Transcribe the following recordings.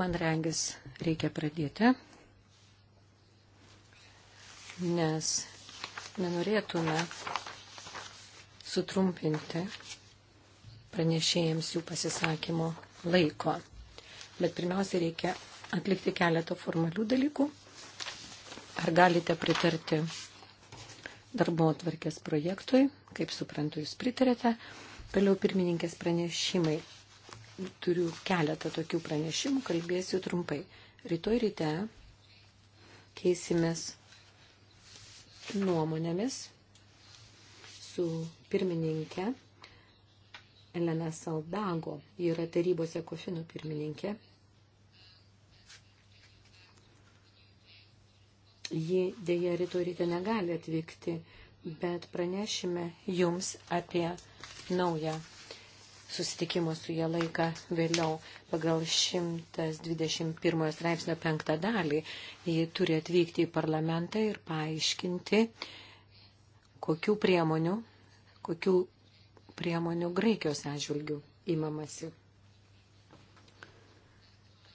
Man rengis reikia pradėti, nes nenorėtume sutrumpinti pranešėjams jų pasisakymo laiko. Bet pirmiausia, reikia atlikti keletą formalių dalykų. Ar galite pritarti darbo atvarkės projektui? Kaip suprantu, jūs pritarėte. Toliau pirmininkės pranešimai turiu keletą tokių pranešimų, kalbėsiu trumpai. Rytoj ryte keisimės nuomonėmis su pirmininkė Elena Saldago. Ji yra tarybos ekofinų pirmininkė. Ji dėja rytoj ryte negali atvykti, bet pranešime jums apie naują susitikimo su jie laiką vėliau. Pagal 121 straipsnio penktą dalį jie turi atvykti į parlamentą ir paaiškinti, kokių priemonių, kokių priemonių Graikijos atžvilgių įmamasi.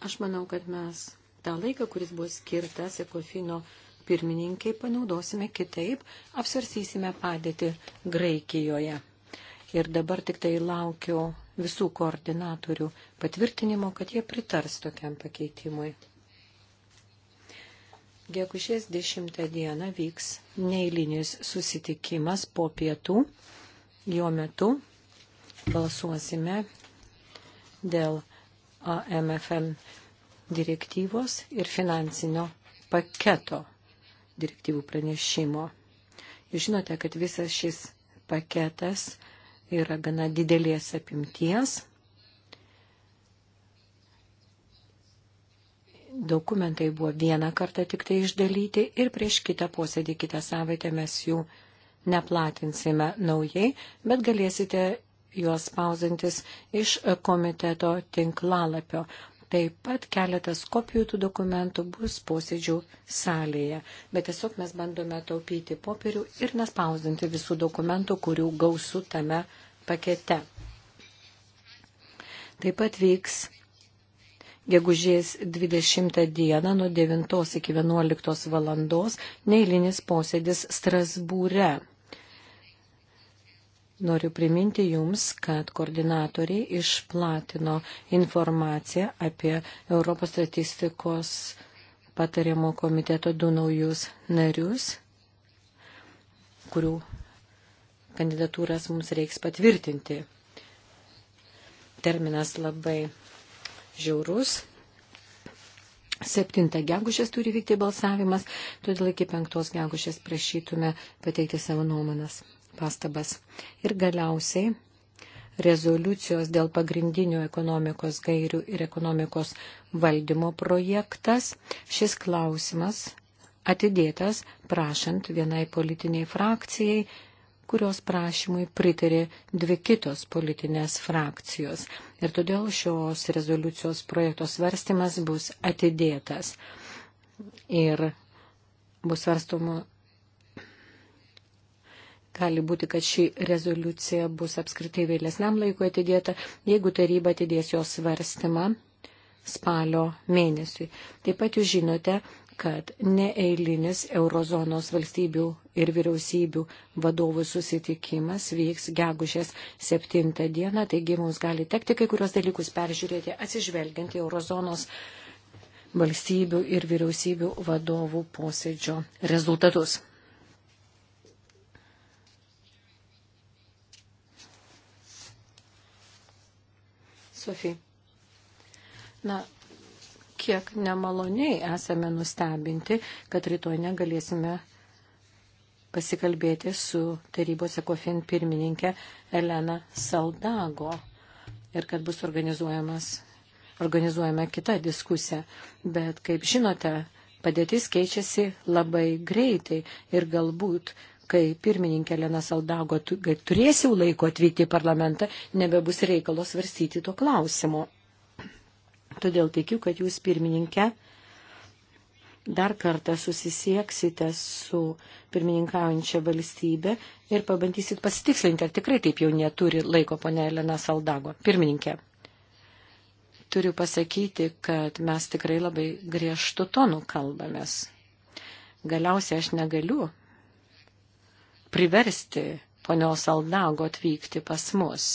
Aš manau, kad mes tą laiką, kuris buvo skirtas Ekofino pirmininkiai panaudosime kitaip, apsvarsysime padėti Graikijoje ir dabar tik tai laukiu visų koordinatorių patvirtinimo, kad jie pritars tokiam pakeitimui. Gegužės 10 dieną vyks neįlinis susitikimas po pietų. Jo metu balsuosime dėl AMFM direktyvos ir finansinio paketo direktyvų pranešimo. Jūs žinote, kad visas šis paketas yra gana didelės apimties. Dokumentai buvo vieną kartą tik tai išdalyti ir prieš kitą posėdį kitą savaitę mes jų neplatinsime naujai, bet galėsite juos spausintis iš komiteto tinklalapio. Taip pat keletas kopijų tų dokumentų bus posėdžių salėje, bet tiesiog mes bandome taupyti popierių ir nespausdinti visų dokumentų, kurių gausų tame pakete. Taip pat vyks gegužės 20 dieną nuo 9 iki 11 valandos neįlinis posėdis Strasbūre. Noriu priminti Jums, kad koordinatoriai išplatino informaciją apie Europos statistikos patariamo komiteto du naujus narius, kurių kandidatūras mums reiks patvirtinti. Terminas labai žiaurus. 7 gegužės turi vykti balsavimas, todėl iki 5 gegužės prašytume pateikti savo nuomonas, pastabas. Ir galiausiai rezoliucijos dėl pagrindinių ekonomikos gairių ir ekonomikos valdymo projektas. Šis klausimas atidėtas prašant vienai politiniai frakcijai kurios prašymui pritarė dvi kitos politinės frakcijos. Ir todėl šios rezoliucijos projekto svarstymas bus atidėtas. Ir bus svarstoma. Gali būti, kad ši rezoliucija bus apskritai vėlesniam laikui atidėta, jeigu taryba atidės jos svarstymą spalio mėnesiui. Taip pat jūs žinote, kad neeilinis eurozonos valstybių ir vyriausybių vadovų susitikimas vyks gegužės 7 dieną, taigi mums gali tekti kai kurios dalykus peržiūrėti atsižvelgiant į eurozonos valstybių ir vyriausybių vadovų posėdžio rezultatus. Sofija. Na, kiek nemaloniai esame nustebinti, kad rytoj negalėsime pasikalbėti su tarybos ekofin pirmininkė Elena Saldago ir kad bus organizuojamas, organizuojama kita diskusija. Bet, kaip žinote, padėtis keičiasi labai greitai ir galbūt kai pirmininkė Lena Saldago turės jau laiko atvykti į parlamentą, nebebus reikalo svarstyti to klausimo. Todėl tikiu, kad jūs pirmininkė dar kartą susisieksite su pirmininkaujančia valstybė ir pabandysit pasitikslinti, ar tikrai taip jau neturi laiko ponia Elena Saldago. Pirmininkė, turiu pasakyti, kad mes tikrai labai griežtų tonų kalbamės. Galiausiai aš negaliu priversti ponios Saldago atvykti pas mus,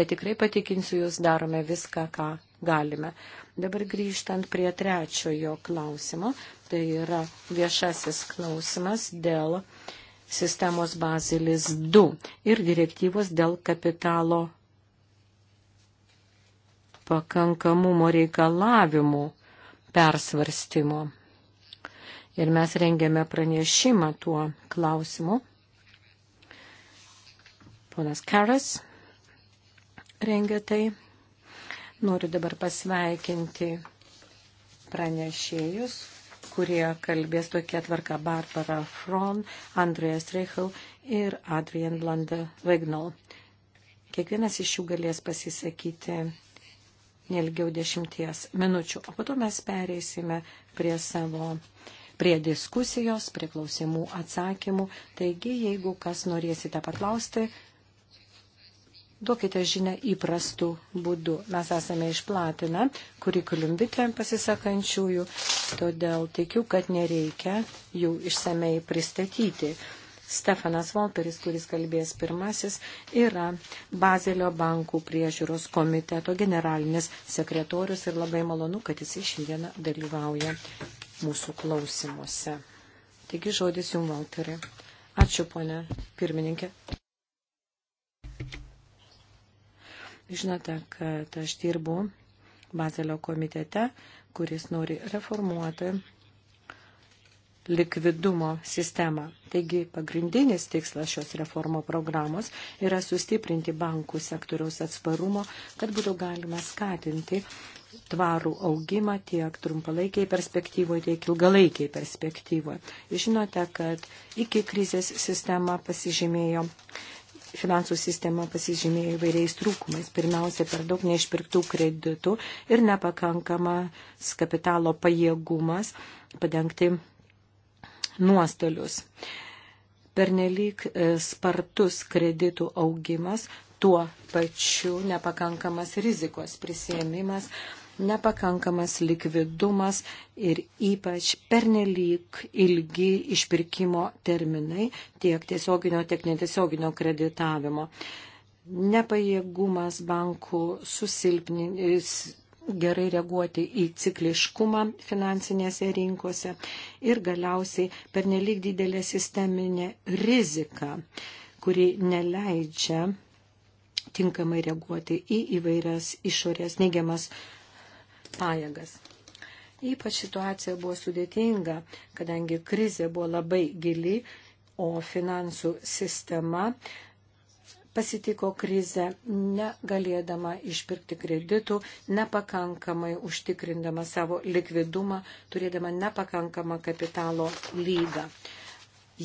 bet tikrai patikinsiu, jūs darome viską, ką galime. Dabar grįžtant prie trečiojo klausimo, tai yra viešasis klausimas dėl sistemos bazilis 2 ir direktyvos dėl kapitalo pakankamumo reikalavimų persvarstymo. Ir mes rengėme pranešimą tuo klausimu. Ponas Karas rengia tai Noriu dabar pasveikinti pranešėjus, kurie kalbės tokia tvarka Barbara Fron, Andrėjas Reichel ir Adrian Blanda Vignal. Kiekvienas iš jų galės pasisakyti nelgiau dešimties minučių, o po to mes pereisime prie savo prie diskusijos, prie klausimų atsakymų. Taigi, jeigu kas norėsite paklausti, duokite žinę įprastų būdų. Mes esame išplatinę kurikulium bitėm pasisakančiųjų, todėl tikiu, kad nereikia jų išsamei pristatyti. Stefanas Volperis, kuris kalbės pirmasis, yra Bazelio bankų priežiūros komiteto generalinis sekretorius ir labai malonu, kad jis šiandieną dalyvauja mūsų klausimuose. Taigi žodis jums, Volperi. Ačiū, ponė pirmininkė. Žinote, kad aš dirbu Bazelio komitete, kuris nori reformuoti likvidumo sistemą. Taigi pagrindinis tikslas šios reformo programos yra sustiprinti bankų sektoriaus atsparumo, kad būtų galima skatinti tvarų augimą tiek trumpalaikiai perspektyvoje, tiek ilgalaikiai perspektyvoje. Žinote, kad iki krizės sistema pasižymėjo finansų sistema pasižymėjo įvairiais trūkumais. Pirmiausia, per daug neišpirktų kreditų ir nepakankamas kapitalo pajėgumas padengti nuostolius. Pernelyg e, spartus kreditų augimas, tuo pačiu nepakankamas rizikos prisėmimas nepakankamas likvidumas ir ypač pernelyg ilgi išpirkimo terminai tiek tiesioginio, tiek netiesioginio kreditavimo. Nepajėgumas bankų susilpnis gerai reaguoti į cikliškumą finansinėse rinkose ir galiausiai pernelyg didelė sisteminė rizika, kuri neleidžia tinkamai reaguoti į įvairias išorės neigiamas pajėgas. Ypač situacija buvo sudėtinga, kadangi krizė buvo labai gili, o finansų sistema pasitiko krizę, negalėdama išpirkti kreditų, nepakankamai užtikrindama savo likvidumą, turėdama nepakankamą kapitalo lygą.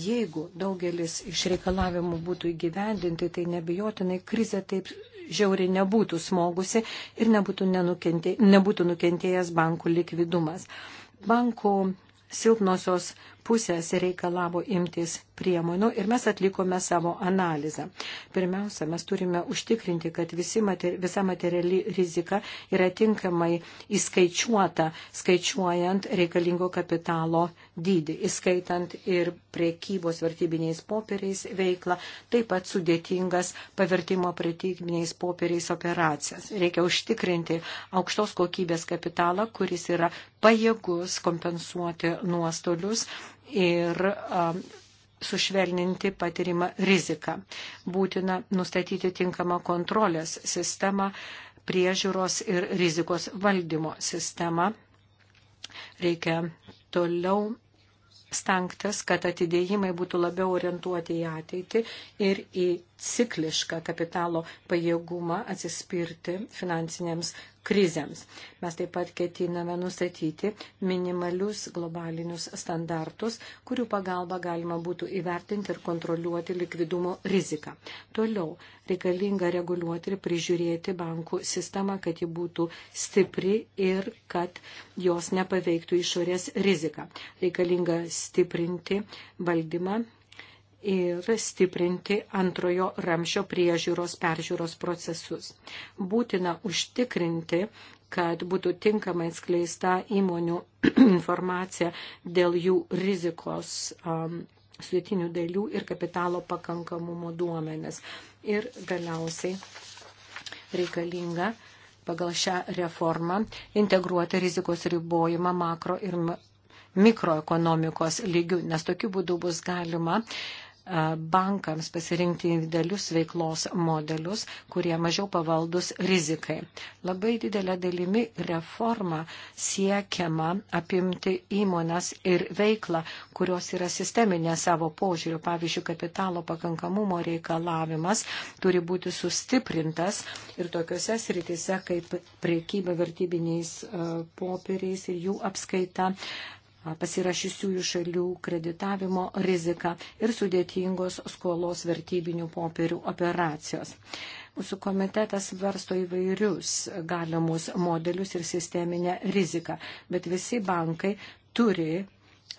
Jeigu daugelis iš reikalavimų būtų įgyvendinti, tai nebejotinai krizė taip žiauriai nebūtų smogusi ir nebūtų, nenukentė, nebūtų nukentėjęs bankų likvidumas. Bankų silpnosios pusės reikalavo imtis priemonių ir mes atlikome savo analizą. Pirmiausia, mes turime užtikrinti, kad visi, mater, visa materiali rizika yra tinkamai įskaičiuota, skaičiuojant reikalingo kapitalo dydį, įskaitant ir priekybos vertybiniais popieriais veiklą, taip pat sudėtingas pavertimo priekybiniais popieriais operacijas. Reikia užtikrinti aukštos kokybės kapitalą, kuris yra pajėgus kompensuoti nuostolius ir um, sušvelninti patirimą riziką. Būtina nustatyti tinkamą kontrolės sistemą, priežiūros ir rizikos valdymo sistemą. Reikia toliau stengtis, kad atidėjimai būtų labiau orientuoti į ateitį ir į ciklišką kapitalo pajėgumą atsispirti finansinėms krizėms. Mes taip pat ketiname nustatyti minimalius globalinius standartus, kurių pagalba galima būtų įvertinti ir kontroliuoti likvidumo riziką. Toliau reikalinga reguliuoti ir prižiūrėti bankų sistemą, kad ji būtų stipri ir kad jos nepaveiktų išorės riziką. Reikalinga stiprinti valdymą ir stiprinti antrojo ramšio priežiūros peržiūros procesus. Būtina užtikrinti, kad būtų tinkamai skleista įmonių informacija dėl jų rizikos um, sudėtinių dalių ir kapitalo pakankamumo duomenis. Ir galiausiai reikalinga pagal šią reformą integruoti rizikos ribojimą makro ir mikroekonomikos lygių, nes tokiu būdu bus galima uh, E, bankams pasirinkti individualius veiklos modelius, kurie mažiau pavaldus rizikai. Labai didelė dalimi reforma siekiama apimti įmonas ir veiklą, kurios yra sisteminė savo požiūriu. Pavyzdžiui, kapitalo pakankamumo reikalavimas turi būti sustiprintas ir tokiuose sritise kaip priekyba vertybiniais e, popieriais ir jų apskaita pasirašysiųjų šalių kreditavimo rizika ir sudėtingos skolos vertybinių popierių operacijos. Mūsų komitetas varsto įvairius galimus modelius ir sisteminę riziką, bet visi bankai turi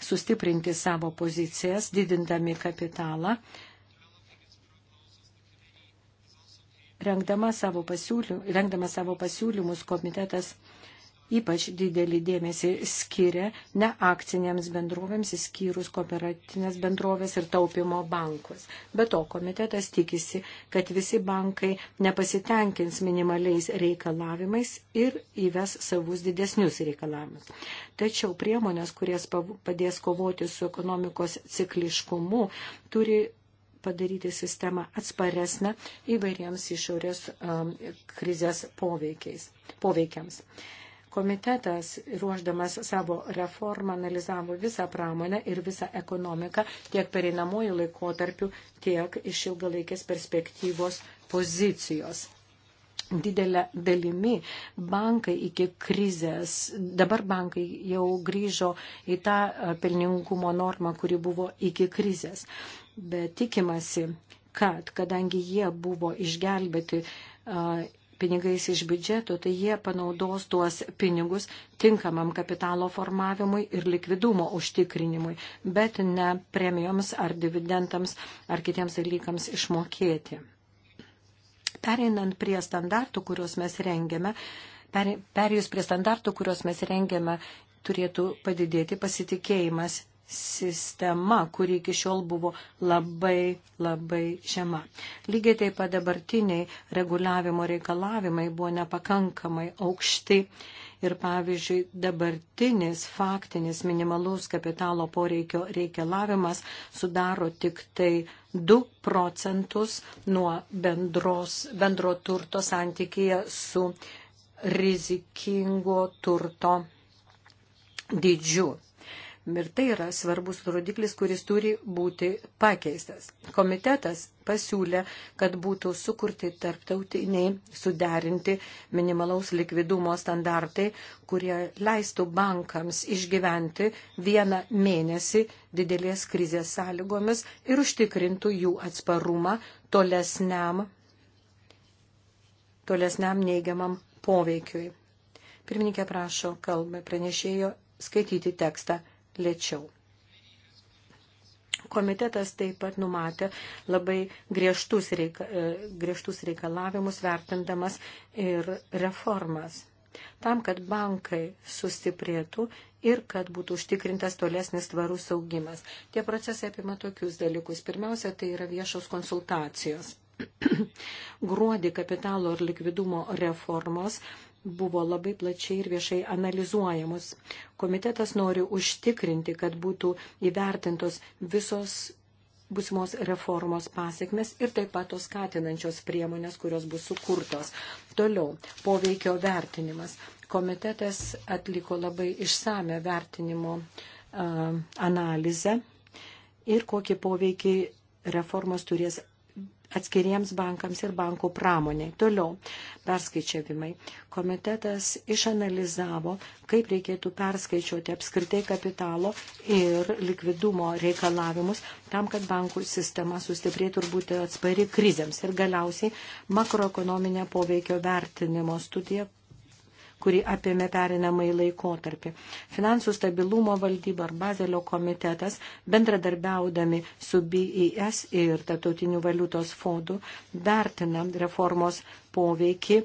sustiprinti savo pozicijas, didindami kapitalą, Rengdama savo, pasiūlym, rengdama savo pasiūlymus, komitetas ypač didelį dėmesį skiria ne akcinėms bendrovėms, įskyrus kooperatinės bendrovės ir taupimo bankus. Be to, komitetas tikisi, kad visi bankai nepasitenkins minimaliais reikalavimais ir įves savus didesnius reikalavimus. Tačiau priemonės, kurias padės kovoti su ekonomikos cikliškumu, turi padaryti sistemą atsparesnę įvairiems išorės um, krizės poveikiams. Komitetas, ruoždamas savo reformą, analizavo visą pramonę ir visą ekonomiką tiek pereinamojų laikotarpių, tiek iš ilgalaikės perspektyvos pozicijos didelę dalimi bankai iki krizės, dabar bankai jau grįžo į tą pelningumo normą, kuri buvo iki krizės. Bet tikimasi, kad kadangi jie buvo išgelbėti pinigais iš biudžeto, tai jie panaudos tuos pinigus tinkamam kapitalo formavimui ir likvidumo užtikrinimui, bet ne premijoms ar dividendams ar kitiems dalykams išmokėti. Pereinant prie standartų, kuriuos mes rengiame, perėjus prie standartų, kuriuos mes rengiame, turėtų padidėti pasitikėjimas sistema, kuri iki šiol buvo labai, labai žema. Lygiai taip pat dabartiniai reguliavimo reikalavimai buvo nepakankamai aukšti. Ir pavyzdžiui, dabartinis faktinis minimalus kapitalo poreikio reikalavimas sudaro tik tai 2 procentus nuo bendros, bendro turto santykėje su rizikingo turto dydžiu. Ir tai yra svarbus rodiklis, kuris turi būti pakeistas. Komitetas pasiūlė, kad būtų sukurti tarptautiniai suderinti minimalaus likvidumo standartai, kurie leistų bankams išgyventi vieną mėnesį didelės krizės sąlygomis ir užtikrintų jų atsparumą tolesniam, tolesniam neigiamam poveikiui. Pirmininkė prašo kalbą pranešėjo skaityti tekstą lėčiau. Komitetas taip pat numatė labai griežtus, reika, e, griežtus reikalavimus vertindamas ir reformas. Tam, kad bankai sustiprėtų ir kad būtų užtikrintas tolesnis tvarus augimas. Tie procesai apima tokius dalykus. Pirmiausia, tai yra viešos konsultacijos. Gruodį kapitalo ir likvidumo reformos buvo labai plačiai ir viešai analizuojamos. Komitetas nori užtikrinti, kad būtų įvertintos visos busimos reformos pasiekmes ir taip pat tos skatinančios priemonės, kurios bus sukurtos. Toliau, poveikio vertinimas. Komitetas atliko labai išsame vertinimo uh, analizę ir kokį poveikį reformos turės atskiriems bankams ir bankų pramoniai. Toliau perskaičiavimai. Komitetas išanalizavo, kaip reikėtų perskaičiuoti apskritai kapitalo ir likvidumo reikalavimus tam, kad bankų sistema sustiprėtų ir būtų atspari krizėms. Ir galiausiai makroekonominė poveikio vertinimo studija kuri apėmė perinamai laikotarpį. Finansų stabilumo valdyba ar Bazelio komitetas bendradarbiaudami su BIS e ir Tartautiniu valiutos fondu vertina reformos poveikį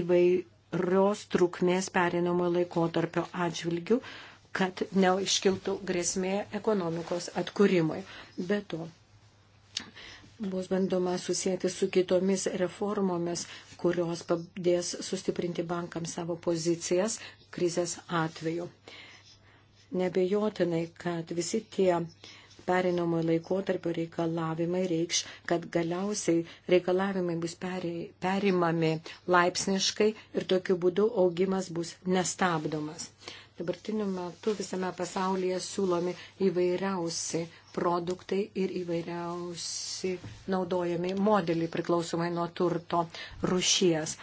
įvairios trukmės perinamojo laikotarpio atžvilgių kad neiškiltų grėsmė ekonomikos atkūrimui. Be to, bus bandoma susijęti su kitomis reformomis, kurios padės sustiprinti bankams savo pozicijas krizės atveju. Nebejotinai, kad visi tie uh, pereinamo laikotarpio reikalavimai reikš, kad galiausiai reikalavimai bus perimami laipsniškai ir tokiu būdu augimas bus nestabdomas. Dabartiniu metu visame pasaulyje siūlomi įvairiausi produktai ir įvairiausi naudojami modeliai priklausomai nuo turto rušies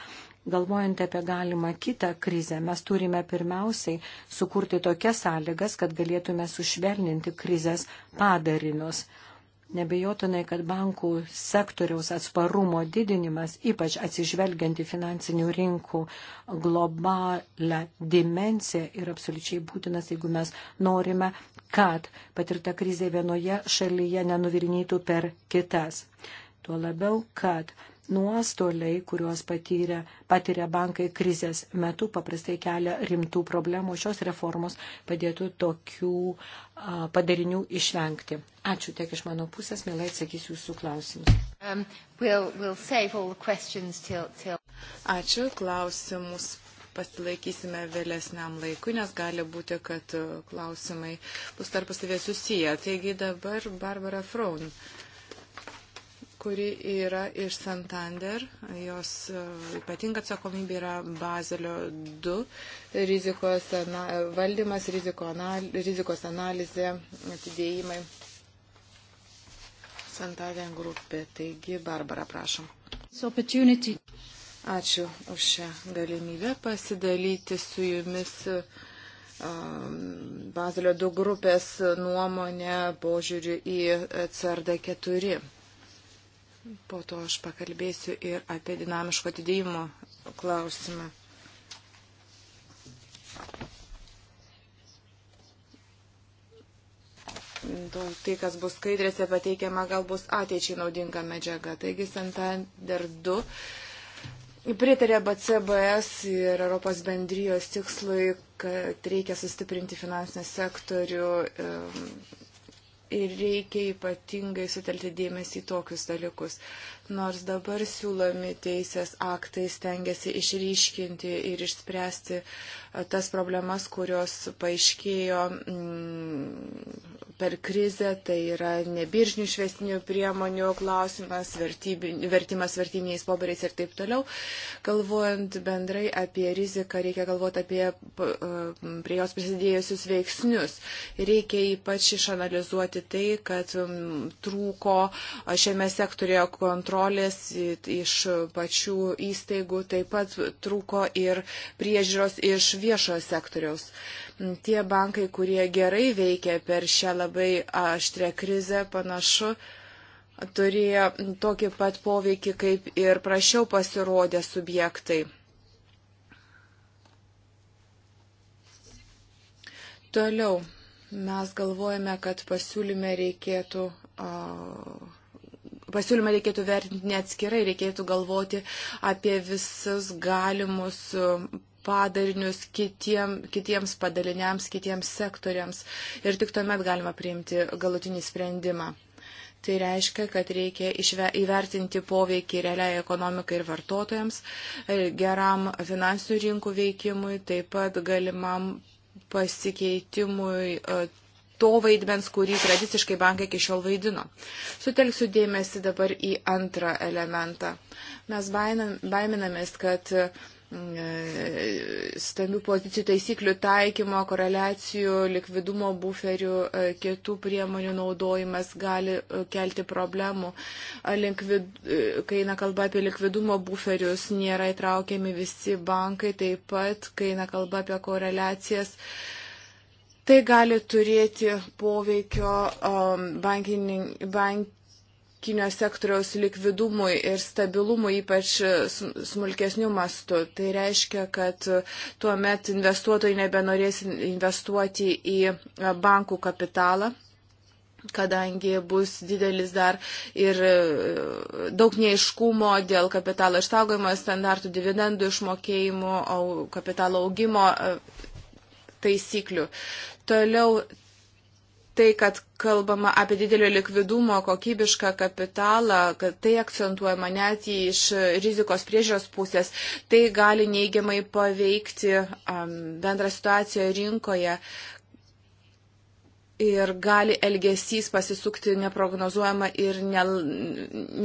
galvojant apie galimą kitą krizę, mes turime pirmiausiai sukurti tokias sąlygas, kad galėtume sušvelninti krizės padarinius. Nebejotinai, kad bankų sektoriaus atsparumo didinimas, ypač atsižvelgiant į finansinių rinkų globalę dimenciją, yra absoliučiai būtinas, jeigu mes norime, kad patirta krizė vienoje šalyje nenuvirnytų per kitas. Tuo labiau, kad nuostoliai, kuriuos patyrė, patyrė bankai krizės metu, paprastai kelia rimtų problemų. Šios reformos padėtų tokių a, padarinių išvengti. Ačiū tiek iš mano pusės, mielai atsakysiu jūsų klausimus. Um, we'll, we'll till, till... Ačiū klausimus. Pasilaikysime vėlesniam laikui, nes gali būti, kad klausimai bus tarpusavė susiję. Taigi dabar Barbara Fraun. Uh, kuri yra iš Santander. Jos e, ypatinga atsakomybė yra Bazelio 2 rizikos ana, e, valdymas, riziko anal, rizikos analizė, atidėjimai. Santander grupė. Taigi, Barbara, prašom. Ačiū už šią galimybę pasidalyti su jumis. E, Bazilio 2 grupės nuomonę požiūriu į CRD 4. Po to aš pakalbėsiu ir apie dinamiško atidėjimo klausimą. To, tai, kas bus skaidrėse pateikiama, gal bus ateičiai naudinga medžiaga. Taigi Santander 2 pritarė BCBS ir Europos bendrijos tikslui, kad reikia sustiprinti finansinį sektorių. Um, Ir reikia ypatingai sutelti dėmesį į tokius dalykus. Nors dabar siūlomi teisės aktai stengiasi išryškinti ir išspręsti e, tas problemas, kurios paaiškėjo mm, per krizę, tai yra nebiržinių švestinių priemonių klausimas, vertimas vertiniais poberiais ir taip toliau. Galvojant bendrai apie riziką, reikia galvoti apie e, prie jos prisidėjusius veiksnius. Reikia ypač išanalizuoti tai, kad trūko e, šiame sektorėje kontrolės kontrolės iš pačių įstaigų, taip pat trūko ir priežiūros iš viešojo sektoriaus. Tie bankai, kurie gerai veikia per šią labai aštrę krizę, panašu, turėjo tokį pat poveikį, kaip ir prašiau pasirodę subjektai. Toliau mes galvojame, kad pasiūlyme reikėtų uh, pasiūlymą reikėtų vertinti neatskirai, reikėtų galvoti apie visus galimus um, padarinius kitiem, kitiems padaliniams, kitiems sektoriams ir tik tuomet galima priimti galutinį sprendimą. Tai reiškia, kad reikia išve, įvertinti poveikį realiai ekonomikai ir vartotojams, e, geram finansinių rinkų veikimui, taip pat galimam pasikeitimui e, to vaidmens, kurį tradiciškai bankai iki šiol vaidino. Sutelksiu dėmesį dabar į antrą elementą. Mes baiminamės, kad e, stambių pozicijų taisyklių taikymo, koreliacijų, likvidumo buferių, e, kitų priemonių naudojimas gali e, kelti problemų. Linkvid, kai eina kalba apie likvidumo buferius, nėra įtraukiami visi bankai, taip pat, kai eina kalba apie koreliacijas, uh, Tai gali turėti poveikio um, bankinio sektoriaus likvidumui ir stabilumui, ypač smulkesnių mastų. Tai reiškia, kad tuo met investuotojai nebenorės investuoti į bankų kapitalą kadangi bus didelis dar ir e, daug neiškumo dėl kapitalo išsaugojimo standartų, dividendų išmokėjimų, kapitalo augimo taisyklių. Toliau tai, kad kalbama apie didelio likvidumo kokybišką kapitalą, kad tai akcentuojama net iš rizikos priežios pusės, tai gali neigiamai paveikti um, bendrą situaciją rinkoje ir gali elgesys pasisukti neprognozuojama ir ne,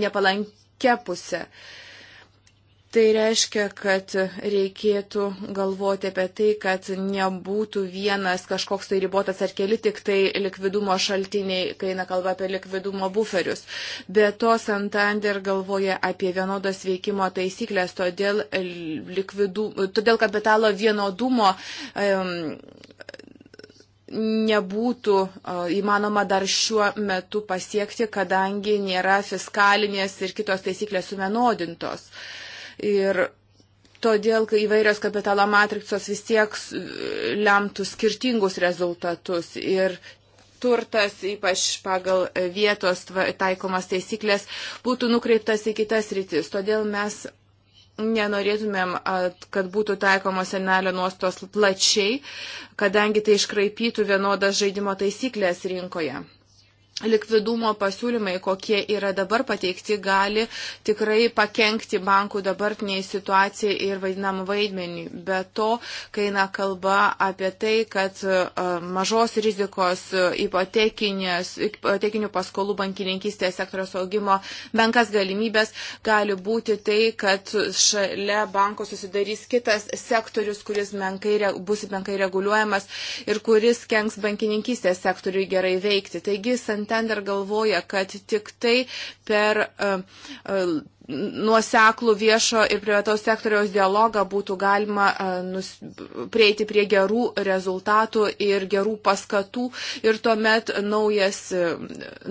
nepalankia pusė. Uh, Tai reiškia, kad reikėtų galvoti apie tai, kad nebūtų vienas kažkoks tai ribotas ar keli tik tai likvidumo šaltiniai, kai eina kalba apie likvidumo buferius. Be to, Santander galvoja apie vienodos veikimo taisyklės, todėl, likvidu, todėl kapitalo vienodumo. Um, nebūtų įmanoma dar šiuo metu pasiekti, kadangi nėra fiskalinės ir kitos taisyklės suvienodintos. Uh, Ir todėl, kai įvairios kapitalo matricos vis tiek lemtų skirtingus rezultatus. Ir turtas, ypač pagal vietos taikomas taisyklės, būtų nukreiptas į kitas rytis. Todėl mes nenorėtumėm, kad būtų taikomos senelio nuostos plačiai, kadangi tai iškraipytų vienodas žaidimo taisyklės rinkoje likvidumo pasiūlymai, kokie yra dabar pateikti, gali tikrai pakengti bankų dabartiniai situacijai ir vaidinam vaidmenį. Be to, kai eina kalba apie tai, kad e, mažos rizikos e, ipotekinių paskolų bankininkystės sektoriaus augimo menkas galimybės gali būti tai, kad šalia banko susidarys kitas sektorius, kuris menkai, bus menkai reguliuojamas ir kuris kenks bankininkystės sektoriui gerai veikti. Taigi, Santander galvoja, kad tik tai per e, e, nuoseklų viešo ir privataus sektoriaus dialogą būtų galima e, nus, prieiti prie gerų rezultatų ir gerų paskatų ir tuomet naujas, e,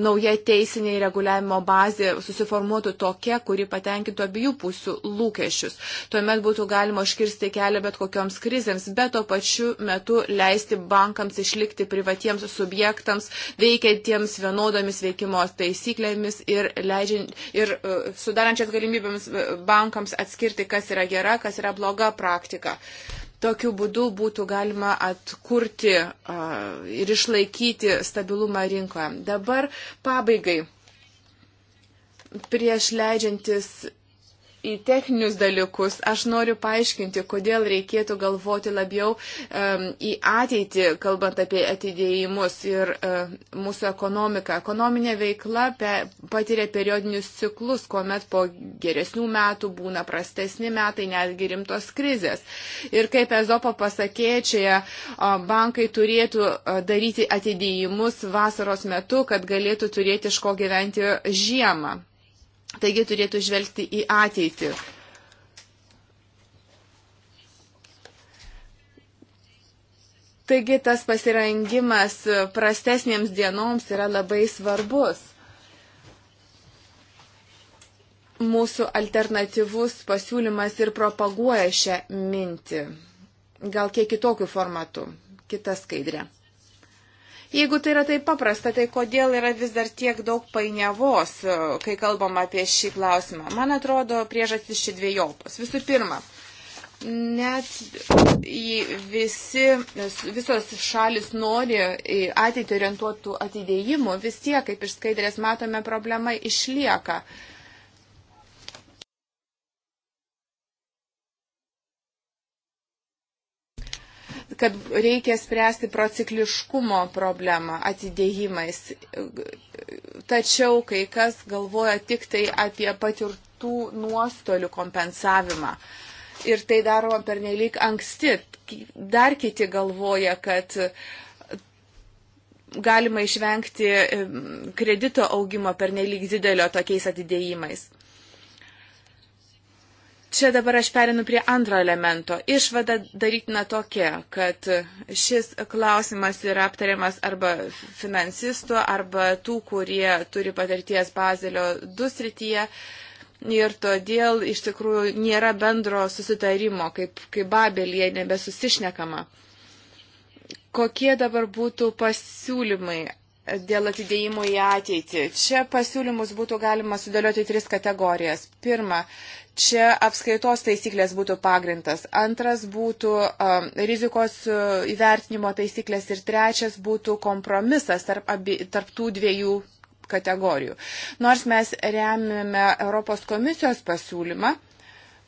nauja teisinė reguliavimo bazė susiformuotų tokia, kuri patenkintų abiejų pusių lūkesčius. Tuomet būtų galima iškirsti kelią bet kokioms krizėms, bet to pačiu metu leisti bankams išlikti privatiems subjektams, veikiantiems vienodomis veikimo taisyklėmis ir, leidžiant, ir e, sudarančią sudarančias galimybėms e, bankams atskirti, kas yra gera, kas yra bloga praktika. Tokiu būdu būtų galima atkurti ir išlaikyti stabilumą rinkoje. Dabar pabaigai. Prieš leidžiantis į techninius dalykus, aš noriu paaiškinti, kodėl reikėtų galvoti labiau um, į ateitį, kalbant apie atidėjimus ir uh, mūsų ekonomiką. Ekonominė veikla pe, patiria periodinius ciklus, kuomet po geresnių metų būna prastesni metai, netgi rimtos krizės. Ir kaip Ezopo pasakėčioje, uh, bankai turėtų uh, daryti atidėjimus vasaros metu, kad galėtų turėti iš ko gyventi žiemą. Taigi turėtų žvelgti į ateitį. Taigi tas pasirengimas prastesniems dienoms yra labai svarbus. Mūsų alternatyvus pasiūlymas ir propaguoja šią mintį. Gal kiek kitokiu formatu. Kita skaidrė. Jeigu tai yra taip paprasta, tai kodėl yra vis dar tiek daug painiavos, e, kai kalbam apie šį klausimą? Man atrodo, priežastis čia dviejopos. Visų pirma, net visi, visos šalis nori į ateitį orientuotų atidėjimų, vis tiek, kaip iš skaidrės matome, problema išlieka. Uh, kad reikia spręsti procikliškumo problemą atidėjimais. Tačiau kai kas galvoja tik tai apie patirtų nuostolių kompensavimą. Ir tai daroma per nelik anksti. Dar kiti galvoja, kad galima išvengti kredito augimo per nelik didelio tokiais atidėjimais. Čia dabar aš perinu prie antro elemento. Išvada darytina tokia, kad šis klausimas yra aptariamas arba finansistų, arba tų, kurie turi patirties Bazelio du srityje. Ir todėl iš tikrųjų nėra bendro susitarimo, kaip, kaip Babelėje nebesusišnekama. Kokie dabar būtų pasiūlymai dėl atidėjimų į ateitį. Čia pasiūlymus būtų galima sudėlioti tris kategorijas. Pirma, čia apskaitos taisyklės būtų pagrindas, antras būtų um, rizikos uh, įvertinimo taisyklės ir trečias būtų kompromisas tarp, abi, tarp tų dviejų kategorijų. Nors mes remiame Europos komisijos pasiūlymą,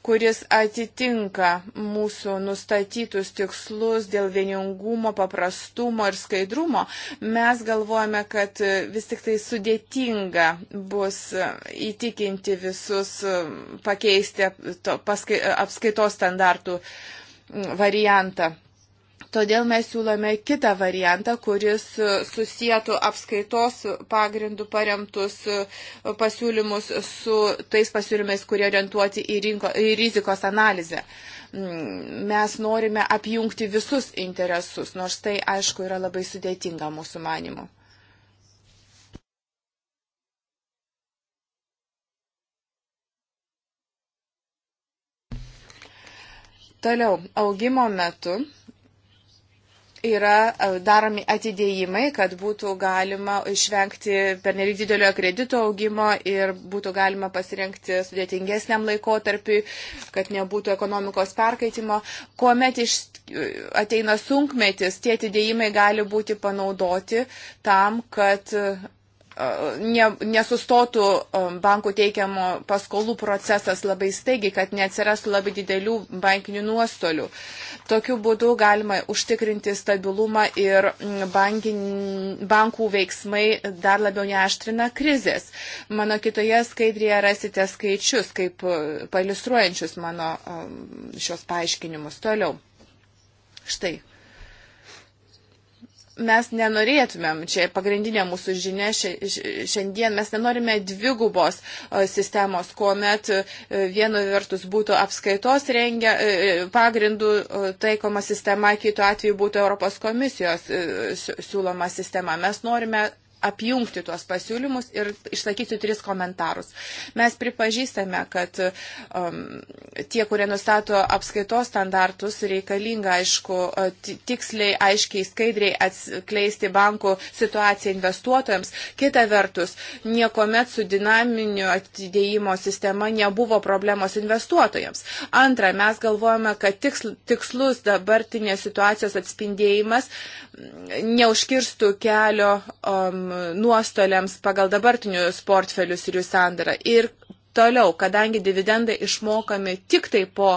kuris atitinka mūsų nustatytus tikslus dėl vieningumo, paprastumo ir skaidrumo, mes galvojame, kad vis tik tai sudėtinga bus įtikinti visus pakeisti apskaitos standartų variantą. Todėl mes siūlome kitą variantą, kuris susijėtų apskaitos pagrindų paremtus pasiūlymus su tais pasiūlymais, kurie orientuoti į, rinko, į rizikos analizę. Mes norime apjungti visus interesus, nors tai, aišku, yra labai sudėtinga mūsų manimu. Toliau, augimo metu yra e, daromi atidėjimai, kad būtų galima išvengti pernelyg didelio kredito augimo ir būtų galima pasirinkti sudėtingesniam laikotarpiui, kad nebūtų ekonomikos perkaitimo. Kuomet iš, e, ateina sunkmetis, tie atidėjimai gali būti panaudoti tam, kad ne, nesustotų e, bankų teikiamo paskolų procesas labai staigiai, kad neatsirastų labai didelių bankinių nuostolių. Tokiu būdu galima užtikrinti stabilumą ir mm, bankin, bankų veiksmai dar labiau neaštrina krizės. Mano kitoje skaidrėje rasite skaičius, kaip e, palistruojančius mano e, šios paaiškinimus. Toliau. Štai mes nenorėtumėm, čia pagrindinė mūsų žinia šiandien, mes nenorime dvigubos e, sistemos, kuomet e, vienu vertus būtų apskaitos rengia, e, pagrindų taikoma sistema, kitu atveju būtų Europos komisijos siūloma sistema. Mes norime apjungti tuos pasiūlymus ir išsakysiu tris komentarus. Mes pripažįstame, kad um, tie, kurie nustato apskaitos standartus, reikalinga, aišku, tiksliai, aiškiai, skaidriai atskleisti bankų situaciją investuotojams. Kita vertus, niekuomet su dinaminiu atidėjimo sistema nebuvo problemos investuotojams. Antra, mes galvojame, kad tiksl, tikslus dabartinės situacijos atspindėjimas neužkirstų kelio um, nuostoliams pagal dabartinius portfelius ir jų sandarą. Ir toliau, kadangi dividendai išmokami tik tai po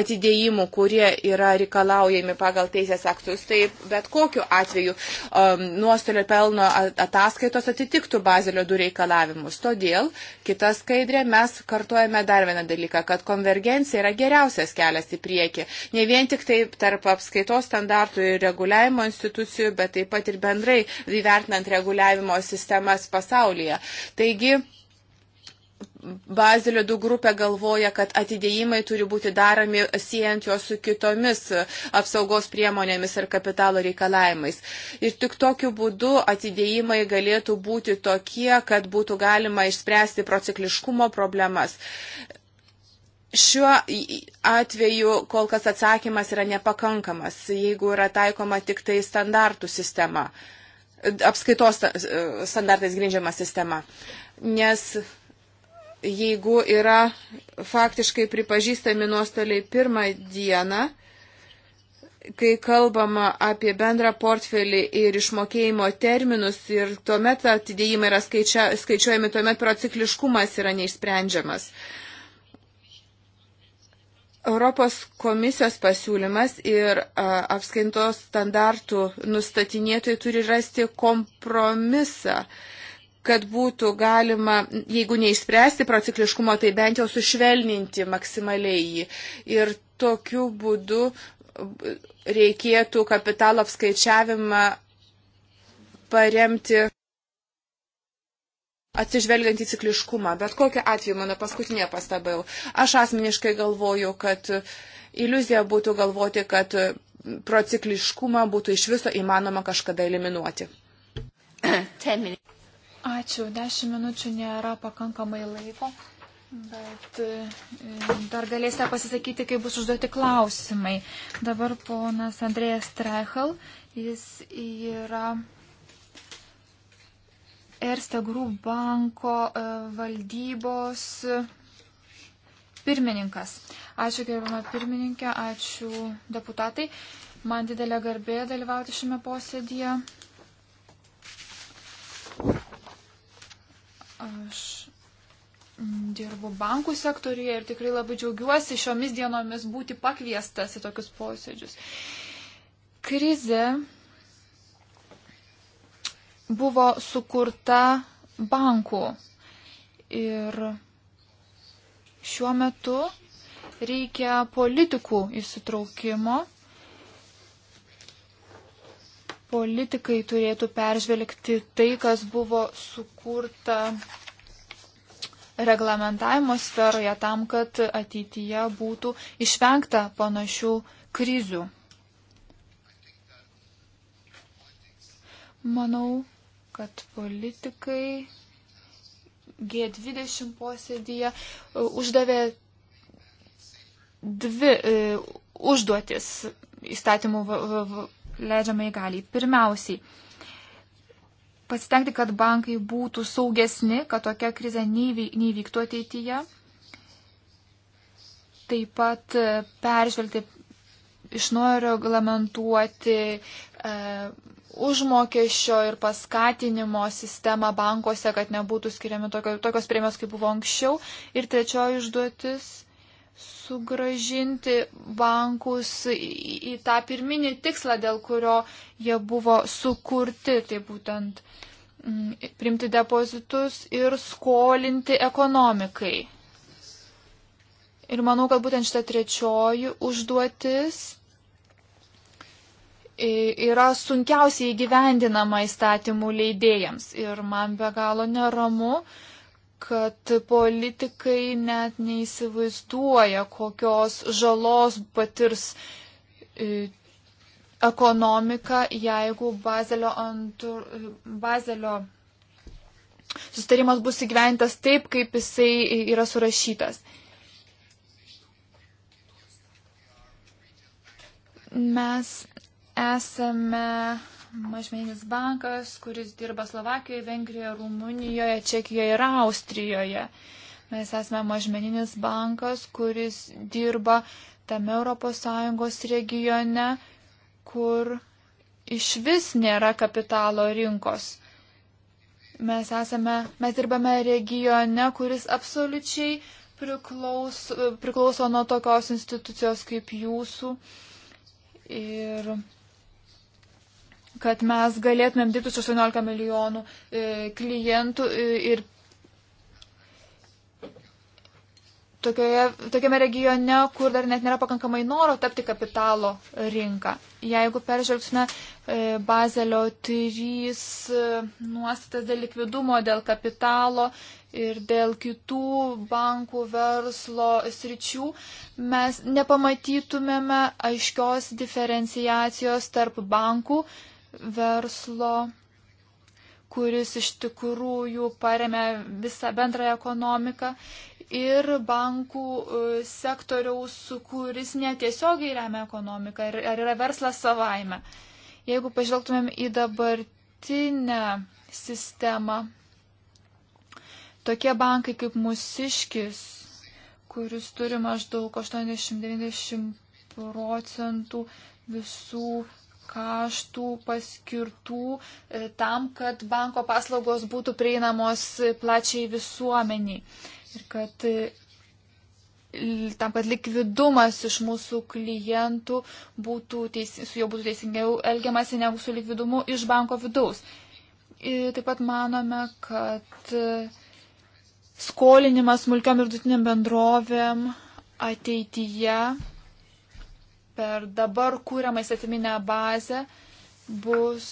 atidėjimų, kurie yra reikalaujami pagal teisės aktus, tai bet kokiu atveju um, nuostolio pelno ataskaitos atitiktų Bazelio du reikalavimus. Todėl, kita skaidrė, mes kartuojame dar vieną dalyką, kad konvergencija yra geriausias kelias į priekį. Ne vien tik taip tarp apskaitos standartų ir reguliavimo institucijų, bet taip pat ir bendrai įvertinant reguliavimo sistemas pasaulyje. Taigi, Bazilio du grupė galvoja, kad atidėjimai turi būti daromi siejant juos su kitomis apsaugos priemonėmis ir kapitalo reikalavimais. Ir tik tokiu būdu atidėjimai galėtų būti tokie, kad būtų galima išspręsti procikliškumo problemas. Šiuo atveju kol kas atsakymas yra nepakankamas, jeigu yra taikoma tik tai standartų sistema, apskaitos e, standartais grindžiama sistema. Nes jeigu yra faktiškai pripažįstami nuostoliai pirmą dieną, kai kalbama apie bendrą portfelį ir išmokėjimo terminus ir tuomet atidėjimai yra skaičia, skaičiuojami, tuomet procikliškumas yra neišsprendžiamas. Europos komisijos pasiūlymas ir a, apskaitos standartų nustatinėtojai turi rasti kompromisą. A, kad būtų galima, jeigu neišspręsti procikliškumo, tai bent jau sušvelninti maksimaliai jį. Ir tokiu būdu reikėtų kapitalo apskaičiavimą paremti atsižvelgiant į cikliškumą. Bet kokiu atveju, mano paskutinė pastaba jau, aš asmeniškai galvoju, kad iliuzija būtų galvoti, kad procikliškumą būtų iš viso įmanoma kažkada eliminuoti. Ačiū, dešimt minučių nėra pakankamai laiko, bet e, dar galėsite pasisakyti, kai bus užduoti klausimai. Dabar ponas Andrėjas Trechel, jis yra Erste Group banko e, valdybos pirmininkas. Ačiū gerbama pirmininkė, ačiū deputatai. Man didelė garbė dalyvauti šiame posėdėje. Aš mm, dirbu bankų sektoriuje ir tikrai labai džiaugiuosi šiomis dienomis būti pakviestas į tokius posėdžius. Krize buvo sukurta bankų ir šiuo metu reikia politikų įsitraukimo politikai turėtų peržvelgti tai, kas buvo sukurta reglamentavimo sferoje tam, kad ateityje būtų išvengta panašių krizių. Manau, kad politikai G20 posėdėje e, uždavė dvi e, užduotis įstatymų leidžiamai galiai. Pirmiausiai, pasitengti, kad bankai būtų saugesni, kad tokia krize neįvyktų ateityje. Taip pat e, peržvelgti iš naujo reglamentuoti e, užmokesčio ir paskatinimo sistemą bankuose, kad nebūtų skiriami tokio, tokios premijos, kaip buvo anksčiau. Ir trečioji užduotis sugražinti bankus į, į tą pirminį tikslą, dėl kurio jie buvo sukurti, tai būtent m, mm, primti depozitus ir skolinti ekonomikai. Ir manau, kad būtent šita trečioji užduotis yra sunkiausiai įgyvendinama įstatymų leidėjams. Ir man be galo neramu, kad politikai net neįsivaizduoja, kokios žalos patirs e, ekonomika, jeigu Bazelio, antur, Bazelio sustarimas bus įgyventas taip, kaip jisai yra surašytas. Mes esame mažmeninis bankas, kuris dirba Slovakijoje, Vengrijoje, Rumunijoje, Čekijoje ir Austrijoje. Mes esame mažmeninis bankas, kuris dirba tame ES regione, kur iš vis nėra kapitalo rinkos. Mes, esame, mes dirbame regione, kuris absoliučiai priklauso, priklauso nuo tokios institucijos kaip jūsų. Ir kad mes galėtumėm dirbti su 18 milijonų e, klientų e, ir tokioje, tokiame regione, kur dar net nėra pakankamai noro tapti kapitalo rinką. Jeigu peržvelgsime e, Bazelio 3 nuostatas dėl likvidumo, dėl kapitalo ir dėl kitų bankų verslo sričių, mes nepamatytumėme aiškios diferenciacijos tarp bankų, verslo, kuris iš tikrųjų paremė visą bendrąją ekonomiką ir bankų e, sektoriaus, kuris netiesiogiai remia ekonomiką, ar, ar yra verslas savaime. Jeigu pažvelgtumėm į dabartinę sistemą, tokie bankai kaip Musiškis, kuris turi maždaug 80-90 procentų visų kaštų paskirtų e, tam, kad banko paslaugos būtų prieinamos plačiai visuomeniai. Ir kad e, tam, kad likvidumas iš mūsų klientų būtų teisi, su juo būtų teisingiau elgiamasi negu su likvidumu iš banko vidaus. Ir taip pat manome, kad e, skolinimas smulkiam ir dutiniam bendrovėm ateityje per dabar kūriamą įstatyminę bazę bus.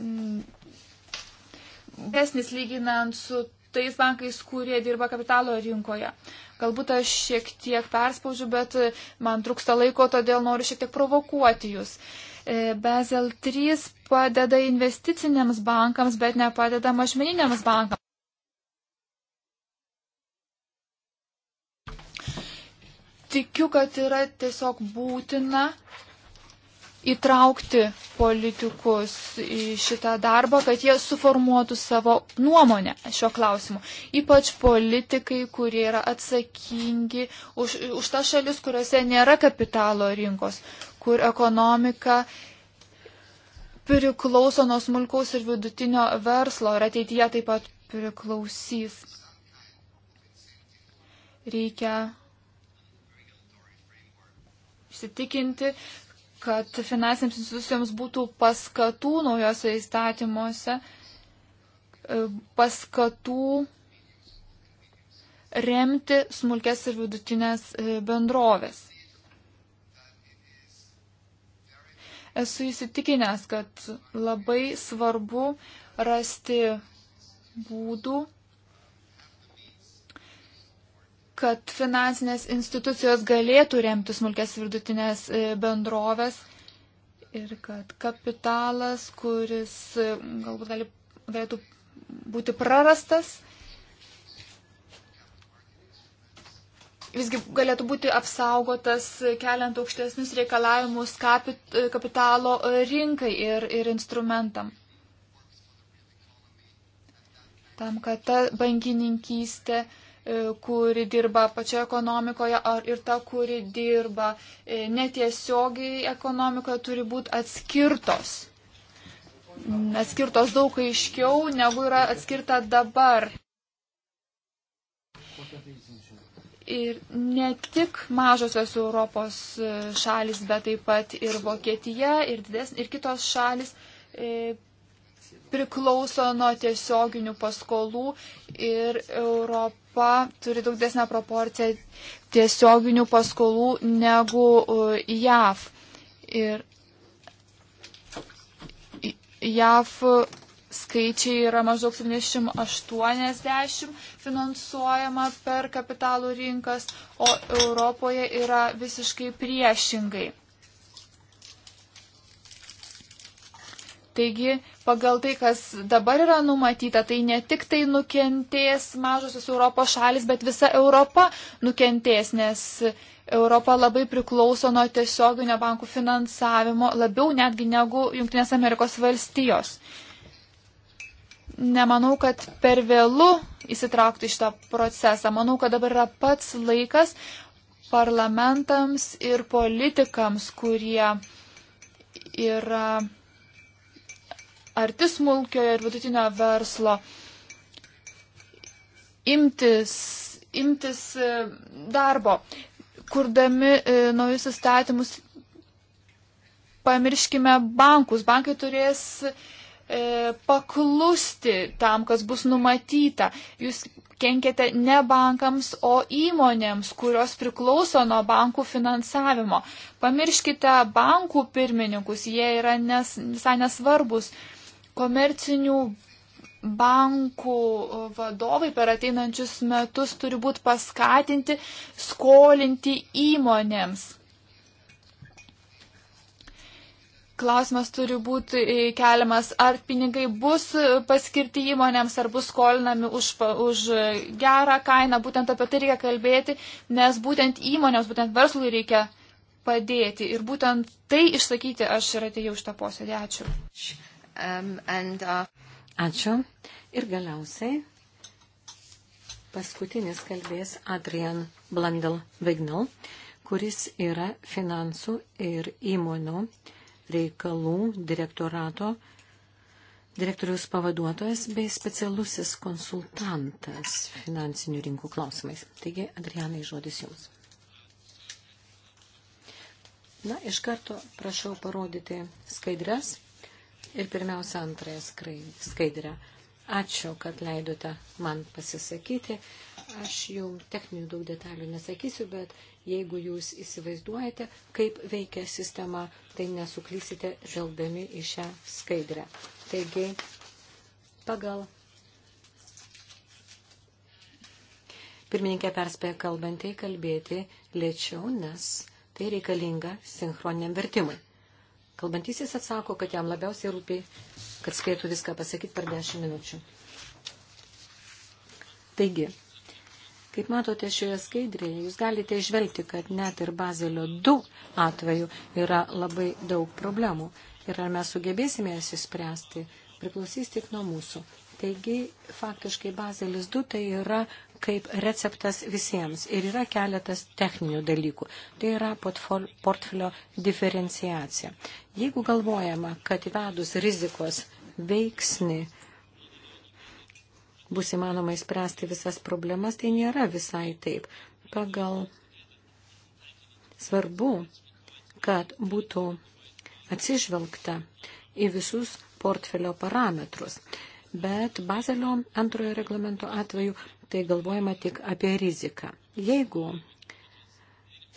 Mm, desnis lyginant su tais bankais, kurie dirba kapitalo rinkoje. Galbūt aš šiek tiek perspaudžiu, bet man trūksta laiko, todėl noriu šiek tiek provokuoti jūs. E, Bezel 3 padeda investiciniams bankams, bet nepadeda mažmeniniams bankams. tikiu, kad yra tiesiog būtina įtraukti politikus į šitą darbą, kad jie suformuotų savo nuomonę šio klausimu. Ypač politikai, kurie yra atsakingi už, už tą šalis, kuriuose nėra kapitalo rinkos, kur ekonomika priklauso nuo smulkaus ir vidutinio verslo ir ateityje taip pat priklausys. Reikia įsitikinti, kad finansinėms institucijoms būtų paskatų naujose įstatymuose, e, paskatų remti smulkės ir vidutinės e, bendrovės. Esu įsitikinęs, kad labai svarbu rasti būdų, kad finansinės institucijos galėtų remti smulkės vidutinės e, bendrovės ir kad kapitalas, kuris e, galbūt gali, galėtų būti prarastas, visgi galėtų būti apsaugotas keliant aukštesnius reikalavimus e, kapitalo rinkai ir, ir instrumentam. Tam, kad ta bankininkystė uh, E, kuri dirba pačioje ekonomikoje ar ir ta, kuri dirba e, netiesiogiai ekonomikoje, turi būti atskirtos. Atskirtos daug aiškiau, negu yra atskirta dabar. Ir ne tik mažosios Europos e, šalis, bet taip pat ir Vokietija, ir, didesnė, ir kitos šalis e, priklauso nuo tiesioginių paskolų ir Europ, Europa turi daug desnę proporciją tiesioginių paskolų negu e, JAV. Ir JAV skaičiai yra maždaug 70-80 finansuojama per kapitalų rinkas, o Europoje yra visiškai priešingai. Taigi, pagal tai, kas dabar yra numatyta, tai ne tik tai nukentės mažosios Europos šalis, bet visa Europa nukentės, nes Europa labai priklauso nuo tiesioginio bankų finansavimo, labiau netgi negu Junktinės Amerikos valstijos. Nemanau, kad per vėlų įsitraukti šitą procesą. Manau, kad dabar yra pats laikas parlamentams ir politikams, kurie yra arti smulkiojo ir vidutinio verslo imtis, imtis e, darbo, kurdami e, naujus įstatymus. Pamirškime bankus. Bankai turės e, paklusti tam, kas bus numatyta. Jūs kenkiate ne bankams, o įmonėms, kurios priklauso nuo bankų finansavimo. Pamirškite bankų pirmininkus, jie yra nes, visai nesvarbus komercinių bankų e, vadovai per ateinančius metus turi būti paskatinti skolinti įmonėms. Klausimas turi būti e, keliamas, ar pinigai bus paskirti įmonėms, ar bus skolinami už, už gerą kainą. Būtent apie tai reikia kalbėti, nes būtent įmonėms, būtent verslui reikia padėti. Ir būtent tai išsakyti aš ir atėjau iš tą posėdį. Ačiū. Um, and, uh... Ačiū. Ir galiausiai paskutinis kalbės Adrian Blandel Vignal, kuris yra finansų ir įmonių reikalų direktorato direktoriaus pavaduotojas bei specialusis konsultantas finansinių rinkų klausimais. Taigi, Adrianai, žodis jums. Na, iš karto prašau parodyti skaidres. Ir pirmiausia, antrąją skaidrę. Ačiū, kad leidote man pasisakyti. Aš jau techninių daug detalių nesakysiu, bet jeigu jūs įsivaizduojate, kaip veikia sistema, tai nesuklysite žvelgdami į šią skaidrę. Taigi, pagal pirmininkę perspėję kalbantai kalbėti lėčiau, nes tai reikalinga sinchroniniam vertimui. Kalbantysis atsako, kad jam labiausiai rūpi, kad spėtų viską pasakyti per 10 minučių. Taigi, kaip matote šioje skaidrėje, jūs galite išvelgti, kad net ir Bazelio 2 atveju yra labai daug problemų. Ir ar mes sugebėsime jas įspręsti, priklausys tik nuo mūsų. Taigi, faktiškai Bazelis 2 tai yra kaip receptas visiems. Ir yra keletas techninių dalykų. Tai yra portfelio diferenciacija. Jeigu galvojama, kad įvedus rizikos veiksni bus įmanoma įspręsti visas problemas, tai nėra visai taip. Pagal svarbu, kad būtų atsižvelgta į visus portfelio parametrus. Bet Bazelio antrojo reglamento atveju tai galvojama tik apie riziką. Jeigu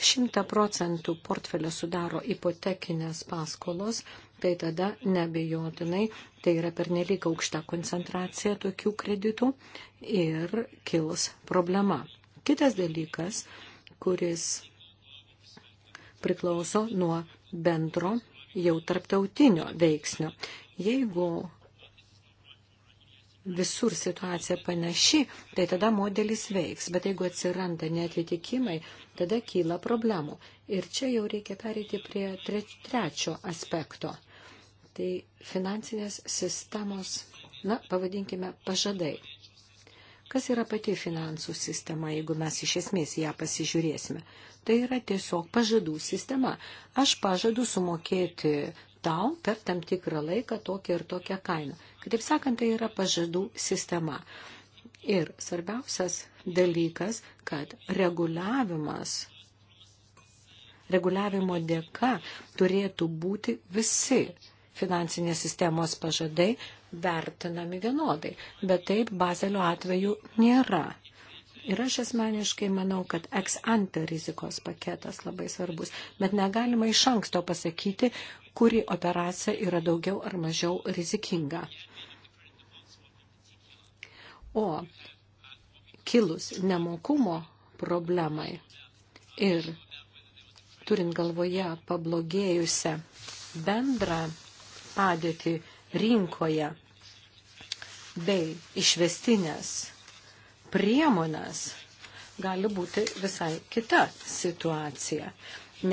100 procentų portfelio sudaro ipotekinės paskolos, tai tada nebejotinai tai yra pernelyg aukšta koncentracija tokių kreditų ir kils problema. Kitas dalykas, kuris priklauso nuo bendro jau tarptautinio veiksnio. Jeigu visur situacija panaši, tai tada modelis veiks. Bet jeigu atsiranda netitikimai, tada kyla problemų. Ir čia jau reikia pereiti prie trečio aspekto. Tai finansinės sistemos, na, pavadinkime, pažadai. Kas yra pati finansų sistema, jeigu mes iš esmės ją pasižiūrėsime? Tai yra tiesiog pažadų sistema. Aš pažadu sumokėti tau per tam tikrą laiką tokią ir tokią kainą. Kitaip sakant, tai yra pažadų sistema. Ir svarbiausias dalykas, kad reguliavimas, reguliavimo dėka turėtų būti visi finansinės sistemos pažadai vertinami vienodai. Bet taip bazelio atveju nėra. Ir aš asmeniškai manau, kad ex ante rizikos paketas labai svarbus, bet negalima iš anksto pasakyti, kuri operacija yra daugiau ar mažiau rizikinga. O kilus nemokumo problemai ir turint galvoje pablogėjusią bendrą padėtį rinkoje bei išvestinės priemonės, gali būti visai kita situacija.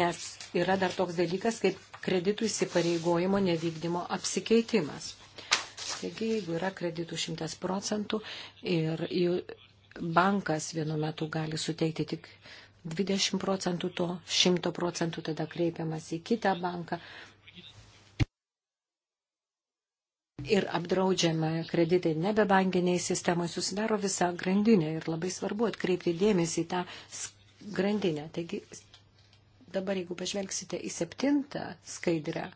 Nes yra dar toks dalykas kaip kreditų įsipareigojimo nevykdymo apsikeitimas. Taigi, jeigu yra kreditų 100 procentų ir bankas vienu metu gali suteikti tik 20 procentų to, 100 procentų tada kreipiamas į kitą banką ir apdraudžiame kreditai nebebankiniai sistemai, susidaro visa grandinė ir labai svarbu atkreipti dėmesį į tą grandinę. Taigi, dabar jeigu pažvelgsite į septintą skaidrę,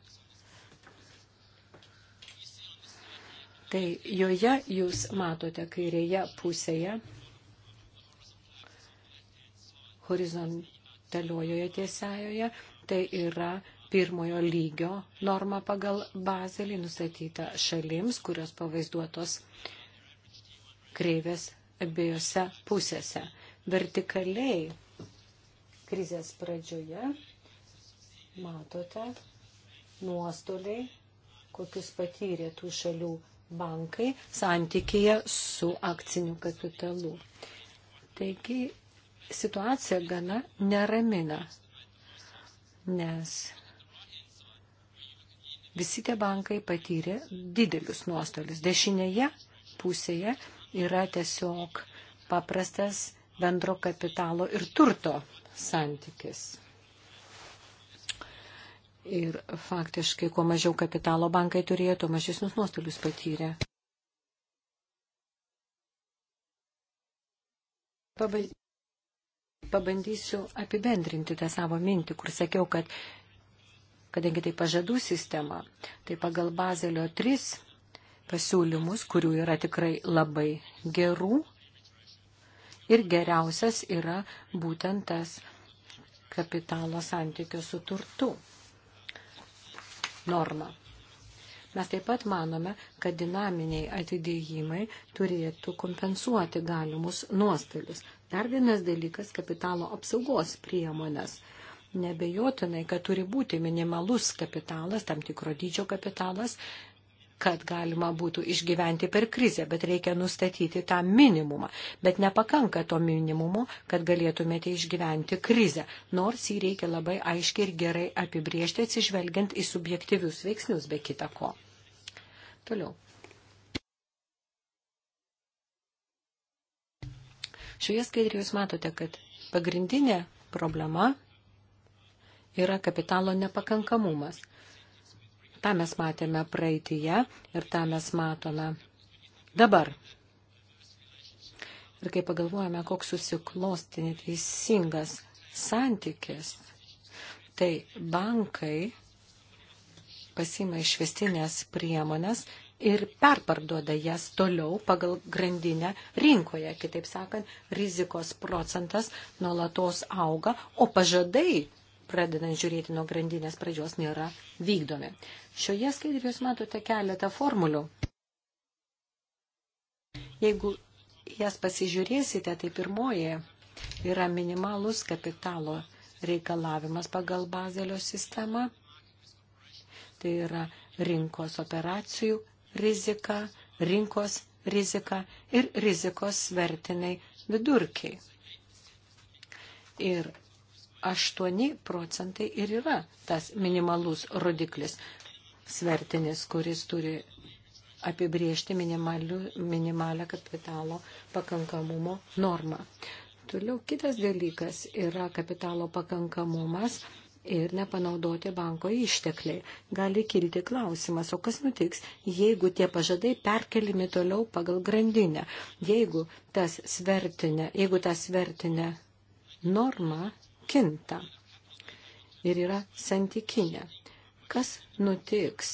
Tai joje jūs matote kairėje pusėje horizontaliojoje tiesiojoje, tai yra pirmojo lygio norma pagal bazelį nustatyta šalims, kurios pavaizduotos kreivės abiejose pusėse. Vertikaliai krizės pradžioje matote nuostoliai, kokius patyrė tų šalių bankai santykėje su akciniu kapitalu. Taigi situacija gana neramina, nes visi tie bankai patyrė didelius nuostolius. Dešinėje pusėje yra tiesiog paprastas bendro kapitalo ir turto santykis. Ir faktiškai, kuo mažiau kapitalo bankai turėjo, tuo mažesnius nuostolius patyrė. Pabandysiu apibendrinti tą savo mintį, kur sakiau, kad kadangi tai pažadų sistema, tai pagal Bazelio 3 pasiūlymus, kurių yra tikrai labai gerų ir geriausias yra būtent tas kapitalo santykio su turtu normą. Mes taip pat manome, kad dinaminiai atidėjimai turėtų kompensuoti galimus nuostolius. Dar vienas dalykas - kapitalo apsaugos priemonės. Nebejotinai, kad turi būti minimalus kapitalas, tam tikro dydžio kapitalas, kad galima būtų išgyventi per krizę, bet reikia nustatyti tą minimumą. Bet nepakanka to minimumo, kad galėtumėte išgyventi krizę, nors jį reikia labai aiškiai ir gerai apibriežti, atsižvelgiant į subjektyvius veiksnius be kita ko. Toliau. Šioje skaidrėje jūs matote, kad pagrindinė problema yra kapitalo nepakankamumas – tą mes matėme praeitįje ir tą mes matome dabar. Ir kai pagalvojame, koks susiklosti neteisingas santykis, tai bankai pasima išvestinės priemonės ir perparduoda jas toliau pagal grandinę rinkoje. Kitaip sakant, rizikos procentas nuolatos auga, o pažadai pradedant žiūrėti nuo grandinės pradžios, nėra vykdomi. Šioje skaidrėje jūs matote keletą formulių. Jeigu jas pasižiūrėsite, tai pirmoji yra minimalus kapitalo reikalavimas pagal bazelio sistemą. Tai yra rinkos operacijų rizika, rinkos rizika ir rizikos svertiniai vidurkiai. Ir 8 procentai ir yra tas minimalus rodiklis svertinis, kuris turi apibriežti minimalę kapitalo pakankamumo normą. Toliau kitas dalykas yra kapitalo pakankamumas ir nepanaudoti banko ištekliai. Gali kilti klausimas, o kas nutiks, jeigu tie pažadai perkelimi toliau pagal grandinę. Jeigu tas svertinė, jeigu tas svertinė norma kinta ir yra santykinė. Kas nutiks?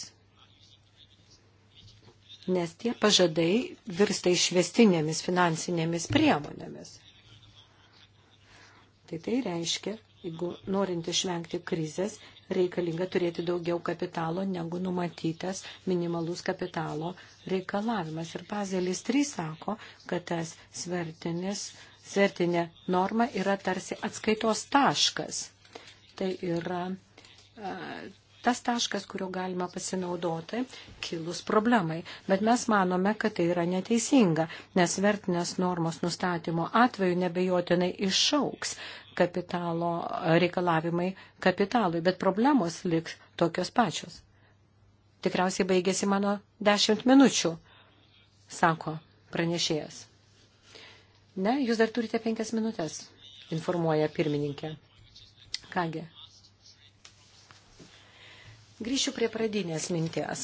Nes tie pažadai virsta išvestinėmis finansinėmis priemonėmis. Tai tai reiškia, jeigu norint išvengti krizės, reikalinga turėti daugiau kapitalo negu numatytas minimalus kapitalo reikalavimas. Ir Bazelis 3 sako, kad tas svertinis uh, certinė norma yra tarsi atskaitos taškas. Tai yra tas taškas, kurio galima pasinaudoti kilus problemai. Bet mes manome, kad tai yra neteisinga, nes vertinės normos nustatymo atveju nebejotinai išauks kapitalo reikalavimai kapitalui, bet problemos liks tokios pačios. Tikriausiai baigėsi mano dešimt minučių, sako pranešėjas. Ne, jūs dar turite penkias minutės, informuoja pirmininkė. Kągi. Grįšiu prie pradinės minties,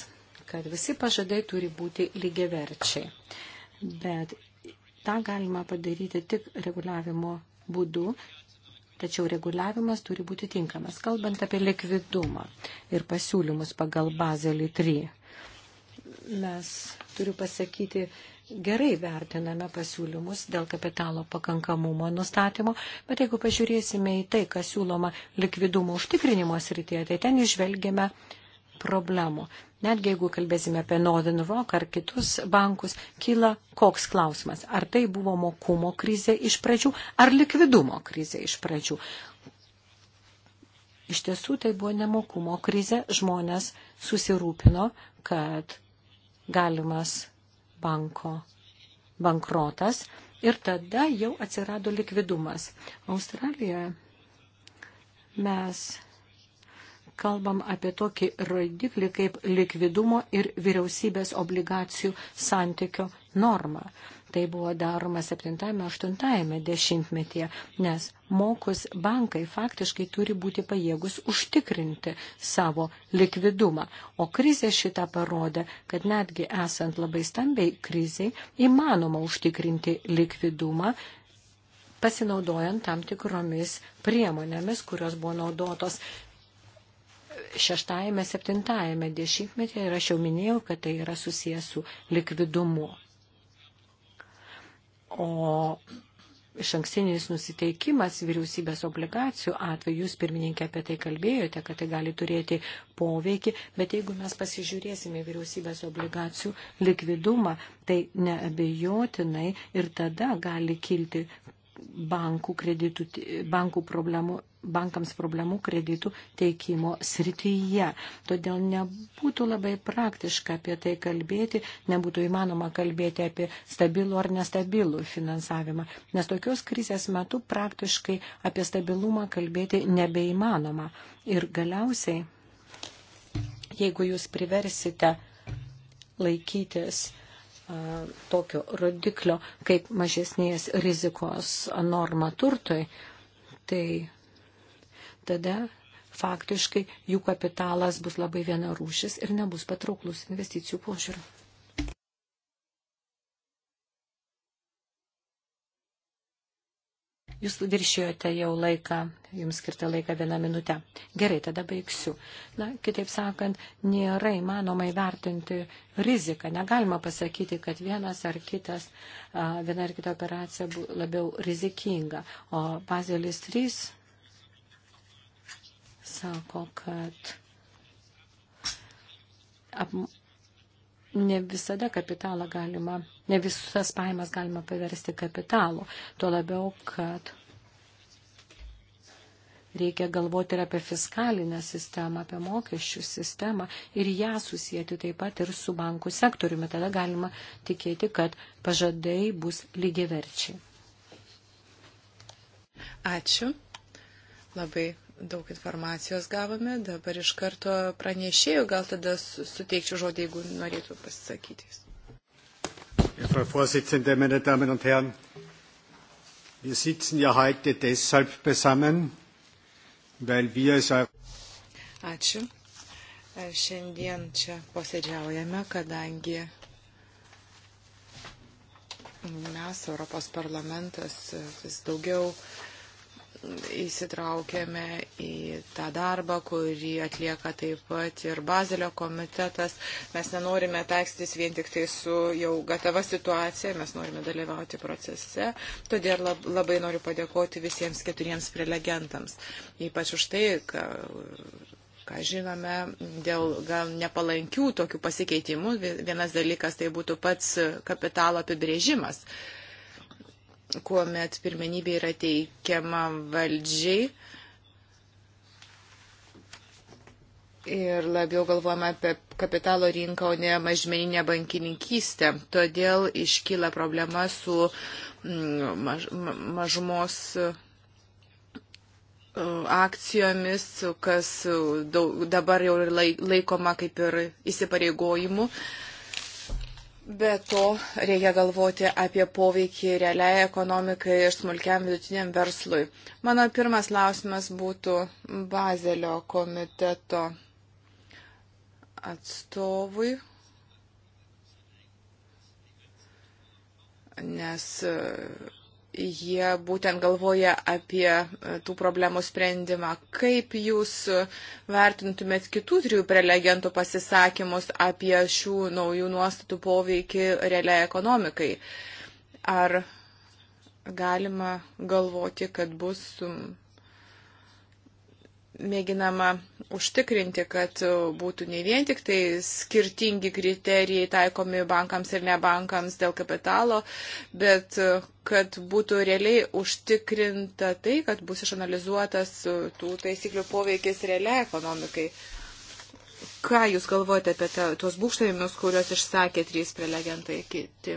kad visi pažadai turi būti lygiaverčiai. Bet tą galima padaryti tik reguliavimo būdu, tačiau reguliavimas turi būti tinkamas. Kalbant apie likvidumą ir pasiūlymus pagal bazelį 3, mes turiu pasakyti, gerai vertiname pasiūlymus dėl kapitalo pakankamumo nustatymo, bet jeigu pažiūrėsime į tai, kas siūloma likvidumo užtikrinimo srityje, tai ten išvelgiame problemų. Netgi jeigu kalbėsime apie Northern Rock ar kitus bankus, kyla koks klausimas. Ar tai buvo mokumo krizė iš pradžių, ar likvidumo krizė iš pradžių? Iš tiesų tai buvo nemokumo krizė, žmonės susirūpino, kad galimas banko bankrotas ir tada jau atsirado likvidumas. Australijoje mes kalbam apie tokį rodiklį kaip likvidumo ir vyriausybės obligacijų santykio norma. Tai buvo daroma 7-8 dešimtmetyje, nes mokus bankai faktiškai turi būti pajėgus užtikrinti savo likvidumą. O krizė šitą parodė, kad netgi esant labai stambiai kriziai įmanoma užtikrinti likvidumą pasinaudojant tam tikromis priemonėmis, kurios buvo naudotos šeštajame, septintajame dešimtmetyje ir aš jau minėjau, kad tai yra susijęs su likvidumu. O iš ankstinis nusiteikimas vyriausybės obligacijų atveju, jūs pirmininkė apie tai kalbėjote, kad tai gali turėti poveikį, bet jeigu mes pasižiūrėsime vyriausybės obligacijų likvidumą, tai neabejotinai ir tada gali kilti bankų, kreditų, bankų problemų bankams problemų kreditų teikimo srityje. Todėl nebūtų labai praktiška apie tai kalbėti, nebūtų įmanoma kalbėti apie stabilų ar nestabilų finansavimą, nes tokios krizės metu praktiškai apie stabilumą kalbėti nebeįmanoma. Ir galiausiai, jeigu jūs priversite laikytis tokio rodiklio kaip mažesnės rizikos norma turtui, tai tada faktiškai jų kapitalas bus labai viena rūšis ir nebus patrauklus investicijų požiūrių. Jūs viršijote jau laiką, jums skirtą laiką vieną minutę. Gerai, tada baigsiu. Na, kitaip sakant, nėra įmanoma įvertinti riziką. Negalima pasakyti, kad vienas ar kitas, viena ar kita operacija labiau rizikinga. O Bazelis 3 sako, kad ap, ne visada kapitalą galima, ne visas paimas galima paversti kapitalu. Tuo labiau, kad reikia galvoti ir apie fiskalinę sistemą, apie mokesčių sistemą ir ją susijęti taip pat ir su bankų sektoriumi. Tada galima tikėti, kad pažadai bus lygiaverčiai. Ačiū. Labai daug informacijos gavome, dabar iš karto pranešėjau, gal tada suteikčiau žodį, jeigu norėtų pasisakyti. Frau Vorsitzende, meine Damen und Herren, wir sitzen ja heute deshalb beisammen, weil wir es auch. Ačiū. Šiandien čia posėdžiaujame, kadangi mes, Europos parlamentas, vis daugiau uh, įsitraukėme į tą darbą, kurį atlieka taip pat ir Bazelio komitetas. Mes nenorime taikstytis vien tik tai su jau gatava situacija, mes norime dalyvauti procese. Todėl labai noriu padėkoti visiems keturiems prelegentams. Ypač už tai, ką, ką žinome, dėl gal nepalankių tokių pasikeitimų. Vienas dalykas tai būtų pats kapitalo apibrėžimas. Uh, kuomet pirmenybė yra teikiama valdžiai. ir labiau galvojame apie kapitalo rinką, o ne mažmeninę bankininkystę. Todėl iškyla problema su mm, maž, mažumos e, akcijomis, kas daug, dabar jau laikoma kaip ir įsipareigojimu. Uh, Be to, reikia galvoti apie poveikį realiai ekonomikai ir smulkiam vidutiniam verslui. Mano pirmas klausimas būtų Bazelio komiteto atstovui, nes jie būtent galvoja apie e, tų problemų sprendimą. Kaip jūs e, vertintumėt kitų trijų prelegentų pasisakymus apie šių naujų nuostatų poveikį realiai ekonomikai? Ar galima galvoti, kad bus mėginama užtikrinti, kad būtų ne vien tik tai skirtingi kriterijai taikomi bankams ir nebankams dėl kapitalo, bet kad būtų realiai užtikrinta tai, kad bus išanalizuotas tų taisyklių poveikis realiai ekonomikai. Ką Jūs galvojate apie ta, tuos būkštavimus, kuriuos išsakė trys prelegentai kiti?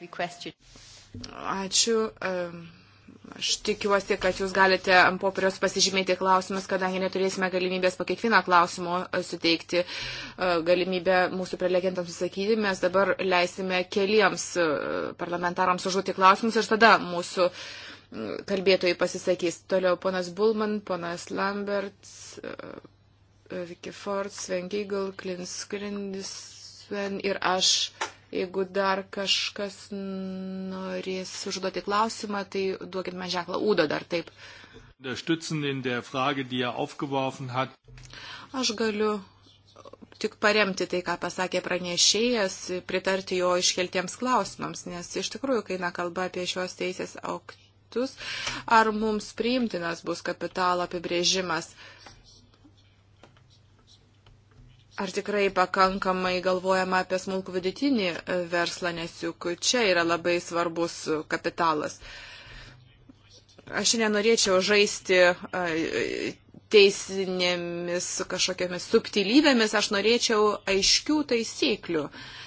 Ačiū. Um, Aš tikiuosi, kad jūs galite ant popieriaus pasižymėti klausimus, kadangi neturėsime galimybės po kiekvieną klausimą e, suteikti e, galimybę mūsų prelegentams susakyti. Mes dabar leisime keliems e, parlamentarams užduoti klausimus ir tada mūsų kalbėtojai pasisakys. Toliau ponas Bulman, ponas Lamberts, Vicky Ford, Sven Giegel, Klins Grindis, Sven ir aš. Jeigu dar kažkas norės užduoti klausimą, tai duokit man ženklą Udo dar taip. Er Aš galiu tik paremti tai, ką pasakė pranešėjas, pritarti jo iškeltiems klausimams, nes iš tikrųjų, kai eina kalba apie šios teisės aktus, ar mums priimtinas bus kapitalo apibrėžimas. Ar tikrai pakankamai galvojama apie smulkų vidutinį e, verslą, nes juk čia yra labai svarbus kapitalas. Aš nenorėčiau žaisti e, teisinėmis kažkokiamis subtilybėmis, aš norėčiau aiškių taisyklių. Uh,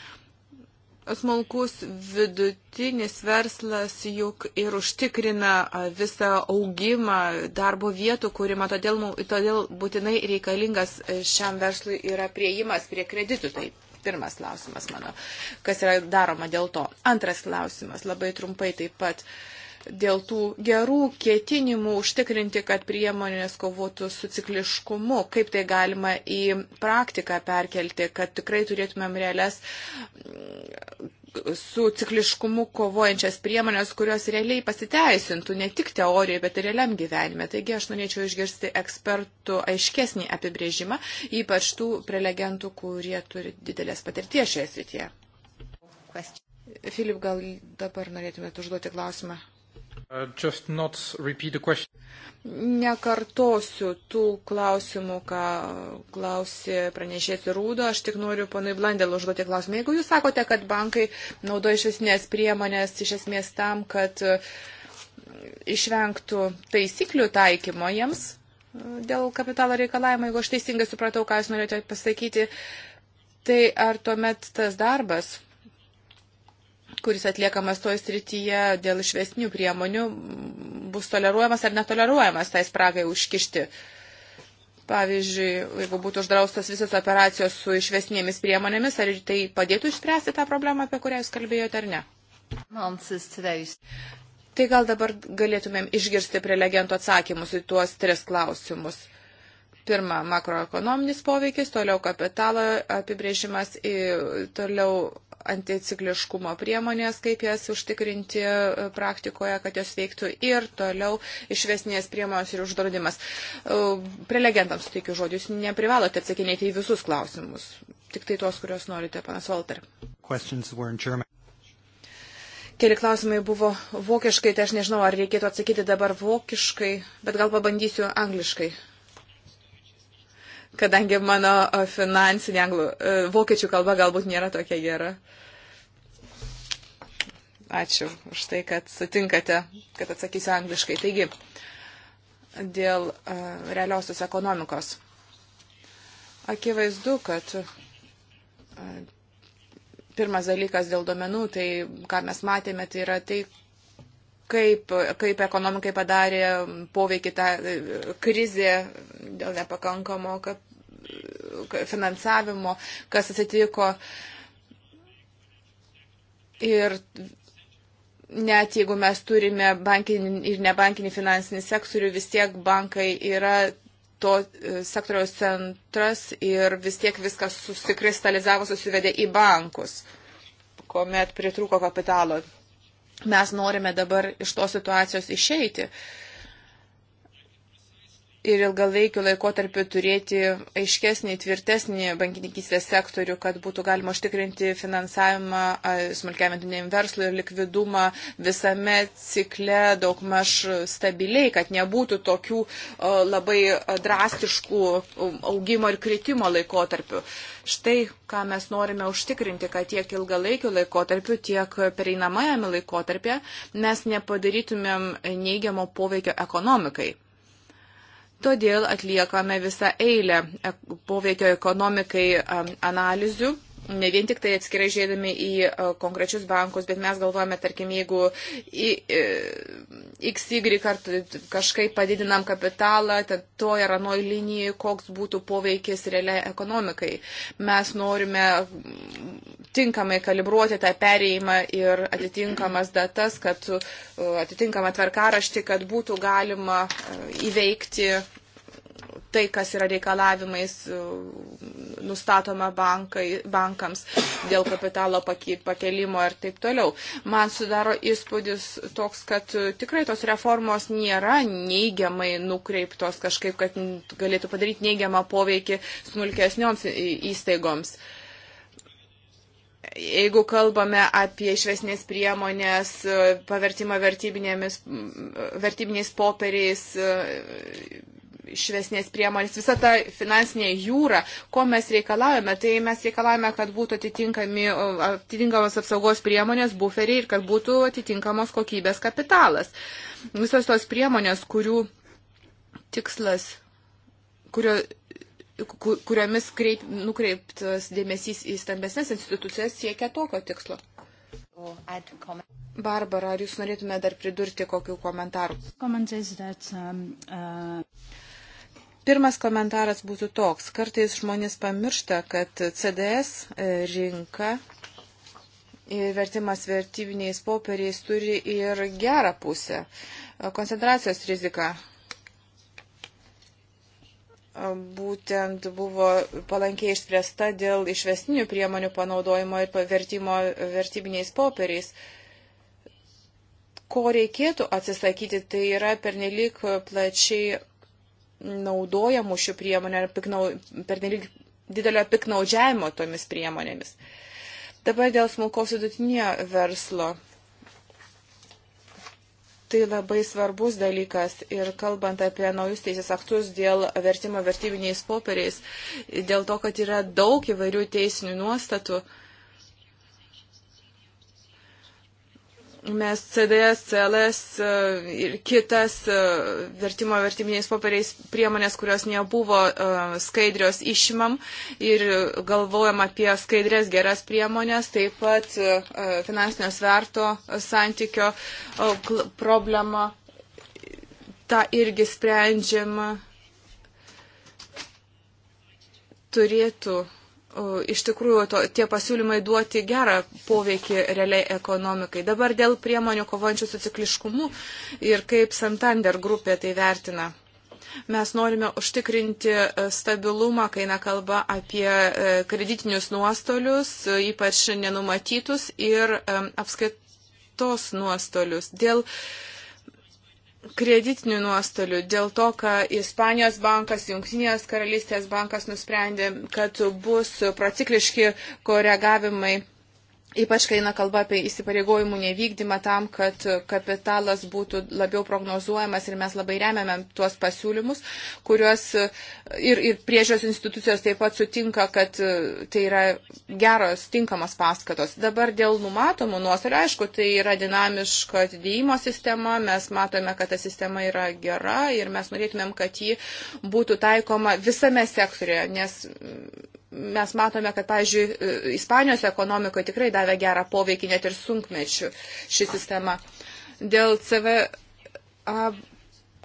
smulkus vidutinis verslas juk ir užtikrina visą augimą darbo vietų kūrimą, todėl, todėl būtinai reikalingas e, šiam verslui yra prieimas prie kreditų. Tai pirmas klausimas mano, kas yra daroma dėl to. Antras klausimas, labai trumpai taip pat. Uh, dėl tų gerų ketinimų užtikrinti, kad priemonės kovotų su cikliškumu, kaip tai galima į praktiką perkelti, kad tikrai turėtumėm realias su cikliškumu kovojančias priemonės, kurios realiai pasiteisintų ne tik teorijoje, bet ir realiam gyvenime. Taigi aš norėčiau išgirsti ekspertų aiškesnį apibrėžimą, ypač tų prelegentų, kurie turi didelės patirties šioje srityje. Filip, gal dabar norėtumėte užduoti klausimą? Uh, Nekartosiu tų klausimų, ką klausė pranešės Rūdo, aš tik noriu ponui Blandėl užduoti klausimą. Jeigu jūs sakote, kad bankai naudoja iš esmės priemonės, iš esmės tam, kad uh, išvengtų taisyklių taikymo jiems uh, dėl kapitalo reikalavimo, jeigu aš teisingai supratau, ką jūs norėjote pasakyti, tai ar tuomet tas darbas kuris atliekamas toj srityje dėl išvesnių priemonių, bus toleruojamas ar netoleruojamas tai spragai užkišti. Pavyzdžiui, jeigu būtų uždraustos visos operacijos su išvesnėmis priemonėmis, ar tai padėtų išspręsti tą problemą, apie kurią jūs kalbėjote, ar ne? Tai gal dabar galėtumėm išgirsti prelegento atsakymus į tuos tris klausimus. Pirma, makroekonominis poveikis, toliau kapitalo apibrėžimas, toliau anticikliškumo priemonės, kaip jas užtikrinti e, praktikoje, kad jos veiktų ir toliau išvesnės priemonės ir uždraudimas. E, prelegentams suteikiu žodžius, neprivalote atsakinėti į visus klausimus, tik tai tuos, kuriuos norite, panas Walter. Keli klausimai buvo vokiškai, tai aš nežinau, ar reikėtų atsakyti dabar vokiškai, bet gal pabandysiu angliškai kadangi mano finansinė anglų, vokiečių kalba galbūt nėra tokia gera. Ačiū už tai, kad sutinkate, kad atsakysiu angliškai. Taigi, dėl realiosios ekonomikos. Akivaizdu, kad pirmas dalykas dėl domenų, tai ką mes matėme, tai yra tai, kaip, kaip ekonomikai padarė poveikį tą e, krizę dėl nepakankamo kad, e, finansavimo, kas atsitiko. Ir net jeigu mes turime bankinį ir nebankinį finansinį sektorių, vis tiek bankai yra to e, sektoriaus centras ir vis tiek viskas susikristalizavo, susivedė į bankus, kuomet pritrūko kapitalo mes norime dabar iš tos situacijos išeiti. Uh, ir ilgalaikiu laikotarpiu turėti aiškesnį, tvirtesnį bankininkystės sektorių, kad būtų galima užtikrinti finansavimą smulkiam vidiniam verslui ir likvidumą visame cikle daugmaž stabiliai, kad nebūtų tokių labai drastiškų augimo ir kritimo laikotarpių. Štai, ką mes norime užtikrinti, kad tiek ilgalaikiu laikotarpiu, tiek pereinamajame laikotarpė mes nepadarytumėm neigiamo poveikio ekonomikai Todėl atliekame visą eilę e, poveikio ekonomikai analizių ne vien tik tai atskirai žiūrėdami į e, konkrečius bankus, bet mes galvojame, tarkim, jeigu e, XY kartų kažkaip padidinam kapitalą, tad to ir anoj linijai, koks būtų poveikis realiai ekonomikai. Mes norime tinkamai kalibruoti tą perėjimą ir atitinkamas datas, kad e, atitinkama tvarkarašti, kad būtų galima įveikti tai, kas yra reikalavimais e, nustatoma bankai, bankams dėl kapitalo pakelimo ir taip toliau. Man sudaro įspūdis toks, kad e, tikrai tos reformos nėra neigiamai nukreiptos kažkaip, kad galėtų padaryti neigiamą poveikį smulkesnioms įstaigoms jeigu kalbame apie išvesnės priemonės, e, pavertimą vertybiniais popieriais, švesnės priemonės, visa ta finansinė jūra, ko mes reikalavome, tai mes reikalavome, kad būtų atitinkamos apsaugos priemonės, buferiai ir kad būtų atitinkamos kokybės kapitalas. Visos tos priemonės, kurių tikslas, kurio kuriomis kreip, nukreiptas dėmesys į stambesnės institucijas siekia tokio tikslo. Barbara, ar jūs norėtume dar pridurti kokių komentarų? That, um, uh... Pirmas komentaras būtų toks. Kartais žmonės pamiršta, kad CDS e, rinka ir e, vertimas vertybiniais popieriais turi ir gerą pusę. E, koncentracijos rizika būtent buvo palankiai išspręsta dėl išvestinių priemonių panaudojimo ir pavertimo vertybiniais popieriais ko reikėtų atsisakyti, tai yra pernelik plačiai naudojamų šių priemonių ar piknau, pernelyg didelio piknaudžiavimo tomis priemonėmis. Dabar dėl smulkaus vidutinio verslo. Tai labai svarbus dalykas ir kalbant apie naujus teisės aktus dėl vertimo vertybiniais popieriais, dėl to, kad yra daug įvairių teisinių nuostatų, uh, mes CDS, CLS e, ir kitas e, vertimo vertiminiais popieriais priemonės, kurios nebuvo e, skaidrios išimam ir galvojam apie skaidrės geras priemonės, taip pat finansinio sverto santykio problemą, tą irgi sprendžiama turėtų iš tikrųjų to, tie pasiūlymai duoti gerą poveikį realiai ekonomikai. Dabar dėl priemonių kovojančių su cikliškumu ir kaip Santander grupė tai vertina. Mes norime užtikrinti e, stabilumą, kai eina kalba apie e, kreditinius nuostolius, e, ypač nenumatytus ir apskaitos nuostolius. Dėl uh, kreditinių nuostolių dėl to, kad Ispanijos bankas, Junktinės karalystės bankas nusprendė, kad bus procikliški koregavimai Ypač, kai eina kalba apie įsipareigojimų nevykdymą tam, kad kapitalas būtų labiau prognozuojamas ir mes labai remiame tuos pasiūlymus, kuriuos e, ir, ir priežios institucijos taip pat sutinka, kad e, tai yra geros, tinkamos paskatos. Dabar dėl numatomų nuostolių, aišku, tai yra dinamiška atidėjimo sistema, mes matome, kad ta sistema yra gera ir mes norėtumėm, kad ji būtų taikoma visame sektorėje, nes mes matome, kad, pavyzdžiui, e, Ispanijos ekonomikoje tikrai davė gerą poveikį net ir sunkmečių ši sistema. Dėl CVA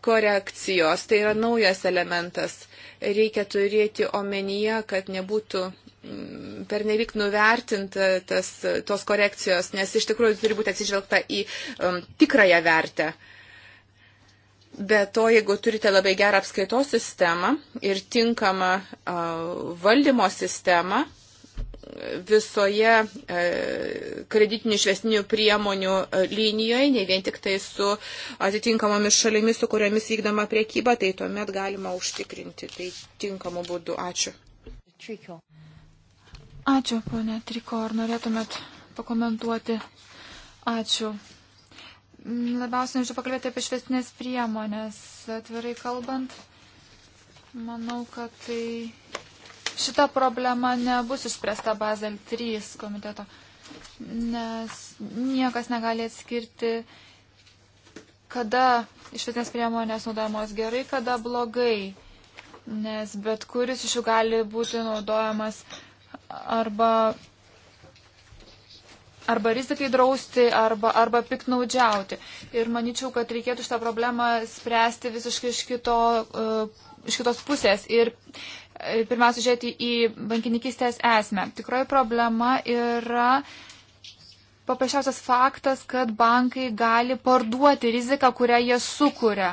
korekcijos, tai yra naujas elementas. Reikia turėti omenyje, kad nebūtų mm, pernelik nuvertinta tas, tos korekcijos, nes iš tikrųjų turi būti atsižvelgta į um, tikrąją vertę. Uh, Be to, jeigu turite labai gerą apskaitos sistemą ir tinkamą valdymo sistemą, visoje e, kreditinių išvestinių priemonių e, linijoje, ne vien tik tai su atitinkamomis šalimis, su kuriomis vykdoma priekyba, tai tuomet galima užtikrinti tai tinkamu būdu. Ačiū. Triko. Ačiū, ponė Triko. Ar norėtumėt pakomentuoti? Ačiū. Labiausiai norėčiau pakalbėti apie švestinės priemonės. Atvirai kalbant, manau, kad tai šita problema nebus išspręsta Bazel 3 komiteto, nes niekas negali atskirti, kada išvestinės priemonės naudojamos gerai, kada blogai, nes bet kuris iš jų gali būti naudojamas arba arba rizikai drausti, arba, arba piknaudžiauti. Ir manyčiau, kad reikėtų šitą problemą spręsti visiškai iš, kito, uh, iš kitos pusės. Ir uh, pirmiausia, žiūrėti į bankininkistės esmę. Tikroji problema yra paprasčiausias faktas, kad bankai gali parduoti riziką, kurią jie sukuria.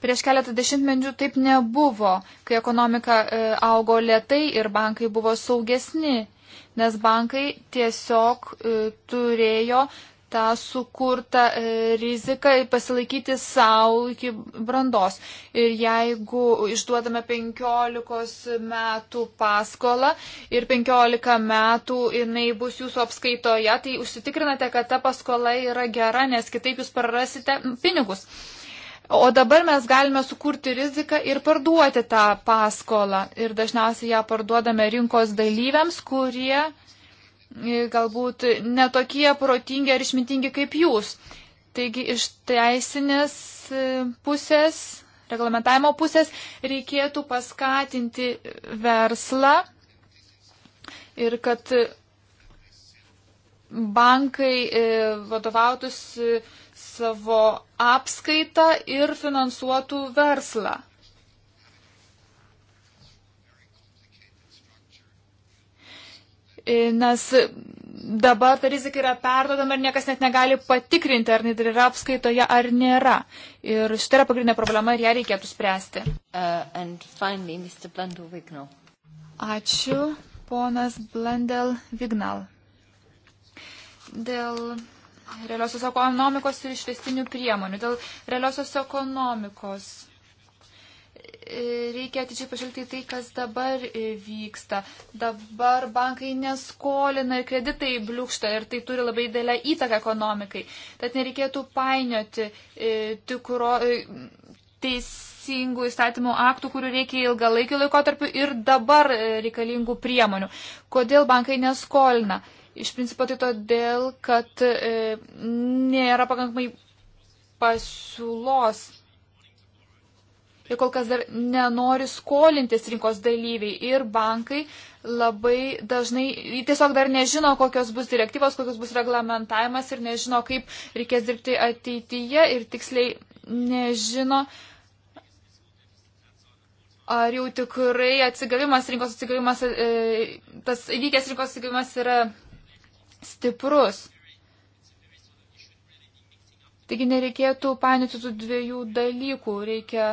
Prieš keletą dešimtmečių taip nebuvo, kai ekonomika uh, augo lietai ir bankai buvo saugesni nes bankai tiesiog e, turėjo tą sukurtą e, riziką pasilaikyti savo iki brandos. Ir jeigu išduodame 15 metų paskolą ir 15 metų jinai bus jūsų apskaitoje, tai užsitikrinate, kad ta paskola yra gera, nes kitaip jūs prarasite pinigus. O dabar mes galime sukurti riziką ir parduoti tą paskolą. Ir dažniausiai ją parduodame rinkos dalyviams, kurie e, galbūt netokie protingi ar išmintingi kaip jūs. Taigi iš teisinės e, pusės, reglamentavimo pusės reikėtų paskatinti verslą ir kad bankai e, vadovautųsi savo apskaitą ir finansuotų verslą. Nes dabar ta rizika yra perdodama ir niekas net negali patikrinti, ar jinai yra apskaitoje ar nėra. Ir šitą yra pagrindinė problema ir ją reikėtų spręsti. Uh, finally, Ačiū, ponas Blendel Vignal. Dėl realiosios ekonomikos ir išvestinių priemonių. Dėl realiosios ekonomikos e, reikia atidžiai pažvelgti į tai, kas dabar e, vyksta. Dabar bankai neskolina ir kreditai bliūkšta ir tai turi labai didelę įtaką ekonomikai. Tad nereikėtų painioti e, tikro teisingų įstatymų aktų, kurių reikia ilgalaikį laikotarpį ir dabar reikalingų priemonių. Kodėl bankai neskolina? Iš principo tai todėl, kad e, nėra pakankamai pasiūlos. Ir kol kas dar nenori skolintis rinkos dalyviai. Ir bankai labai dažnai tiesiog dar nežino, kokios bus direktyvos, kokios bus reglamentavimas ir nežino, kaip reikės dirbti ateityje ir tiksliai nežino, ar jau tikrai atsigavimas, rinkos atsigavimas, e, tas įvykęs rinkos atsigavimas yra stiprus. Taigi nereikėtų painioti tų dviejų dalykų. Reikia,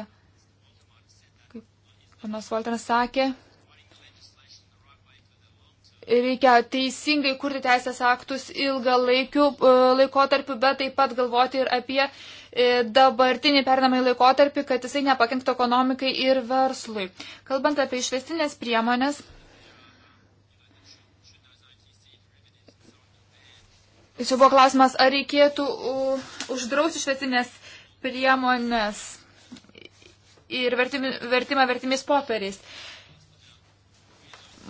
kaip panas Voltenas sakė, reikia teisingai kurti teisės aktus ilgalaikiu e, laikotarpiu, bet taip pat galvoti ir apie e, dabartinį pernamai laikotarpį, kad jisai nepakenktų ekonomikai ir verslui. Kalbant apie išvestinės priemonės, Čia buvo klausimas, ar reikėtų uždrausti švietinės priemonės ir vertimi, vertimą vertimis popieriais.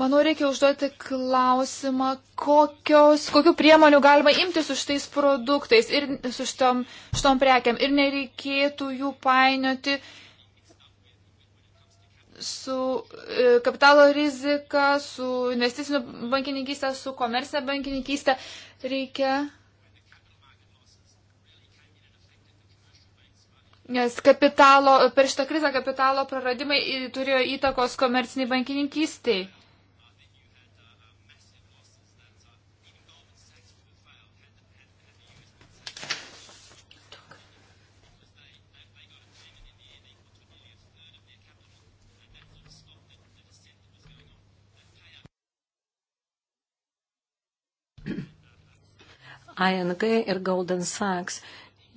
Manau, reikia užduoti klausimą, kokios, kokių priemonių galima imtis už tais produktais ir su šitom, šitom prekiam. Ir nereikėtų jų painioti su e, kapitalo rizika, su investicinių bankininkystė, su komersinė bankininkystė reikia. Nes kapitalo, per šitą krizę kapitalo praradimai turėjo įtakos komerciniai bankininkystiai. ING ir Golden Sachs.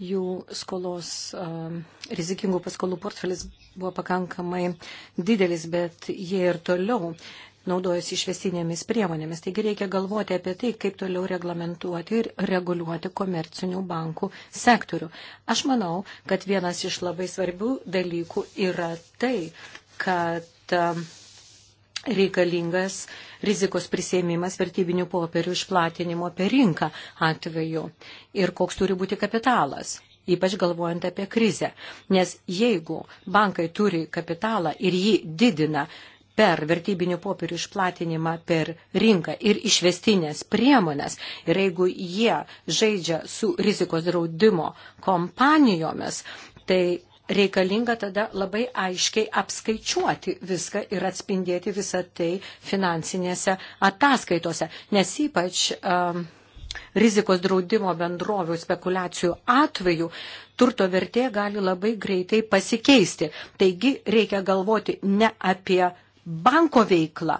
Jų skolos um, rizikingų paskolų portfelis buvo pakankamai didelis, bet jie ir toliau naudojasi išvesinėmis priemonėmis. Taigi reikia galvoti apie tai, kaip toliau reglamentuoti ir reguliuoti komercinių bankų sektorių. Aš manau, kad vienas iš labai svarbių dalykų yra tai, kad um, reikalingas rizikos prisėmimas vertybinių popierių išplatinimo per rinką atveju ir koks turi būti kapitalas, ypač galvojant apie krizę. Nes jeigu bankai turi kapitalą ir jį didina per vertybinių popierių išplatinimą per rinką ir išvestinės priemonės. Ir jeigu jie žaidžia su rizikos draudimo kompanijomis, tai reikalinga tada labai aiškiai apskaičiuoti viską ir atspindėti visą tai finansinėse ataskaitose, nes ypač um, rizikos draudimo bendrovių spekulacijų atveju turto vertė gali labai greitai pasikeisti. Taigi reikia galvoti ne apie banko veiklą,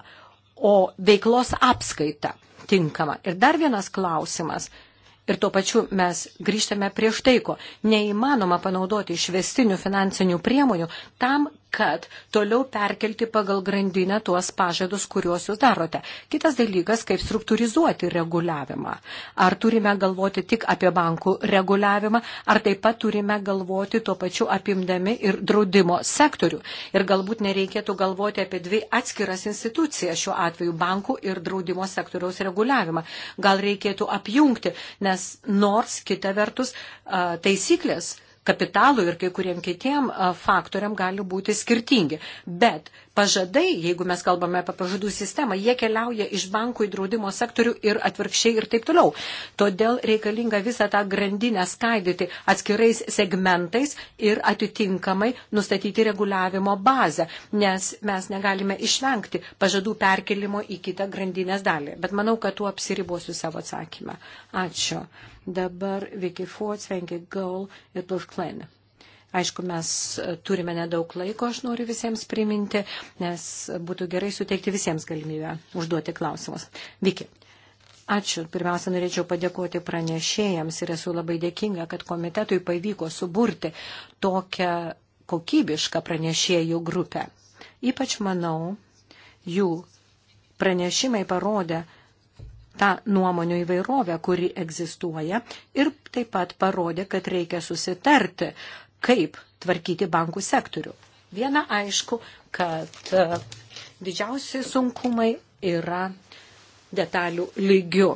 o veiklos apskaitą tinkamą. Ir dar vienas klausimas Ir tuo pačiu mes grįžtame prie štai ko. Neįmanoma panaudoti išvestinių finansinių priemonių tam, kad toliau perkelti pagal grandinę tuos pažadus, kuriuos jūs darote. Kitas dalykas, kaip struktūrizuoti reguliavimą. Ar turime galvoti tik apie bankų reguliavimą, ar taip pat turime galvoti tuo pačiu apimdami ir draudimo sektorių. Ir galbūt nereikėtų galvoti apie dvi atskiras institucijas, šiuo atveju bankų ir draudimo sektoriaus reguliavimą. Gal reikėtų apjungti, nes nors kita vertus taisyklės, kapitalui ir kai kuriem kitiem faktoriam gali būti skirtingi. Bet pažadai, jeigu mes kalbame apie pažadų sistemą, jie keliauja iš bankų į draudimo sektorių ir atvirkščiai ir taip toliau. Todėl reikalinga visą tą grandinę skaidyti atskirais segmentais ir atitinkamai nustatyti reguliavimo bazę, nes mes negalime išvengti pažadų perkelimo į kitą grandinės dalį. Bet manau, kad tuo apsiribosiu savo atsakymą. Ačiū dabar Vicky Ford, Svengi Gaul ir Dulklen. Aišku, mes e, turime nedaug laiko, aš noriu visiems priminti, nes būtų gerai suteikti visiems galimybę užduoti klausimus. Vicky. Ačiū. Pirmiausia, norėčiau padėkoti pranešėjams ir esu labai dėkinga, kad komitetui pavyko suburti tokią kokybišką pranešėjų grupę. Ypač, manau, jų pranešimai parodė, tą nuomonių įvairovę, kuri egzistuoja ir taip pat parodė, kad reikia susitarti, kaip tvarkyti bankų sektorių. Viena aišku, kad e, didžiausi sunkumai yra detalių lygių.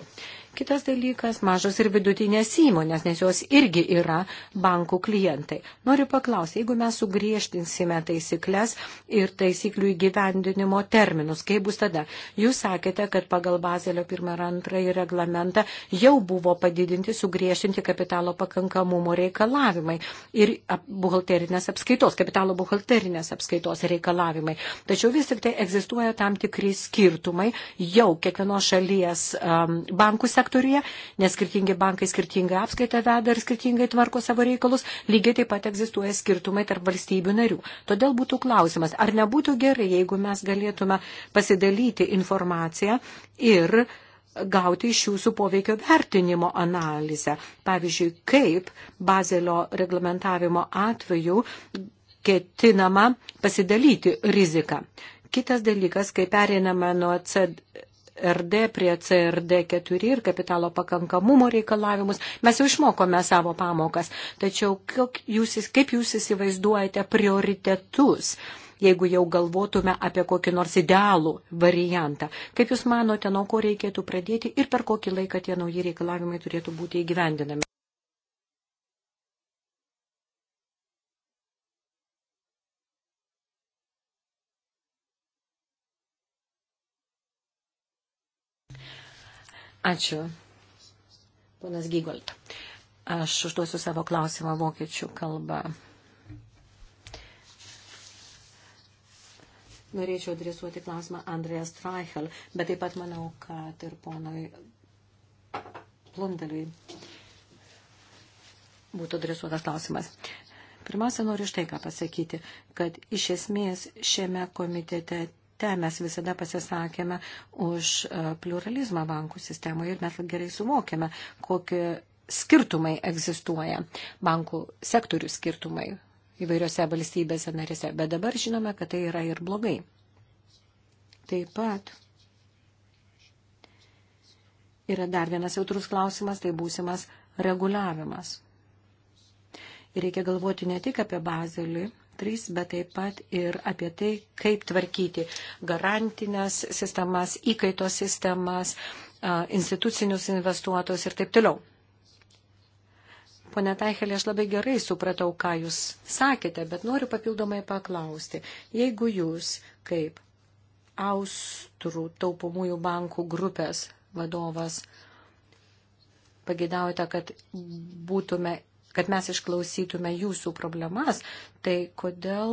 Kitas dalykas - mažos ir vidutinės įmonės, nes jos irgi yra bankų klientai. Noriu paklausti, jeigu mes sugriežtinsime taisyklės ir taisyklių įgyvendinimo terminus, kaip bus tada? Jūs sakėte, kad pagal Bazelio pirmą ir antrąjį reglamentą jau buvo padidinti, sugriežtinti kapitalo pakankamumo reikalavimai ir buhalterinės apskaitos, kapitalo buhalterinės apskaitos reikalavimai. Tačiau vis tik tai egzistuoja tam tikri skirtumai jau kiekvienos šalies um, bankų sektoriuje sektoriuje, nes skirtingi bankai skirtingai apskaitą veda ir skirtingai tvarko savo reikalus, lygiai taip pat egzistuoja skirtumai tarp valstybių narių. Todėl būtų klausimas, ar nebūtų gerai, jeigu mes galėtume pasidalyti informaciją ir gauti iš jūsų poveikio vertinimo analizę. Pavyzdžiui, kaip bazelio reglamentavimo atveju ketinama pasidalyti riziką. Kitas dalykas, kai pereiname nuo CD, CRD prie CRD4 ir kapitalo pakankamumo reikalavimus. Mes jau išmokome savo pamokas, tačiau jūs, kaip jūs įsivaizduojate prioritetus? jeigu jau galvotume apie kokį nors idealų variantą. Kaip Jūs manote, nuo ko reikėtų pradėti ir per kokį laiką tie nauji reikalavimai turėtų būti įgyvendinami? Ačiū, ponas Gygolt. Aš užduosiu savo klausimą vokiečių kalbą. Norėčiau adresuoti klausimą Andrėjas Streichel, bet taip pat manau, kad ir ponui Plundeliui būtų adresuotas klausimas. Pirmiausia, noriu štai ką pasakyti, kad iš esmės šiame komitete parlamente mes visada pasisakėme už e, pluralizmą bankų sistemoje ir mes gerai suvokėme, kokie skirtumai egzistuoja, bankų sektorių skirtumai įvairiose valstybėse narėse, bet dabar žinome, kad tai yra ir blogai. Taip pat yra dar vienas jautrus klausimas, tai būsimas reguliavimas. Ir reikia galvoti ne tik apie bazelį, 3, bet taip pat ir apie tai, kaip tvarkyti garantinės sistemas, įkaito sistemas, institucinius investuotojus ir taip toliau. Pone Taichelė, aš labai gerai supratau, ką jūs sakėte, bet noriu papildomai paklausti. Jeigu jūs, kaip Austrų taupomųjų bankų grupės vadovas, pagėdaujate, kad būtume kad mes išklausytume jūsų problemas, tai kodėl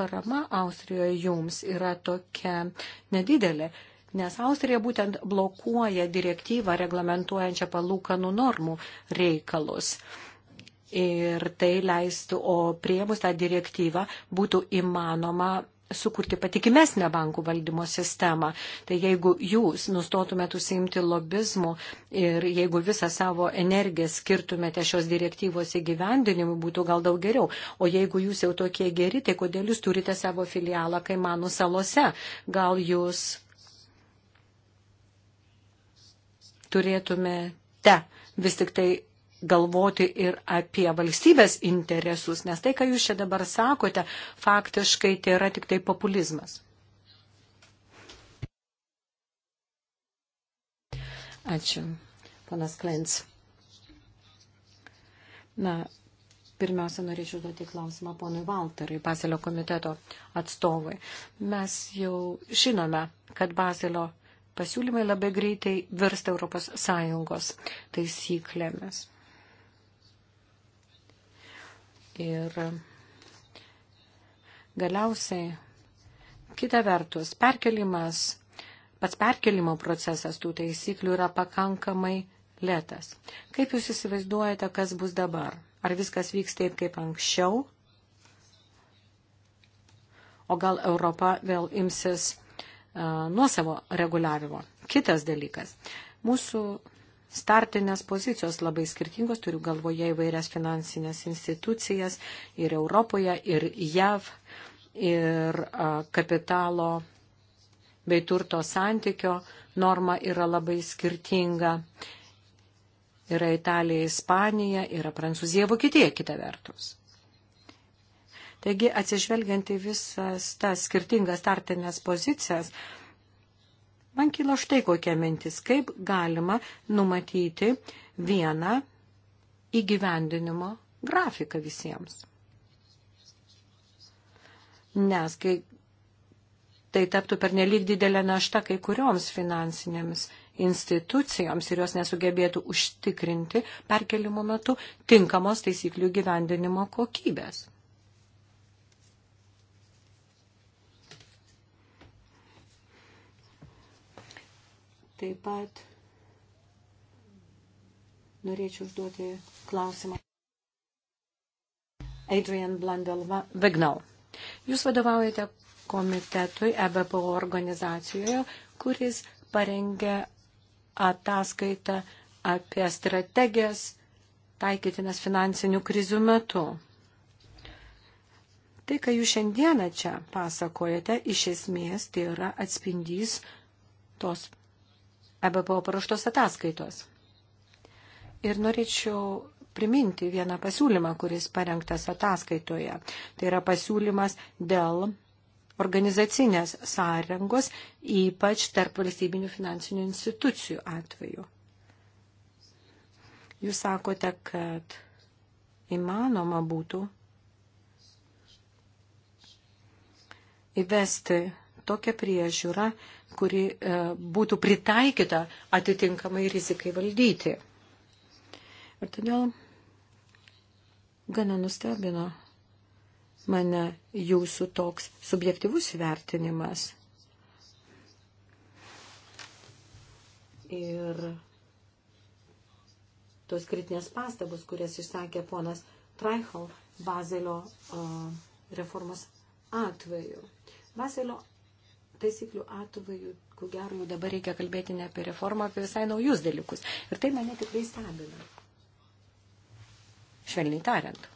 parama Austrijoje jums yra tokia nedidelė? Nes Austrija būtent blokuoja direktyvą reglamentuojančią palūkanų normų reikalus. Ir tai leistų, o priemus tą direktyvą būtų įmanoma sukurti patikimesnę bankų valdymo sistemą. Tai jeigu jūs nustotumėte užsiimti lobizmu ir jeigu visą savo energiją skirtumėte šios direktyvos įgyvendinimui, būtų gal daug geriau. O jeigu jūs jau tokie geri, tai kodėl jūs turite savo filialą Kaimanų salose? Gal jūs turėtumėte vis tik tai galvoti ir apie valstybės interesus, nes tai, ką jūs čia dabar sakote, faktiškai tai yra tik tai populizmas. Ačiū, panas Klins. Na, pirmiausia, norėčiau duoti klausimą ponui Valterui, Bazelio komiteto atstovui. Mes jau žinome, kad Bazelio pasiūlymai labai greitai virsta Europos Sąjungos taisyklėmis. Ir galiausiai, kita vertus, perkelimas, pats perkelimo procesas tų taisyklių yra pakankamai lėtas. Kaip jūs įsivaizduojate, kas bus dabar? Ar viskas vyks taip kaip anksčiau? O gal Europa vėl imsis uh, nuo savo reguliavimo? Kitas dalykas. Mūsų startinės pozicijos labai skirtingos, turiu galvoje įvairias finansinės institucijas ir Europoje, ir JAV, ir kapitalo bei turto santykio norma yra labai skirtinga. Yra Italija, Ispanija, yra Prancūzija, Vokietija kita vertus. Taigi, atsižvelgiant į visas tas skirtingas startinės pozicijas, Man kyla štai kokia mintis, kaip galima numatyti vieną įgyvendinimo grafiką visiems. Nes kai tai taptų per nelik didelę naštą kai kurioms finansinėms institucijoms ir jos nesugebėtų užtikrinti perkelimo metu tinkamos taisyklių gyvendinimo kokybės. Taip pat norėčiau užduoti klausimą. Adrian Blandel Vignau. Jūs vadovaujate komitetui EBPO organizacijoje, kuris parengė ataskaitą apie strategijas taikytinas finansinių krizių metu. Tai, ką jūs šiandieną čia pasakojate, iš esmės tai yra atspindys tos EBPO paruoštos ataskaitos. Ir norėčiau priminti vieną pasiūlymą, kuris parengtas ataskaitoje. Tai yra pasiūlymas dėl organizacinės sąrangos, ypač tarp valstybinių finansinių institucijų atveju. Jūs sakote, kad įmanoma būtų įvesti tokią priežiūrą, kuri e, būtų pritaikyta atitinkamai rizikai valdyti. Ir todėl gana nustebino mane jūsų toks subjektivus vertinimas. Ir tos kritinės pastabos, kurias išsakė ponas Traichal Bazelio e, reformos atveju. Bazelio taisyklių atveju, ko gero, jau dabar reikia kalbėti ne apie reformą, apie visai naujus dalykus. Ir tai mane tikrai stebina. Švelniai tariant.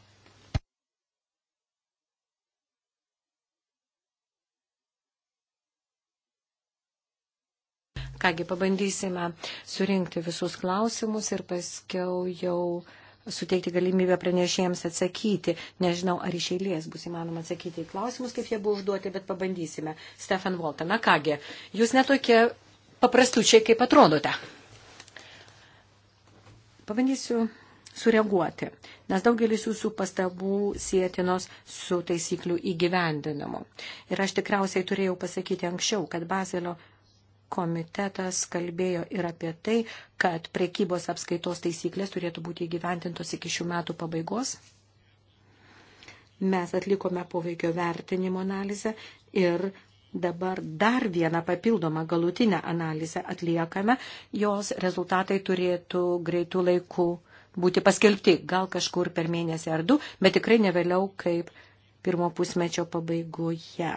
Kągi, pabandysime surinkti visus klausimus ir paskiau jau suteikti galimybę pranešėjams atsakyti. Nežinau, ar iš eilės bus įmanoma atsakyti į klausimus, kaip jie buvo užduoti, bet pabandysime. Stefan Volta, na kągi, jūs netokie paprastučiai, kaip atrodote. Pabandysiu sureaguoti, nes daugelis jūsų pastabų sėtinos su taisyklių įgyvendinimu. Ir aš tikriausiai turėjau pasakyti anksčiau, kad Bazelio komitetas kalbėjo ir apie tai, kad prekybos apskaitos taisyklės turėtų būti įgyventintos iki šių metų pabaigos. Mes atlikome poveikio vertinimo analizę ir dabar dar vieną papildomą galutinę analizę atliekame. Jos rezultatai turėtų greitų laikų būti paskelbti, gal kažkur per mėnesį ar du, bet tikrai ne vėliau kaip pirmo pusmečio pabaigoje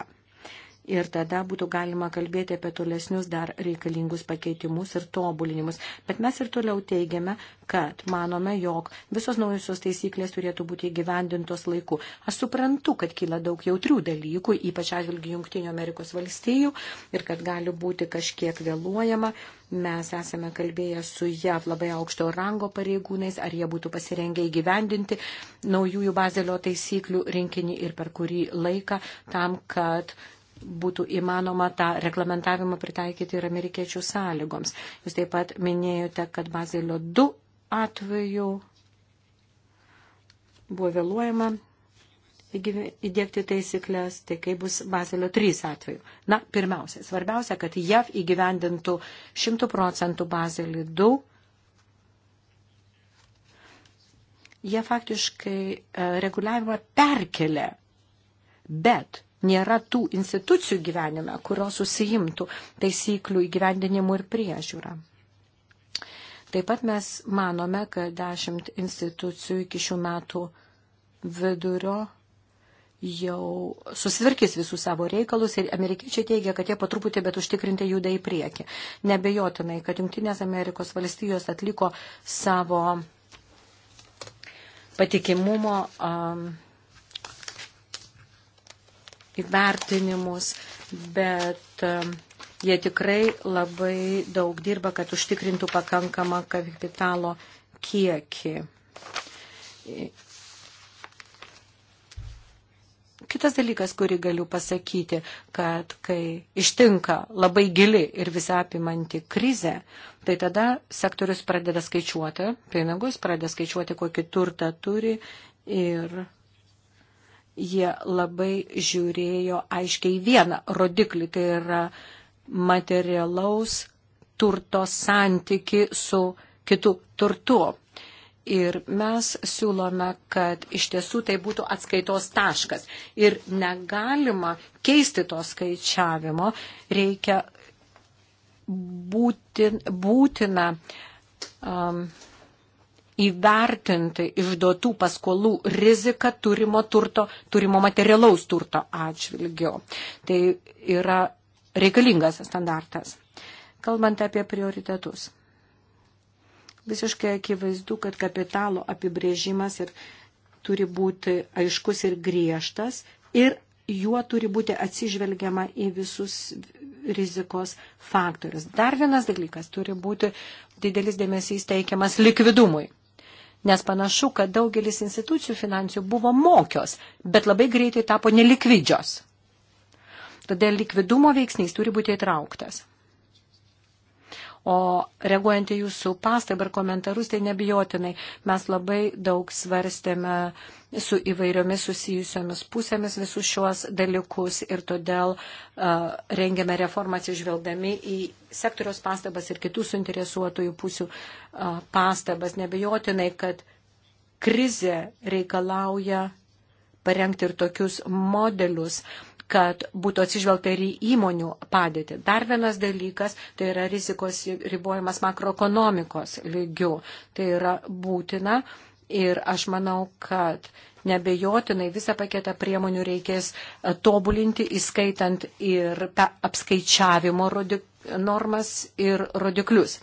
ir tada būtų galima kalbėti apie tolesnius dar reikalingus pakeitimus ir tobulinimus. Bet mes ir toliau teigiame, kad manome, jog visos naujusios taisyklės turėtų būti įgyvendintos laiku. Aš suprantu, kad kyla daug jautrių dalykų, ypač atvilgių Junktinių Amerikos valstijų ir kad gali būti kažkiek vėluojama. Mes esame kalbėję su JAV labai aukšto rango pareigūnais, ar jie būtų pasirengę įgyvendinti naujųjų bazelio taisyklių rinkinį ir per kurį laiką tam, kad uh, būtų įmanoma tą reglamentavimą pritaikyti ir amerikiečių sąlygoms. Jūs taip pat minėjote, kad Bazelio 2 atveju buvo vėluojama įdėkti taisyklės, tai kaip bus Bazelio 3 atveju. Na, pirmiausia, svarbiausia, kad JAV įgyvendintų 100 procentų Bazelį 2. Jie faktiškai e, reguliavimą perkelia, bet nėra tų institucijų gyvenime, kurios susijimtų taisyklių įgyvendinimu ir priežiūra. Taip pat mes manome, kad dešimt institucijų iki šių metų vidurio jau susitvarkys visus savo reikalus ir amerikiečiai teigia, kad jie patruputį, bet užtikrinti juda į priekį. Nebejotinai, kad Junktinės Amerikos valstijos atliko savo patikimumo um, įvertinimus, bet um, jie tikrai labai daug dirba, kad užtikrintų pakankamą kapitalo kiekį. Kitas dalykas, kurį galiu pasakyti, kad kai ištinka labai gili ir visą apimanti krizė, tai tada sektorius pradeda skaičiuoti pinigus, pradeda skaičiuoti, kokį turtą turi ir jie labai žiūrėjo aiškiai vieną rodiklį, tai yra materialaus turto santyki su kitu turtu. Ir mes siūlome, kad iš tiesų tai būtų atskaitos taškas. Ir negalima keisti to skaičiavimo, reikia būtin, būtina um, įvertinti išduotų paskolų riziką turimo turto, turimo materialaus turto atžvilgiu. Tai yra reikalingas standartas. Kalbant apie prioritetus. Visiškai akivaizdu, kad kapitalo apibrėžimas ir turi būti aiškus ir griežtas ir juo turi būti atsižvelgiama į visus rizikos faktorius. Dar vienas dalykas turi būti didelis dėmesys teikiamas likvidumui nes panašu, kad daugelis institucijų finansijų buvo mokios, bet labai greitai tapo nelikvidžios. Todėl likvidumo veiksnys turi būti įtrauktas. O reaguojant į jūsų pastabą ir komentarus, tai nebijotinai mes labai daug svarstėme su įvairiomis susijusiomis pusėmis visus šiuos dalykus ir todėl uh, rengiame reformą atsižvelgdami į sektoriaus pastabas ir kitų suinteresuotųjų pusių uh, pastabas. Nebijotinai, kad krizė reikalauja parengti ir tokius modelius, kad būtų atsižvelgta ir į įmonių padėtį. Dar vienas dalykas - tai yra rizikos ribojimas makroekonomikos lygių. Tai yra būtina ir aš manau, kad nebejotinai visą paketą priemonių reikės e, tobulinti, įskaitant ir apskaičiavimo rodik, normas ir rodiklius.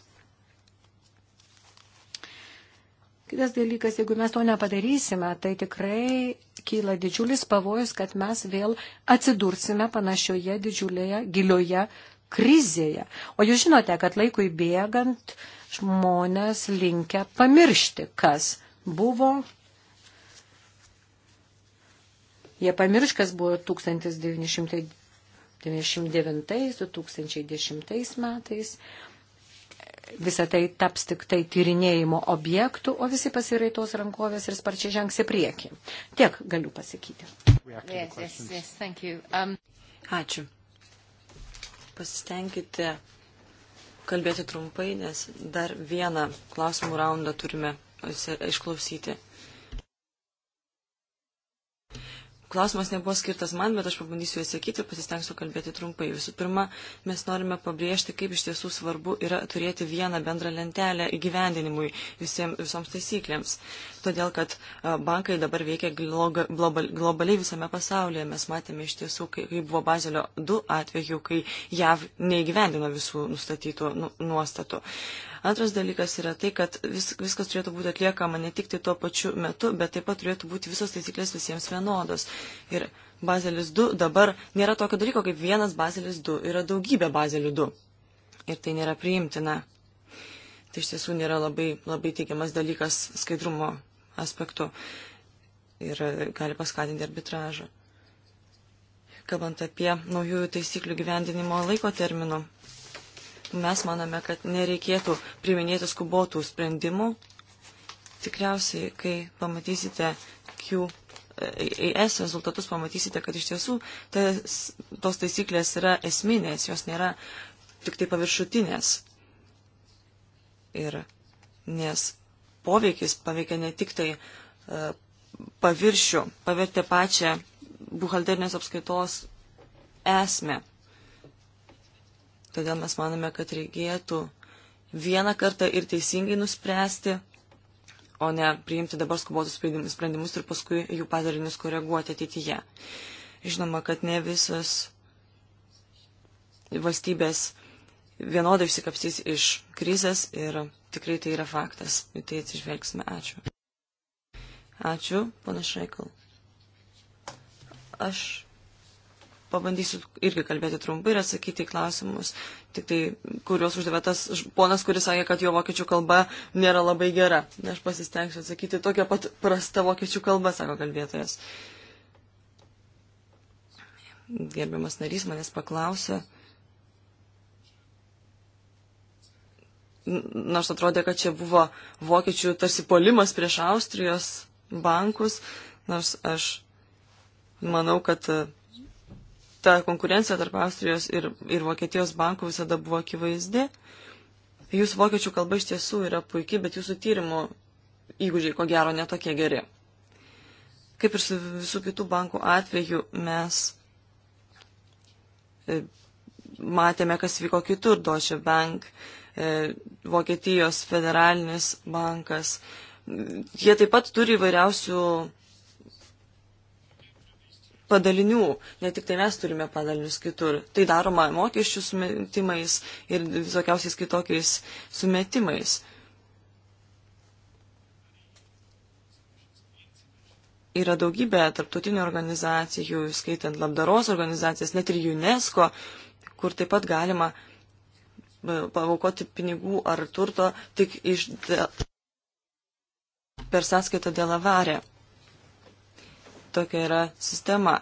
Kitas dalykas, jeigu mes to nepadarysime, tai tikrai kyla didžiulis pavojus, kad mes vėl atsidursime panašioje didžiulėje gilioje krizėje. O jūs žinote, kad laikui bėgant žmonės linkia pamiršti, kas buvo. Jie pamirš, kas buvo 1999-2010 metais visą tai taps tik tai tyrinėjimo objektų, o visi pasiraitos rankovės ir sparčiai žengs į priekį. Tiek galiu pasakyti. Yes, yes, yes, um... Ačiū. Pasistengkite kalbėti trumpai, nes dar vieną klausimų raundą turime išklausyti. klausimas nebuvo skirtas man, bet aš pabandysiu atsakyti ir pasistengsiu kalbėti trumpai. Visų pirma, mes norime pabrėžti, kaip iš tiesų svarbu yra turėti vieną bendrą lentelę įgyvendinimui visiems, visoms taisyklėms todėl kad bankai dabar veikia globaliai visame pasaulyje. Mes matėme iš tiesų, kai buvo Bazelio 2 atveju, kai JAV neįgyvendino visų nustatytų nu, nuostatų. Antras dalykas yra tai, kad vis, viskas turėtų būti atliekama ne tik tai tuo pačiu metu, bet taip pat turėtų būti visos taisyklės visiems vienodos. Ir bazelis 2 dabar nėra tokio dalyko kaip vienas bazelis 2, yra daugybė bazelių 2. Ir tai nėra priimtina. Tai iš tiesų nėra labai, labai teigiamas dalykas skaidrumo aspektu ir gali paskatinti arbitražą. Kalbant apie naujųjų taisyklių gyvendinimo laiko terminų, mes manome, kad nereikėtų priminėti skubotų sprendimų. Tikriausiai, kai pamatysite Q ES rezultatus pamatysite, kad iš tiesų tas, tos taisyklės yra esminės, jos nėra tik tai paviršutinės. Ir nes poveikis paveikė ne tik tai e, paviršių, pavertė pačią buhalterinės apskaitos esmę. Todėl mes manome, kad reikėtų vieną kartą ir teisingai nuspręsti, o ne priimti dabar skubotus sprendimus ir paskui jų padarinius koreguoti ateityje. Žinoma, kad ne visos valstybės vienodai išsikapstys iš krizės ir tikrai tai yra faktas, į tai atsižvelgsime. Ačiū. Ačiū, pana Šaikal. Aš pabandysiu irgi kalbėti trumpai ir atsakyti į klausimus, tik tai, kuriuos uždavė tas ponas, kuris sakė, kad jo vokiečių kalba nėra labai gera. Aš pasistengsiu atsakyti tokią pat prastą vokiečių kalbą, sako kalbėtojas. Gerbiamas narys manęs paklausė, nors atrodė, kad čia buvo vokiečių tarsi polimas prieš Austrijos bankus, nors aš manau, kad e, ta konkurencija tarp Austrijos ir, ir Vokietijos bankų visada buvo akivaizdi. Jūsų vokiečių kalba iš tiesų yra puikiai, bet jūsų tyrimų įgūdžiai ko gero netokie geri. Kaip ir su visų kitų bankų atveju mes e, matėme, kas vyko kitur, Deutsche Bank, uh, E, Vokietijos federalinis bankas. Jie taip pat turi įvairiausių padalinių, ne tik tai mes turime padalinius kitur. Tai daroma mokesčių sumetimais ir visokiausiais kitokiais sumetimais. Yra daugybė tarptautinių organizacijų, skaitant labdaros organizacijas, net ir UNESCO, kur taip pat galima uh, pavokoti pinigų ar turto tik iš de... per sąskaitą dėl avarę. Tokia yra sistema.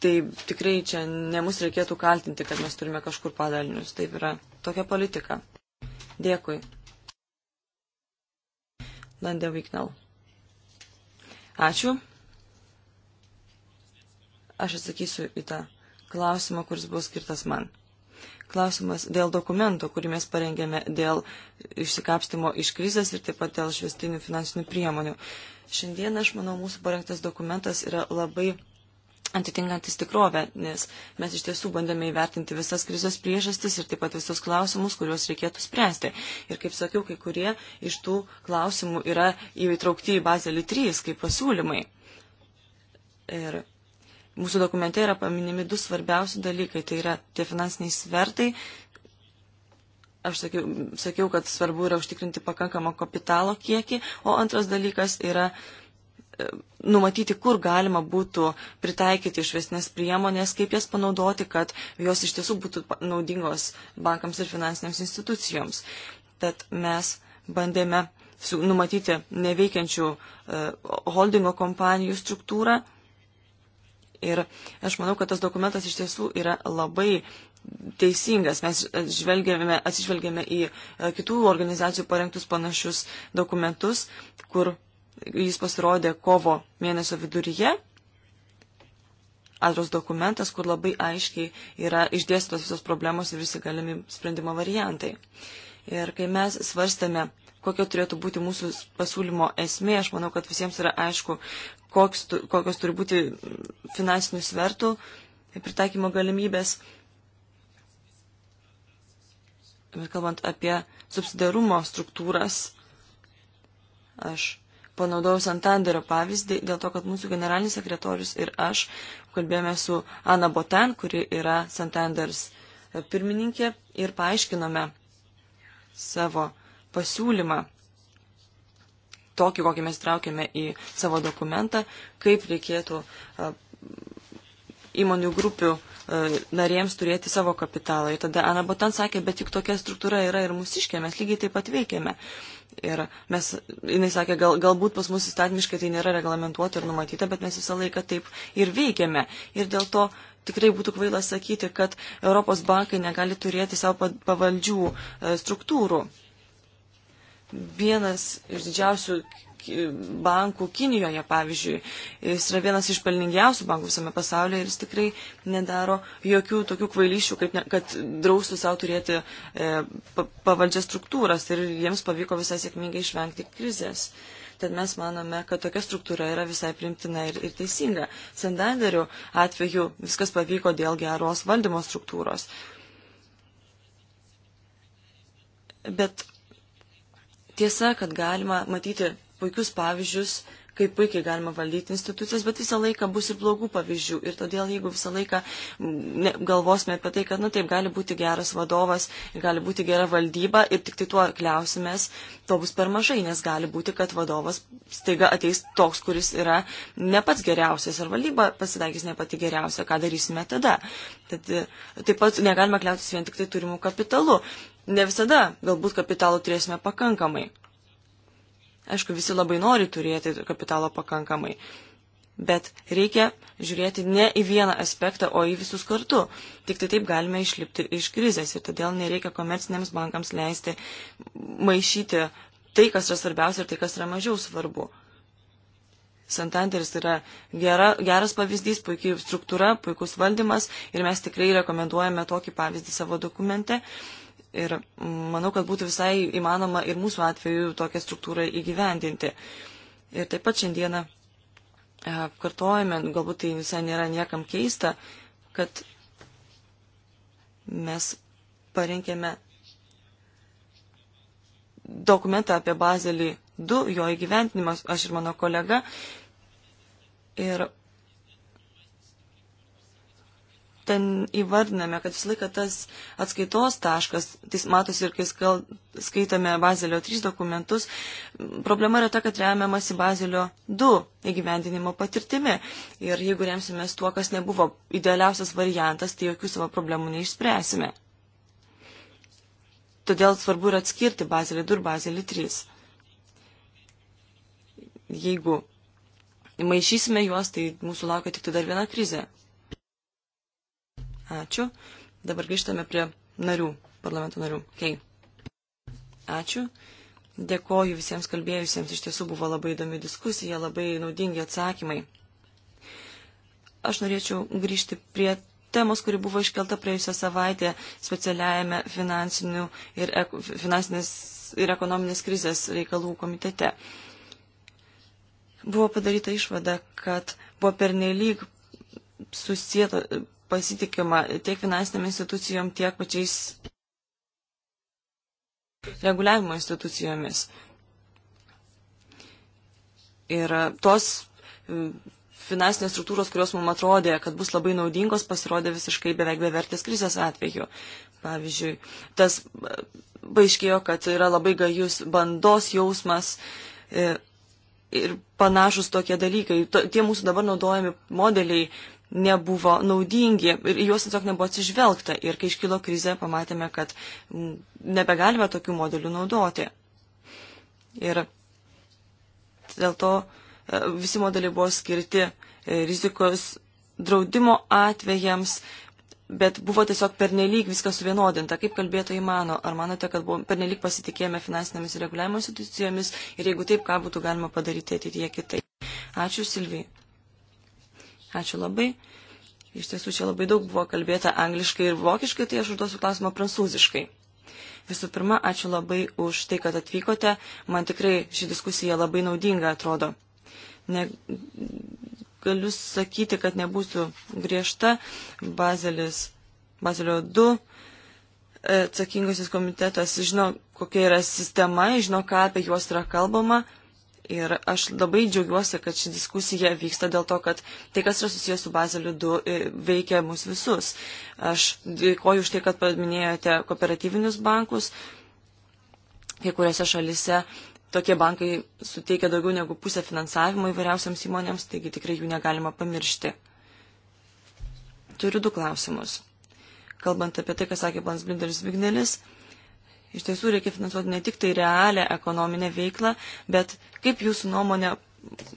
Tai tikrai čia ne mus reikėtų kaltinti, kad mes turime kažkur padalinius. Taip yra tokia politika. Dėkui. Landė Viknal. Ačiū. Aš atsakysiu į tą klausimą, kuris buvo skirtas man. Klausimas dėl dokumento, kurį mes parengėme dėl išsikapstimo iš krizės ir taip pat dėl švestinių finansinių priemonių. Šiandien, aš manau, mūsų parengtas dokumentas yra labai atitinkantis tikrovę, nes mes iš tiesų bandėme įvertinti visas krizės priežastis ir taip pat visus klausimus, kuriuos reikėtų spręsti. Ir kaip sakiau, kai kurie iš tų klausimų yra įtraukti į bazelį 3 kaip pasiūlymai. Ir Mūsų dokumente yra paminimi du svarbiausi dalykai, tai yra tie finansiniai svertai. Aš sakiau, sakiau, kad svarbu yra užtikrinti pakankamą kapitalo kiekį, o antras dalykas yra e, numatyti, kur galima būtų pritaikyti išvesnės priemonės, kaip jas panaudoti, kad jos iš tiesų būtų naudingos bankams ir finansinėms institucijoms. Tad mes bandėme numatyti neveikiančių e, holdingo kompanijų struktūrą Ir aš manau, kad tas dokumentas iš tiesų yra labai teisingas. Mes žvelgėme, atsižvelgėme į e, kitų organizacijų parengtus panašius dokumentus, kur jis pasirodė kovo mėnesio viduryje. Atros dokumentas, kur labai aiškiai yra išdėstytos visos problemos ir visi galimi sprendimo variantai. Ir kai mes svarstėme kokia turėtų būti mūsų pasiūlymo esmė. Aš manau, kad visiems yra aišku, koks, kokios turi būti finansinių svertų pritaikymo galimybės. Bet kalbant apie subsidarumo struktūras, aš panaudojau Santanderio pavyzdį dėl to, kad mūsų generalinis sekretorius ir aš kalbėjome su Ana Botan, kuri yra Santanders pirmininkė, ir paaiškinome savo pasiūlymą tokį, kokį mes traukėme į savo dokumentą, kaip reikėtų įmonių grupių narėms turėti savo kapitalą. Ir tada Ana Botan sakė, bet juk tokia struktūra yra ir mūsiškė, mes lygiai taip pat veikiame. Ir mes, jinai sakė, gal, galbūt pas mus įstatymiškai tai nėra reglamentuota ir numatyta, bet mes visą laiką taip ir veikiame. Ir dėl to tikrai būtų kvaila sakyti, kad Europos bankai negali turėti savo pavaldžių struktūrų vienas iš didžiausių bankų Kinijoje, pavyzdžiui. Jis yra vienas iš pelningiausių bankų visame pasaulyje ir jis tikrai nedaro jokių tokių kvailyšių, kaip ne, kad draustų savo turėti e, pavaldžias struktūras ir jiems pavyko visai sėkmingai išvengti krizės. Tad mes manome, kad tokia struktūra yra visai primtina ir, ir teisinga. Sendanderių atveju viskas pavyko dėl geros valdymo struktūros. Bet Tiesa, kad galima matyti puikius pavyzdžius, kaip puikiai galima valdyti institucijas, bet visą laiką bus ir blogų pavyzdžių. Ir todėl, jeigu visą laiką galvosime apie tai, kad, nu taip, gali būti geras vadovas, gali būti gera valdyba ir tik tai tuo kliausimės, to bus per mažai, nes gali būti, kad vadovas staiga ateis toks, kuris yra ne pats geriausias, ar valdyba pasidaikys ne pati geriausia, ką darysime tada. Tad, e, taip pat negalima kliautis vien tik tai turimų kapitalų ne visada galbūt kapitalo turėsime pakankamai. Aišku, visi labai nori turėti kapitalo pakankamai, bet reikia žiūrėti ne į vieną aspektą, o į visus kartu. Tik tai taip galime išlipti iš krizės ir todėl nereikia komerciniams bankams leisti maišyti tai, kas yra svarbiausia ir tai, kas yra mažiau svarbu. Santanderis yra gera, geras pavyzdys, puikiai struktūra, puikus valdymas ir mes tikrai rekomenduojame tokį pavyzdį savo dokumente. Uh, Ir manau, kad būtų visai įmanoma ir mūsų atveju tokią struktūrą įgyvendinti. Ir taip pat šiandieną e, kartojame, galbūt tai visai nėra niekam keista, kad mes parinkėme dokumentą apie Bazelį 2, jo įgyventinimą, aš ir mano kolega. Ir ten įvardiname, kad visą laiką tas atskaitos taškas, tai matosi ir kai skal, skaitome Bazelio 3 dokumentus, problema yra ta, kad remiamasi Bazelio 2 įgyvendinimo patirtimi. Ir jeigu remsimės tuo, kas nebuvo idealiausias variantas, tai jokių savo problemų neišspręsime. Todėl svarbu yra atskirti Bazelį 2 ir Bazelį 3. Jeigu maišysime juos, tai mūsų laukia tik tai dar viena krizė. Ačiū. Dabar grįžtame prie narių, parlamento narių. Kei. Ačiū. Dėkoju visiems kalbėjusiems, iš tiesų buvo labai įdomi diskusija, labai naudingi atsakymai. Aš norėčiau grįžti prie temos, kuri buvo iškelta praėjusią savaitę specialiajame finansinių ir, ek, finansinės ir ekonominės krizės reikalų komitete. Buvo padaryta išvada, kad buvo pernelyg susieto, pasitikima tiek finansiniam institucijom, tiek pačiais reguliavimo institucijomis. Ir e, tos e, finansinės struktūros, kurios mums atrodė, kad bus labai naudingos, pasirodė visiškai beveik bevertės krizės atveju. Pavyzdžiui, tas e, paaiškėjo, kad yra labai gajus bandos jausmas ir panašus tokie dalykai. Tie mūsų dabar naudojami modeliai nebuvo naudingi ir juos tiesiog nebuvo atsižvelgta. Ir kai iškilo krizė, pamatėme, kad nebegalime tokių modelių naudoti. Ir dėl to e, visi modeliai buvo skirti e, rizikos draudimo atvejams, bet buvo tiesiog pernelyg viskas suvienodinta, kaip kalbėtojai mano. Ar manote, kad pernelyg pasitikėjome finansinėmis reguliavimo institucijomis ir jeigu taip, ką būtų galima padaryti ateityje kitaip? Ačiū Silvijai. Ačiū labai. Iš tiesų, čia labai daug buvo kalbėta angliškai ir vokiškai, tai aš užduosiu klausimą prancūziškai. Visų pirma, ačiū labai už tai, kad atvykote. Man tikrai ši diskusija labai naudinga atrodo. Ne, galiu sakyti, kad nebūsiu griežta. Bazelis, Bazelio 2 atsakingasis komitetas žino, kokia yra sistema, žino, ką apie juos yra kalbama. Ir aš labai džiaugiuosi, kad ši diskusija vyksta dėl to, kad tai, kas yra susijęs su Bazeliu 2, e, veikia mus visus. Aš dėkoju už tai, kad paminėjote kooperatyvinius bankus. Kai kuriuose šalise tokie bankai suteikia daugiau negu pusę finansavimo įvairiausiams įmonėms, taigi tikrai jų negalima pamiršti. Turiu du klausimus. Kalbant apie tai, ką sakė Blansblinderis Vignelis. Vignelis Iš tiesų reikia finansuoti ne tik tai realią ekonominę veiklą, bet kaip jūsų nuomonė,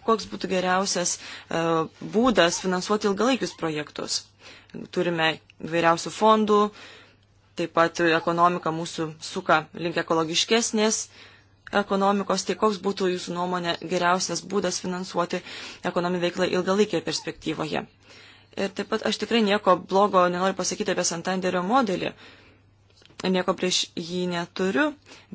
koks būtų geriausias e, būdas finansuoti ilgalaikius projektus. Turime vairiausių fondų, taip pat ekonomika mūsų suka link ekologiškesnės ekonomikos, tai koks būtų jūsų nuomonė geriausias būdas finansuoti ekonominį veiklą ilgalaikėje perspektyvoje. Ir taip pat aš tikrai nieko blogo nenoriu pasakyti apie Santanderio modelį, nieko prieš jį neturiu,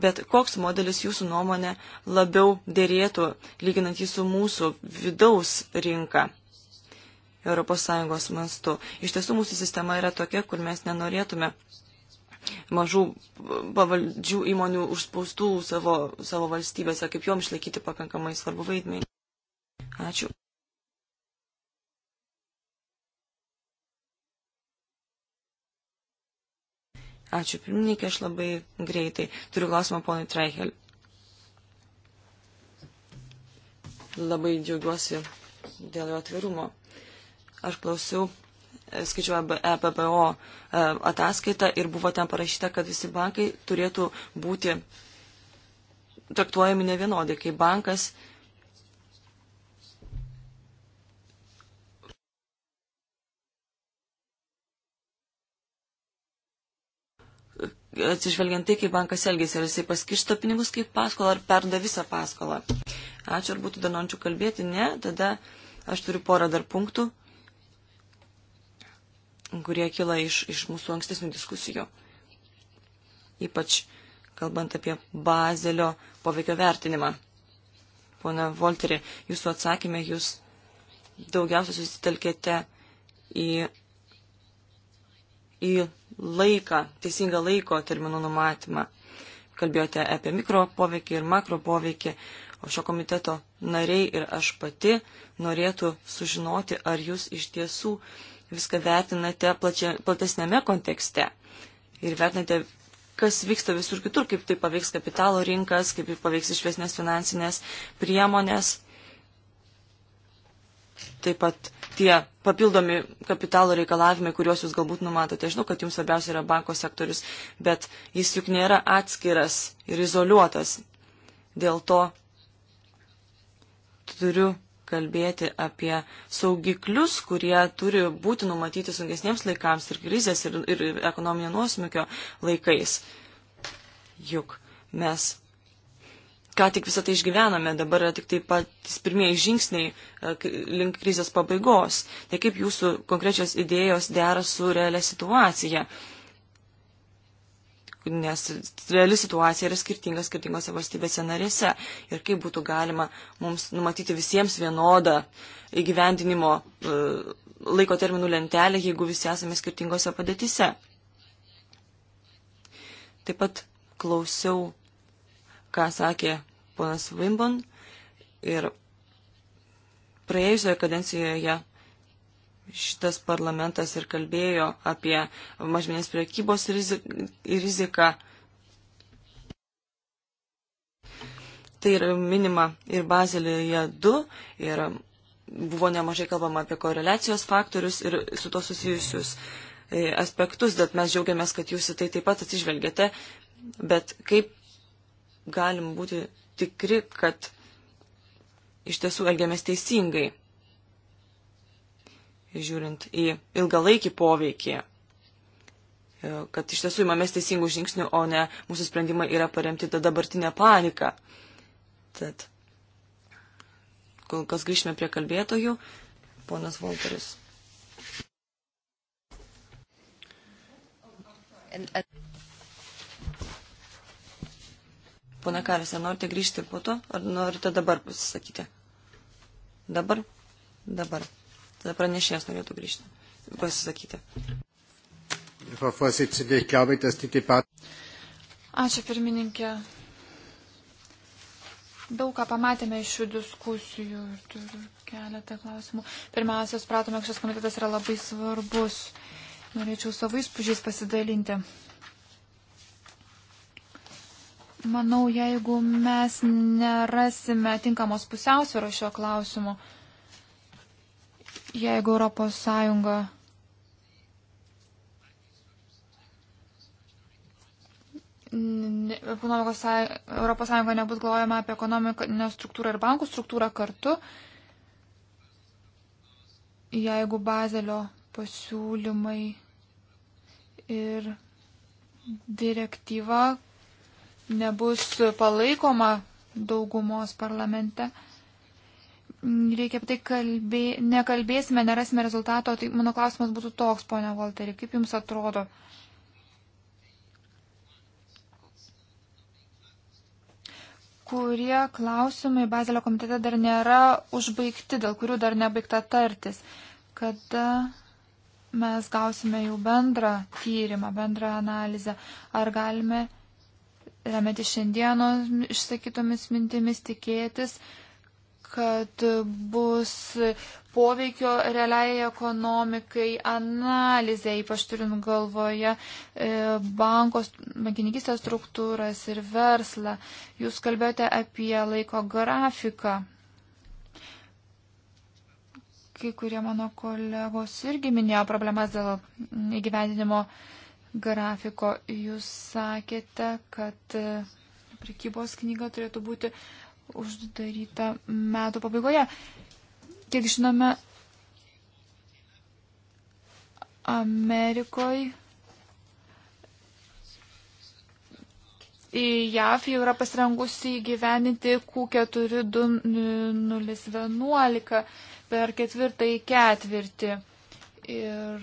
bet koks modelis jūsų nuomonė labiau dėrėtų, lyginant jį su mūsų vidaus rinka ES mastu. Iš tiesų mūsų sistema yra tokia, kur mes nenorėtume mažų pavaldžių įmonių užspaustų savo, savo valstybėse, kaip jom išlaikyti pakankamai svarbu vaidmenį. Ačiū. Ačiū, pirmininkė, aš labai greitai turiu klausimą ponui Treichel. Labai džiaugiuosi dėl jo atvirumo. Aš klausiau, e, skaičiuoju EPPO e e, ataskaitą ir buvo ten parašyta, kad visi bankai turėtų būti traktuojami nevienodai, kai bankas atsižvelgiant tai, kaip bankas elgėsi, ar jisai paskirsto pinigus kaip paskolą, ar perda visą paskolą. Ačiū, ar būtų dar norinčių kalbėti? Ne, tada aš turiu porą dar punktų, kurie kila iš, iš mūsų ankstesnių diskusijų. Ypač kalbant apie bazelio poveikio vertinimą. Pone Volterį, jūsų atsakymė jūs daugiausia susitelkėte į, į laiką, teisingą laiko terminų numatymą. Kalbėjote apie mikro poveikį ir makro poveikį, o šio komiteto nariai ir aš pati norėtų sužinoti, ar jūs iš tiesų viską vertinate plačia, platesnėme kontekste ir vertinate, kas vyksta visur kitur, kaip tai paveiks kapitalo rinkas, kaip tai paveiks išvesnės finansinės priemonės taip pat tie papildomi kapitalo reikalavimai, kuriuos jūs galbūt numatote. Žinau, kad jums svarbiausia yra banko sektorius, bet jis juk nėra atskiras ir izoliuotas. Dėl to turiu kalbėti apie saugiklius, kurie turi būti numatyti sunkesniems laikams ir krizės ir, ir ekonominio nuosmukio laikais. Juk mes ką tik visą tai išgyvename, dabar yra tik tai patys pirmieji žingsniai e, link krizės pabaigos. Tai kaip jūsų konkrečios idėjos dera su realia situacija? Nes reali situacija yra skirtinga skirtingose valstybėse narėse. Ir kaip būtų galima mums numatyti visiems vienodą įgyvendinimo e, laiko terminų lentelę, jeigu visi esame skirtingose padėtise. Taip pat klausiau ką sakė ponas Wimbon ir praėjusioje kadencijoje šitas parlamentas ir kalbėjo apie mažmenės priekybos riziką. Tai yra minima ir Bazelėje 2 ir buvo nemažai kalbama apie koreliacijos faktorius ir su to susijusius e, aspektus, bet mes džiaugiamės, kad jūs į tai taip pat atsižvelgėte. Bet kaip galim būti tikri, kad iš tiesų elgiamės teisingai, žiūrint į ilgalaikį poveikį, e, kad iš tiesų įmamės teisingų žingsnių, o ne mūsų sprendimai yra paremti tą dabartinę paniką. Tad kol kas grįžime prie kalbėtojų, ponas Volteris. Pana Karas, ar norite grįžti po to, ar norite dabar pasisakyti? Dabar? Dabar. Tada pranešėjas norėtų grįžti, pasisakyti. Ačiū pirmininkė. Daug ką pamatėme iš šių diskusijų ir turiu keletą klausimų. Pirmiausia, supratome, kad šis komitetas yra labai svarbus. Norėčiau savo įspūdžiais pasidalinti. Manau, jeigu mes nerasime tinkamos pusiausvėros šio klausimu, jeigu Europos Sąjunga ekonomikos Europos Sąjunga nebus galvojama apie ekonominę struktūrą ir bankų struktūrą kartu, jeigu bazelio pasiūlymai ir direktyva, nebus palaikoma daugumos parlamente. Reikia apie tai kalbė, nekalbėsime, nerasime rezultato. Tai mano klausimas būtų toks, ponia Volteri, kaip jums atrodo? kurie klausimai Bazelio komitete dar nėra užbaigti, dėl kurių dar nebaigta tartis, kada mes gausime jau bendrą tyrimą, bendrą analizę, ar galime remiantis šiandieno išsakytomis mintimis, tikėtis, kad bus poveikio realiai ekonomikai analizė, ypač turint galvoje e, bankos, bankininkistės struktūras ir verslą. Jūs kalbėjote apie laiko grafiką. Kai kurie mano kolegos irgi minėjo problemas dėl įgyvendinimo grafiko. Jūs sakėte, kad e, prekybos knyga turėtų būti uždaryta metų pabaigoje. Kiek žinome, Amerikoje JAF jau yra pasirengusi įgyveninti Q42011 per ketvirtąjį ketvirtį. Ir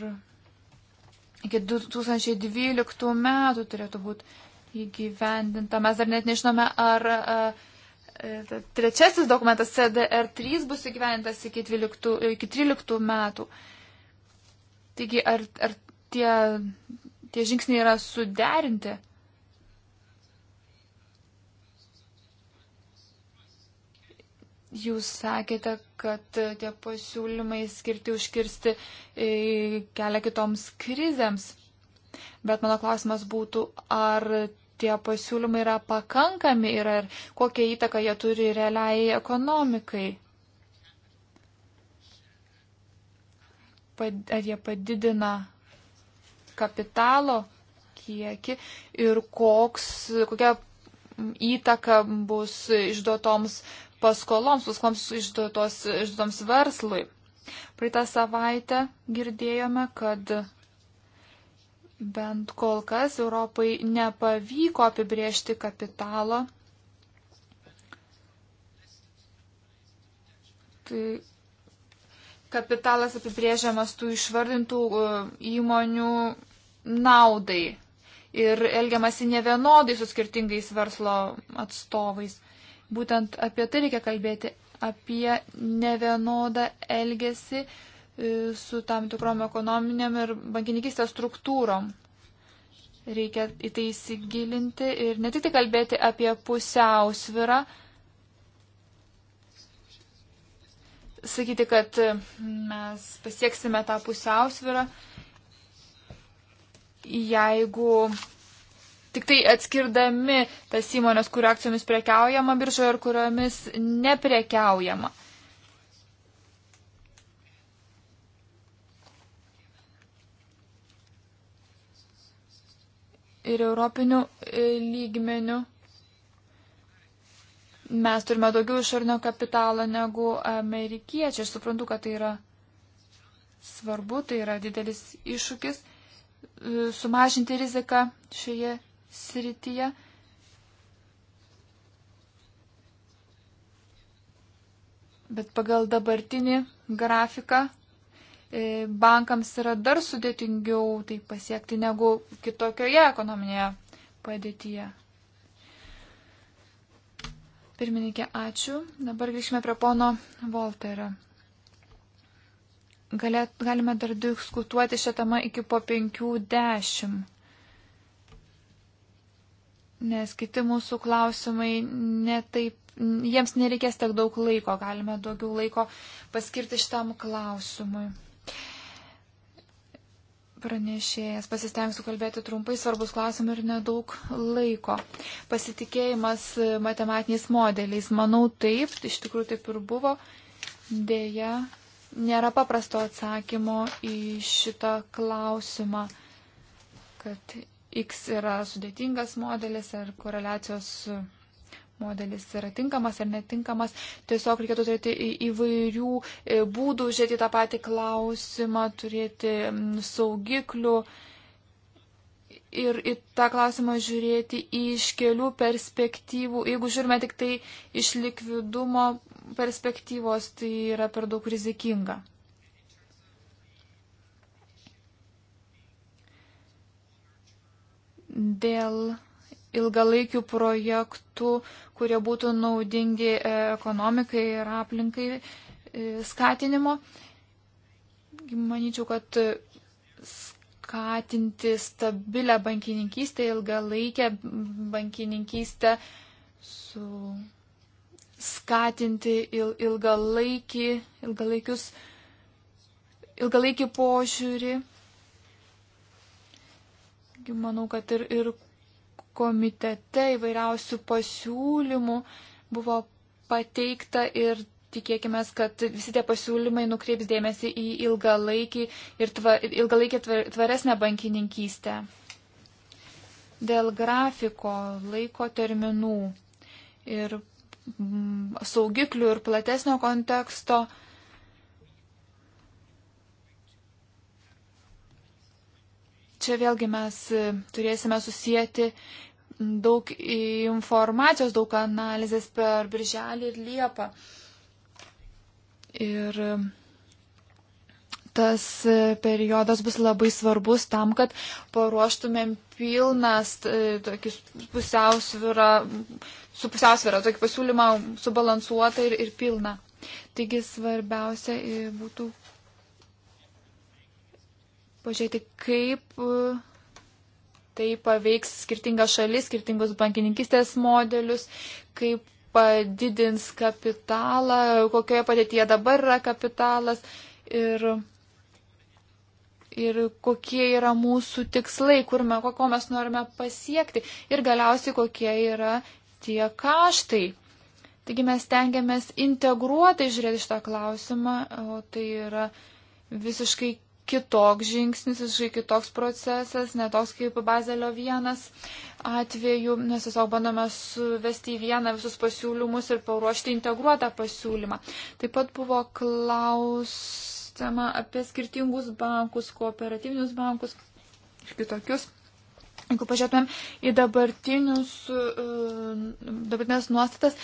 iki 2012 metų turėtų būti įgyvendinta. Mes dar net nežinome, ar a, e, a, e, trečiasis dokumentas CDR3 bus įgyvendintas iki 13, iki 13 metų. Taigi, ar, ar tie, tie žingsniai yra suderinti? Jūs sakėte, kad e, tie pasiūlymai skirti užkirsti e, kelią kitoms krizėms. Bet mano klausimas būtų, ar tie pasiūlymai yra pakankami ir ar kokią įtaką jie turi realiai ekonomikai. Ar jie padidina kapitalo kiekį ir koks, kokia įtaka bus išduotoms paskoloms, paskoloms išduotos, išduotoms verslui. Praeitą savaitę girdėjome, kad bent kol kas Europai nepavyko apibriežti kapitalo. Tai kapitalas apibrėžiamas tų išvardintų e, įmonių naudai ir elgiamasi nevienodai su skirtingais verslo atstovais. Būtent apie tai reikia kalbėti, apie nevienodą elgesį e, su tam tikrom ekonominiam ir bankininkistės struktūrom. Reikia į tai įsigilinti ir ne tik tai kalbėti apie pusiausvirą, sakyti, kad e, mes pasieksime tą pusiausvirą, jeigu tik tai atskirdami tas įmonės, kurio akcijomis prekiaujama biržoje ir kuriomis neprekiaujama. Ir europinių e, lygmenių mes turime daugiau išorinio kapitalo negu amerikiečiai. Aš suprantu, kad tai yra svarbu, tai yra didelis iššūkis e, sumažinti riziką šioje srityje. Bet pagal dabartinį grafiką e, bankams yra dar sudėtingiau tai pasiekti negu kitokioje ekonominėje padėtyje. Pirmininkė, ačiū. Dabar grįžime prie pono Volterio. Galėt, galime dar diskutuoti šią temą iki po 50 nes kiti mūsų klausimai netaip, jiems nereikės tiek daug laiko, galime daugiau laiko paskirti šitam klausimui. Pranešėjas, pasistengsiu kalbėti trumpai, svarbus klausimai ir nedaug laiko. Pasitikėjimas matematiniais modeliais, manau taip, iš tikrųjų taip ir buvo. Deja, nėra paprasto atsakymo į šitą klausimą, kad X yra sudėtingas modelis ar koreliacijos modelis yra tinkamas ar netinkamas. Tiesiog reikėtų turėti įvairių e, būdų žiūrėti tą patį klausimą, turėti saugiklių ir į tą klausimą žiūrėti iš kelių perspektyvų. Jeigu žiūrime tik tai iš likvidumo perspektyvos, tai yra per daug rizikinga. dėl ilgalaikių projektų, kurie būtų naudingi e, ekonomikai ir aplinkai e, skatinimo. Manyčiau, kad skatinti stabilę bankininkystę, ilgalaikę bankininkystę, su skatinti il, ilgalaikį, ilgalaikius, ilgalaikį požiūrį Taigi manau, kad ir, ir komitete įvairiausių pasiūlymų buvo pateikta ir tikėkime, kad visi tie pasiūlymai nukreips dėmesį į ilgalaikį ir tva, ilgalaikį tvaresnę bankininkystę. Dėl grafiko, laiko terminų ir mm, saugiklių ir platesnio konteksto Čia vėlgi mes e, turėsime susijęti daug informacijos, daug analizės per birželį ir liepą. Ir e, tas e, periodas bus labai svarbus tam, kad paruoštumėm pilnas pusiausvyrą, su pusiausvyrą, tokį pasiūlymą subalansuotą ir, ir pilną. Taigi svarbiausia būtų pažiūrėti, kaip e, tai paveiks skirtingas šalis, skirtingus bankininkistės modelius, kaip padidins kapitalą, kokioje padėtyje dabar yra kapitalas ir, ir kokie yra mūsų tikslai, kur me, ko mes norime pasiekti ir galiausiai kokie yra tie kaštai. Taigi mes tengiamės integruotai žiūrėti šitą klausimą, o tai yra visiškai kitoks žingsnis, visiškai kitoks procesas, netoks kaip Bazelio vienas atveju, nes tiesiog bandome suvesti į vieną visus pasiūlymus ir paruošti integruotą pasiūlymą. Taip pat buvo klausama apie skirtingus bankus, kooperatyvinius bankus ir kitokius. Jeigu pažiūrėtumėm į dabartinius, e, dabartinės nuostatas,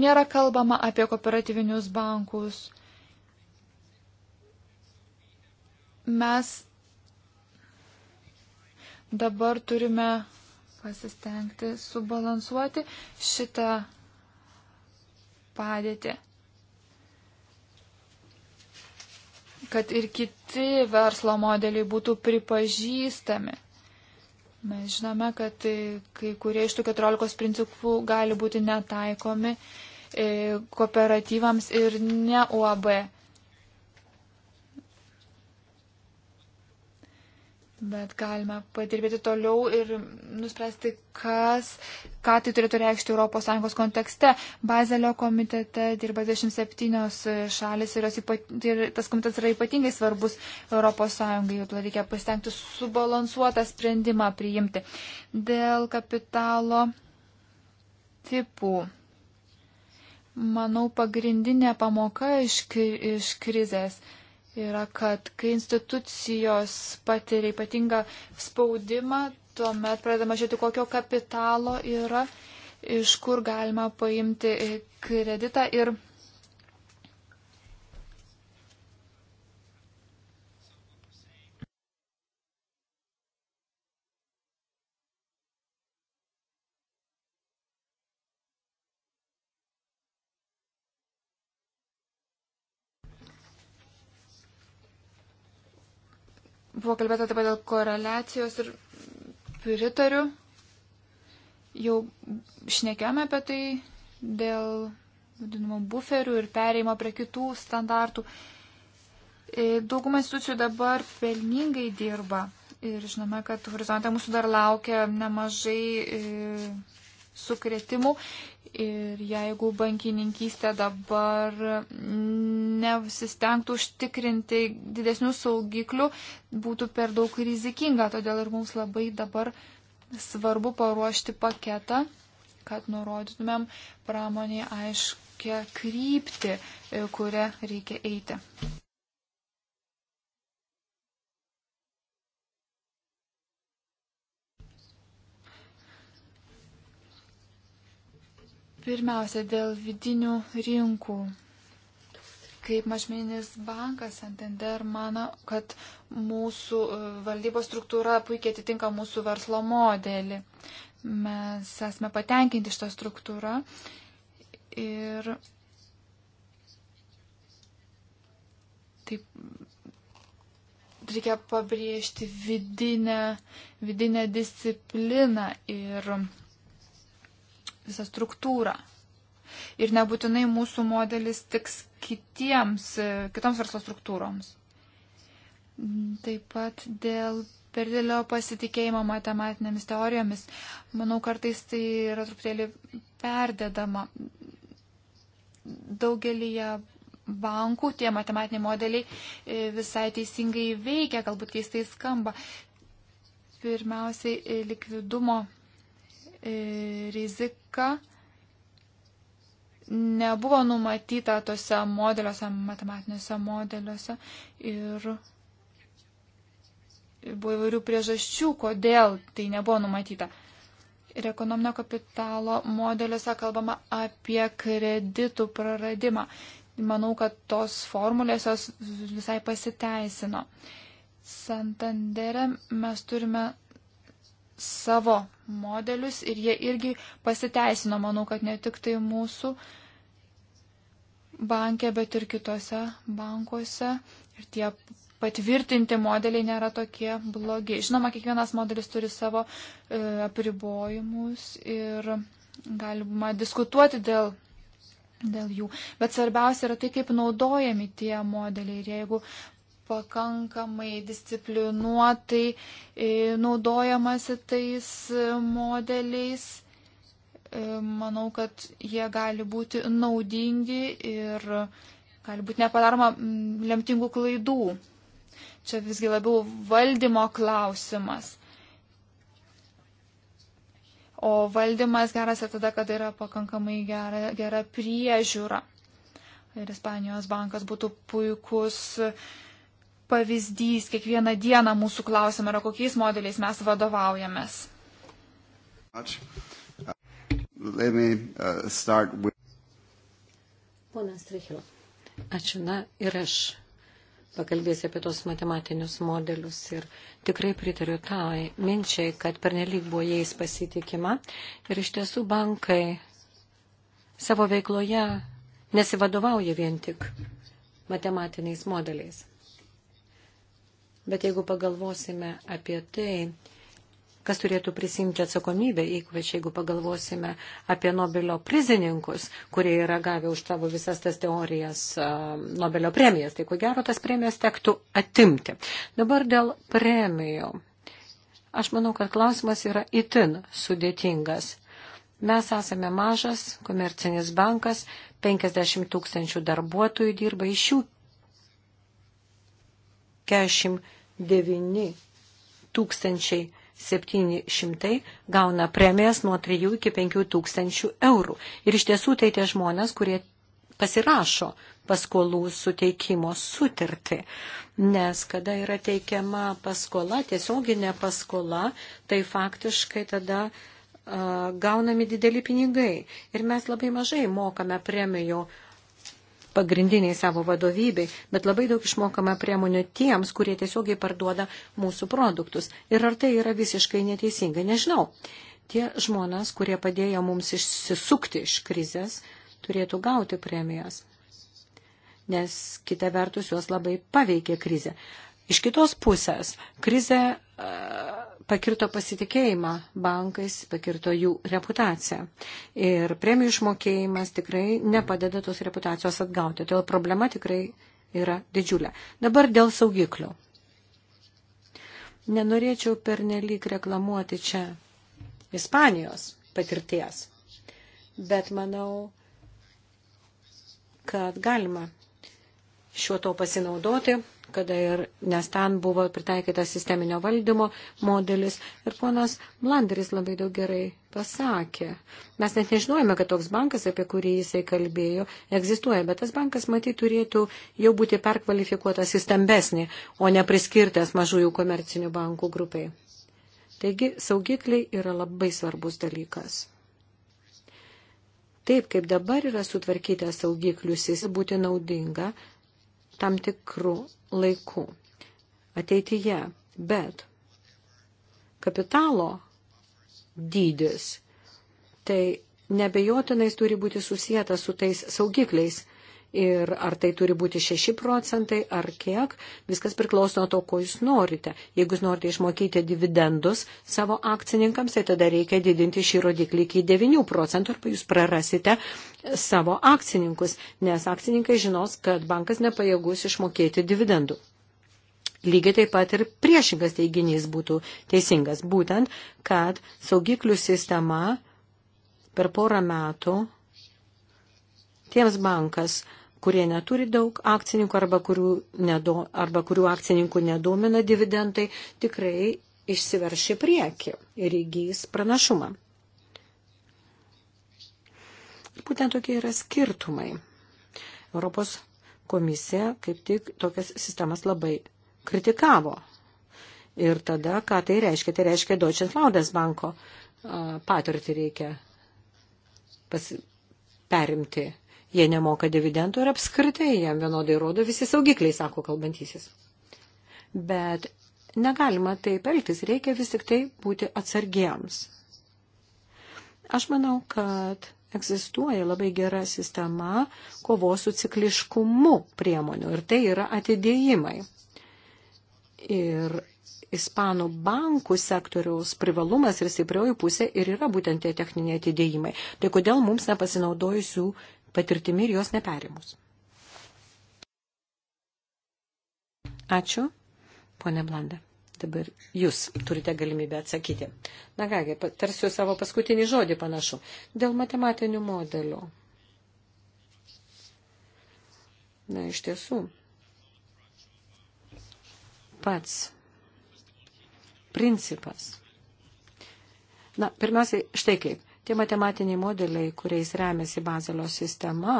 nėra kalbama apie kooperatyvinius bankus. Mes dabar turime pasistengti subalansuoti šitą padėtį. Kad ir kiti verslo modeliai būtų pripažįstami. Mes žinome, kad kai kurie iš tų 14 principų gali būti netaikomi e, kooperatyvams ir ne UAB. Bet galime padirbėti toliau ir nuspręsti, kas, ką tai turėtų reikšti ES kontekste. Bazelio komitete dirba 27 šalis ir, ypat, ir tas komitetas yra ypatingai svarbus ES, jau to reikia pasitengti subalansuotą sprendimą priimti. Dėl kapitalo tipų. Manau, pagrindinė pamoka iš, iš krizės yra, kad kai institucijos patiria ypatingą spaudimą, tuomet pradedama žiūrėti, kokio kapitalo yra, iš kur galima paimti kreditą ir Buvo kalbėta taip pat dėl koreliacijos ir pritariu. Jau šnekėjome apie tai dėl vadinamo buferių ir pereimo prie kitų standartų. E, dauguma institucijų dabar pelningai dirba ir žinome, kad horizontą mūsų dar laukia nemažai e, sukretimų. Ir jeigu bankininkystė dabar nesistengtų užtikrinti didesnių saugiklių, būtų per daug rizikinga. Todėl ir mums labai dabar svarbu paruošti paketą, kad nurodytumėm pramonėje aiškę kryptį, e, kurią reikia eiti. Pirmiausia, dėl vidinių rinkų. Kaip mažmeninis bankas Santander mano, kad mūsų e, valdybos struktūra puikiai atitinka mūsų verslo modelį. Mes esame patenkinti šitą struktūrą ir taip reikia pabrėžti vidinę, vidinę discipliną ir visą struktūrą. Ir nebūtinai mūsų modelis tiks kitiems, e, kitoms verslo struktūroms. Taip pat dėl per didelio pasitikėjimo matematinėmis teorijomis, manau, kartais tai yra truputėlį perdedama. Daugelį bankų tie matematiniai modeliai e, visai teisingai veikia, galbūt keistai skamba. Pirmiausiai e, likvidumo E, rizika nebuvo numatyta tose modeliuose, matematiniuose modeliuose ir buvo įvairių priežasčių, kodėl tai nebuvo numatyta. Ir ekonominio kapitalo modeliuose kalbama apie kreditų praradimą. Manau, kad tos formulės jos visai pasiteisino. Santandere mes turime savo modelius ir jie irgi pasiteisino, manau, kad ne tik tai mūsų bankė, bet ir kitose bankuose. Ir tie patvirtinti modeliai nėra tokie blogi. Žinoma, kiekvienas modelis turi savo e, apribojimus ir galima diskutuoti dėl, dėl jų. Bet svarbiausia yra tai, kaip naudojami tie modeliai. Ir jeigu pakankamai disciplinuotai e, naudojamasi tais e, modeliais. E, manau, kad jie gali būti naudingi ir gali būti nepadaroma lemtingų klaidų. Čia visgi labiau valdymo klausimas. O valdymas geras ir tada, kada yra pakankamai gera, gera priežiūra. Ir Ispanijos bankas būtų puikus uh, pavyzdys, kiekvieną dieną mūsų klausimą yra, kokiais modeliais mes vadovaujamės. Ačiū. Let me uh, start with. Ponas Trichilo. Ačiū. Na ir aš pakalbėsiu apie tos matematinius modelius ir tikrai pritariu tai minčiai, kad pernelyg buvo jais pasitikima ir iš tiesų bankai savo veikloje nesivadovauja vien tik matematiniais modeliais. Bet jeigu pagalvosime apie tai, kas turėtų prisimti atsakomybę, ypač jeigu pagalvosime apie Nobelio prizininkus, kurie yra gavę už savo visas tas teorijas Nobelio premijas, tai ko gero tas premijas tektų atimti. Dabar dėl premijų. Aš manau, kad klausimas yra itin sudėtingas. Mes esame mažas komercinis bankas, 50 tūkstančių darbuotojų dirba, iš jų 40 9 tūkstančiai 700 gauna premijas nuo 3 iki 5 tūkstančių eurų. Ir iš tiesų tai tie žmonės, kurie pasirašo paskolų suteikimo sutartį, nes kada yra teikiama paskola, tiesioginė paskola, tai faktiškai tada uh, gaunami dideli pinigai. Ir mes labai mažai mokame premijų uh, pagrindiniai savo vadovybei, bet labai daug išmokama priemonių tiems, kurie tiesiogiai parduoda mūsų produktus. Ir ar tai yra visiškai neteisinga, nežinau. Tie žmonės, kurie padėjo mums išsisukti iš krizės, turėtų gauti premijas, nes kita vertus juos labai paveikė krizė. Iš kitos pusės, krize pakirto pasitikėjimą bankais, pakirto jų reputaciją. Ir premijų išmokėjimas tikrai nepadeda tos reputacijos atgauti. Todėl problema tikrai yra didžiulė. Dabar dėl saugiklių. Nenorėčiau pernelyg reklamuoti čia Ispanijos patirties, bet manau, kad galima šiuo to pasinaudoti kada ir, nes ten buvo pritaikytas sisteminio valdymo modelis. Ir ponas Blanderis labai daug gerai pasakė. Mes net nežinojame, kad toks bankas, apie kurį jisai kalbėjo, egzistuoja, bet tas bankas, matyt, turėtų jau būti perkvalifikuotas į stambesnį, o ne priskirtas mažųjų komercinių bankų grupiai. Taigi, saugikliai yra labai svarbus dalykas. Taip, kaip dabar yra sutvarkyta saugiklius, jis būti naudinga tam tikrų laikų ateityje, bet kapitalo dydis tai nebejotinais turi būti susijęta su tais saugikliais, ir ar tai turi būti 6 procentai ar kiek, viskas priklauso nuo to, ko jūs norite. Jeigu jūs norite išmokyti dividendus savo akcininkams, tai tada reikia didinti šį rodiklį iki 9 procentų arba jūs prarasite savo akcininkus, nes akcininkai žinos, kad bankas nepajėgus išmokėti dividendų. Lygiai taip pat ir priešingas teiginys būtų teisingas, būtent, kad saugiklių sistema per porą metų tiems bankas, kurie neturi daug akcininkų arba kurių, nedo, arba kurių akcininkų nedomina dividendai, tikrai išsiverši prieki ir įgys pranašumą. Ir būtent tokie yra skirtumai. Europos komisija kaip tik tokias sistemas labai kritikavo. Ir tada, ką tai reiškia? Tai reiškia Deutsche Laudes banko patirtį reikia pas, perimti jie nemoka dividendų ir apskritai jam vienodai rodo visi saugikliai, sako kalbantysis. Bet negalima taip elgtis, reikia vis tik tai būti atsargiems. Aš manau, kad egzistuoja labai gera sistema kovos su cikliškumu priemonių ir tai yra atidėjimai. Ir Ispanų bankų sektoriaus privalumas ir stiprioji pusė ir yra būtent tie techniniai atidėjimai. Tai kodėl mums nepasinaudojus jų patirtimi ir jos neperimus. Ačiū, ponė Blanda. Dabar jūs turite galimybę atsakyti. Na kągi, tarsiu savo paskutinį žodį panašu. Dėl matematinių modelių. Na, iš tiesų. Pats principas. Na, pirmiausiai, štai kaip. Tie matematiniai modeliai, kuriais remiasi Bazelio sistema,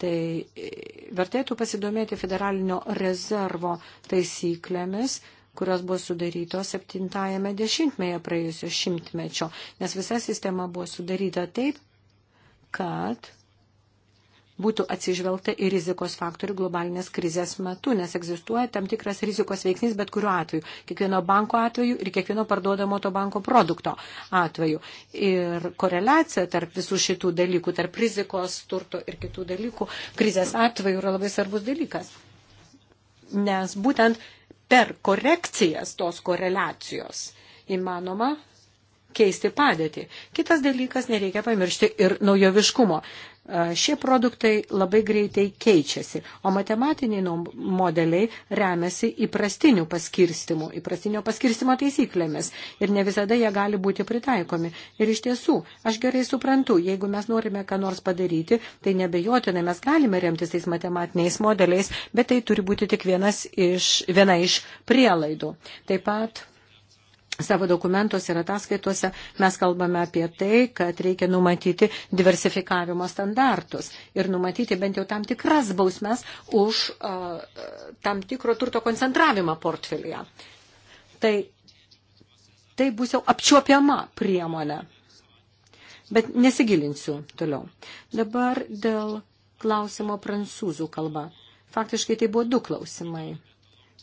tai e, vertėtų pasidomėti federalinio rezervo taisyklėmis kurios buvo sudarytos 70-ame dešimtmeje praėjusio šimtmečio, nes visa sistema buvo sudaryta taip, kad būtų atsižvelgta į rizikos faktorių globalinės krizės metu, nes egzistuoja tam tikras rizikos veiksnys bet kuriuo atveju, kiekvieno banko atveju ir kiekvieno parduodamo to banko produkto atveju. Ir koreliacija tarp visų šitų dalykų, tarp rizikos, turto ir kitų dalykų krizės atveju yra labai svarbus dalykas. Nes būtent per korekcijas tos koreliacijos įmanoma keisti padėtį. Kitas dalykas, nereikia pamiršti ir naujoviškumo. Šie produktai labai greitai keičiasi, o matematiniai modeliai remiasi įprastinių paskirstimų, įprastinio paskirstimo taisyklėmis ir ne visada jie gali būti pritaikomi. Ir iš tiesų, aš gerai suprantu, jeigu mes norime ką nors padaryti, tai nebejotinai mes galime remtis tais matematiniais modeliais, bet tai turi būti tik vienas iš, viena iš prielaidų. Taip pat Savo dokumentuose ir ataskaituose mes kalbame apie tai, kad reikia numatyti diversifikavimo standartus ir numatyti bent jau tam tikras bausmes už uh, tam tikro turto koncentravimą portfelyje. Tai, tai bus jau apčiuopiama priemonė. Bet nesigilinsiu toliau. Dabar dėl klausimo prancūzų kalba. Faktiškai tai buvo du klausimai.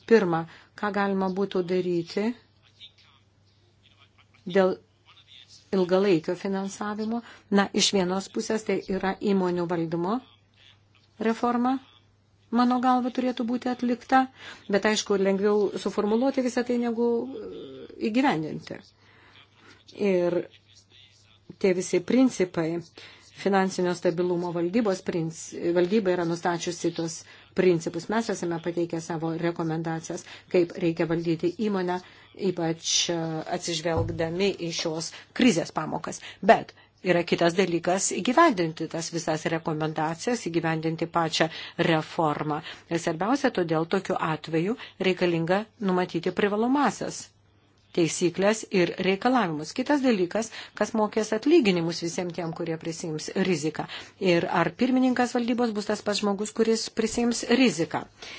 Pirma, ką galima būtų daryti dėl ilgalaikio finansavimo. Na, iš vienos pusės tai yra įmonių valdymo reforma, mano galva, turėtų būti atlikta, bet aišku, lengviau suformuluoti visą tai, negu e, įgyvendinti. Ir tie visi principai, finansinio stabilumo valdybos principai, valdyba yra nustačiusi tos principus. Mes esame pateikę savo rekomendacijas, kaip reikia valdyti įmonę, ypač e, atsižvelgdami į šios krizės pamokas. Bet yra kitas dalykas įgyvendinti tas visas rekomendacijas, įgyvendinti pačią reformą. Ir svarbiausia, todėl tokiu atveju reikalinga numatyti privalomasias teisyklės ir reikalavimus. Kitas dalykas, kas mokės atlyginimus visiems tiem, kurie prisims riziką. Ir ar pirmininkas valdybos bus tas pats žmogus, kuris prisims riziką. Uh,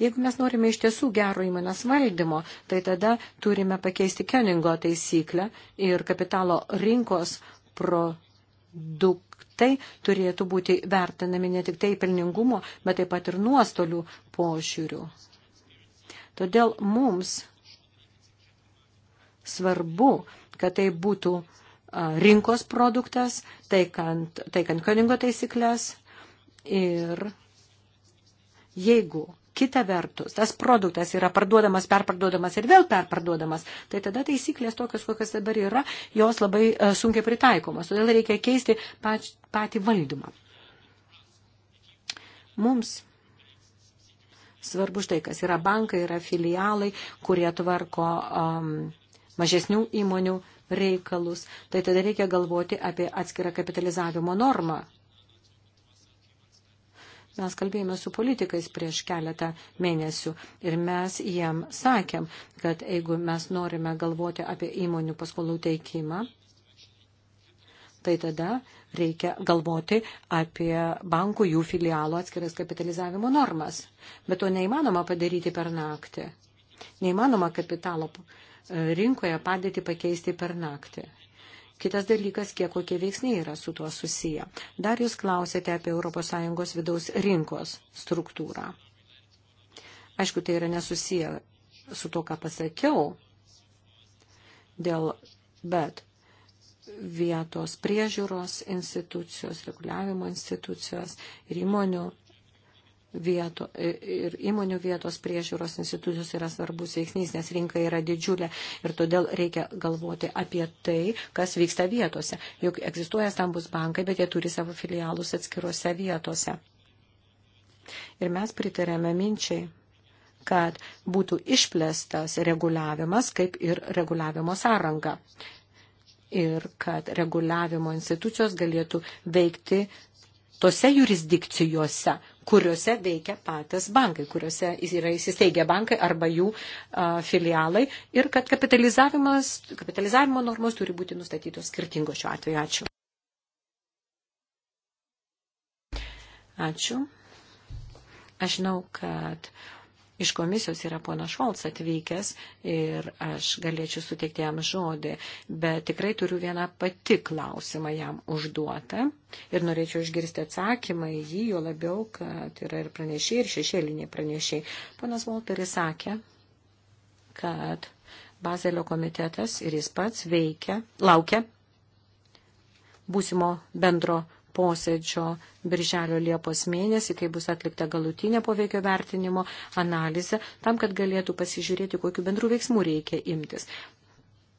Jeigu mes norime iš tiesų gero įmonės valdymo, tai tada turime pakeisti Keningo taisyklę ir kapitalo rinkos produktai turėtų būti vertinami ne tik tai pelningumo, bet taip pat ir nuostolių požiūrių. Todėl mums svarbu, kad tai būtų rinkos produktas, taikant, taikant koningo taisyklės ir jeigu kita vertus, tas produktas yra parduodamas, perparduodamas ir vėl perparduodamas, tai tada taisyklės tokios, kokias dabar yra, jos labai e, sunkiai pritaikomos. Todėl reikia keisti pač, patį valdymą. Mums svarbu štai, kas yra bankai, yra filialai, kurie tvarko um, mažesnių įmonių reikalus. Tai tada reikia galvoti apie atskirą kapitalizavimo normą Mes kalbėjome su politikais prieš keletą mėnesių ir mes jiem sakėm, kad jeigu mes norime galvoti apie įmonių paskolų teikimą, tai tada reikia galvoti apie bankų jų filialo atskiras kapitalizavimo normas. Bet to neįmanoma padaryti per naktį. Neįmanoma kapitalo e, rinkoje padėti pakeisti per naktį. Kitas dalykas, kiek kokie veiksniai yra su tuo susiję. Dar jūs klausėte apie ES vidaus rinkos struktūrą. Aišku, tai yra nesusiję su to, ką pasakiau, dėl, bet vietos priežiūros institucijos, reguliavimo institucijos ir įmonių vieto, ir įmonių vietos priežiūros institucijos yra svarbus veiksnys, nes rinka yra didžiulė ir todėl reikia galvoti apie tai, kas vyksta vietose. Juk egzistuoja stambus bankai, bet jie turi savo filialus atskiruose vietose. Ir mes pritarėme minčiai kad būtų išplėstas reguliavimas kaip ir reguliavimo sąranga ir kad reguliavimo institucijos galėtų veikti tose jurisdikcijose, kuriuose veikia patys bankai, kuriuose yra įsisteigę bankai arba jų a, filialai ir kad kapitalizavimo normos turi būti nustatytos skirtingos šiuo atveju. Ačiū. Ačiū. Aš žinau, kad iš komisijos yra pono Šolts atvykęs ir aš galėčiau suteikti jam žodį, bet tikrai turiu vieną pati klausimą jam užduotą ir norėčiau išgirsti atsakymą į jį, jo labiau, kad yra ir pranešiai, ir šešėliniai pranešiai. Ponas Volteris sakė, kad Bazelio komitetas ir jis pats veikia, laukia būsimo bendro posėdžio birželio Liepos mėnesį, kai bus atlikta galutinė poveikio vertinimo analizė, tam, kad galėtų pasižiūrėti, kokiu bendrų veiksmų reikia imtis.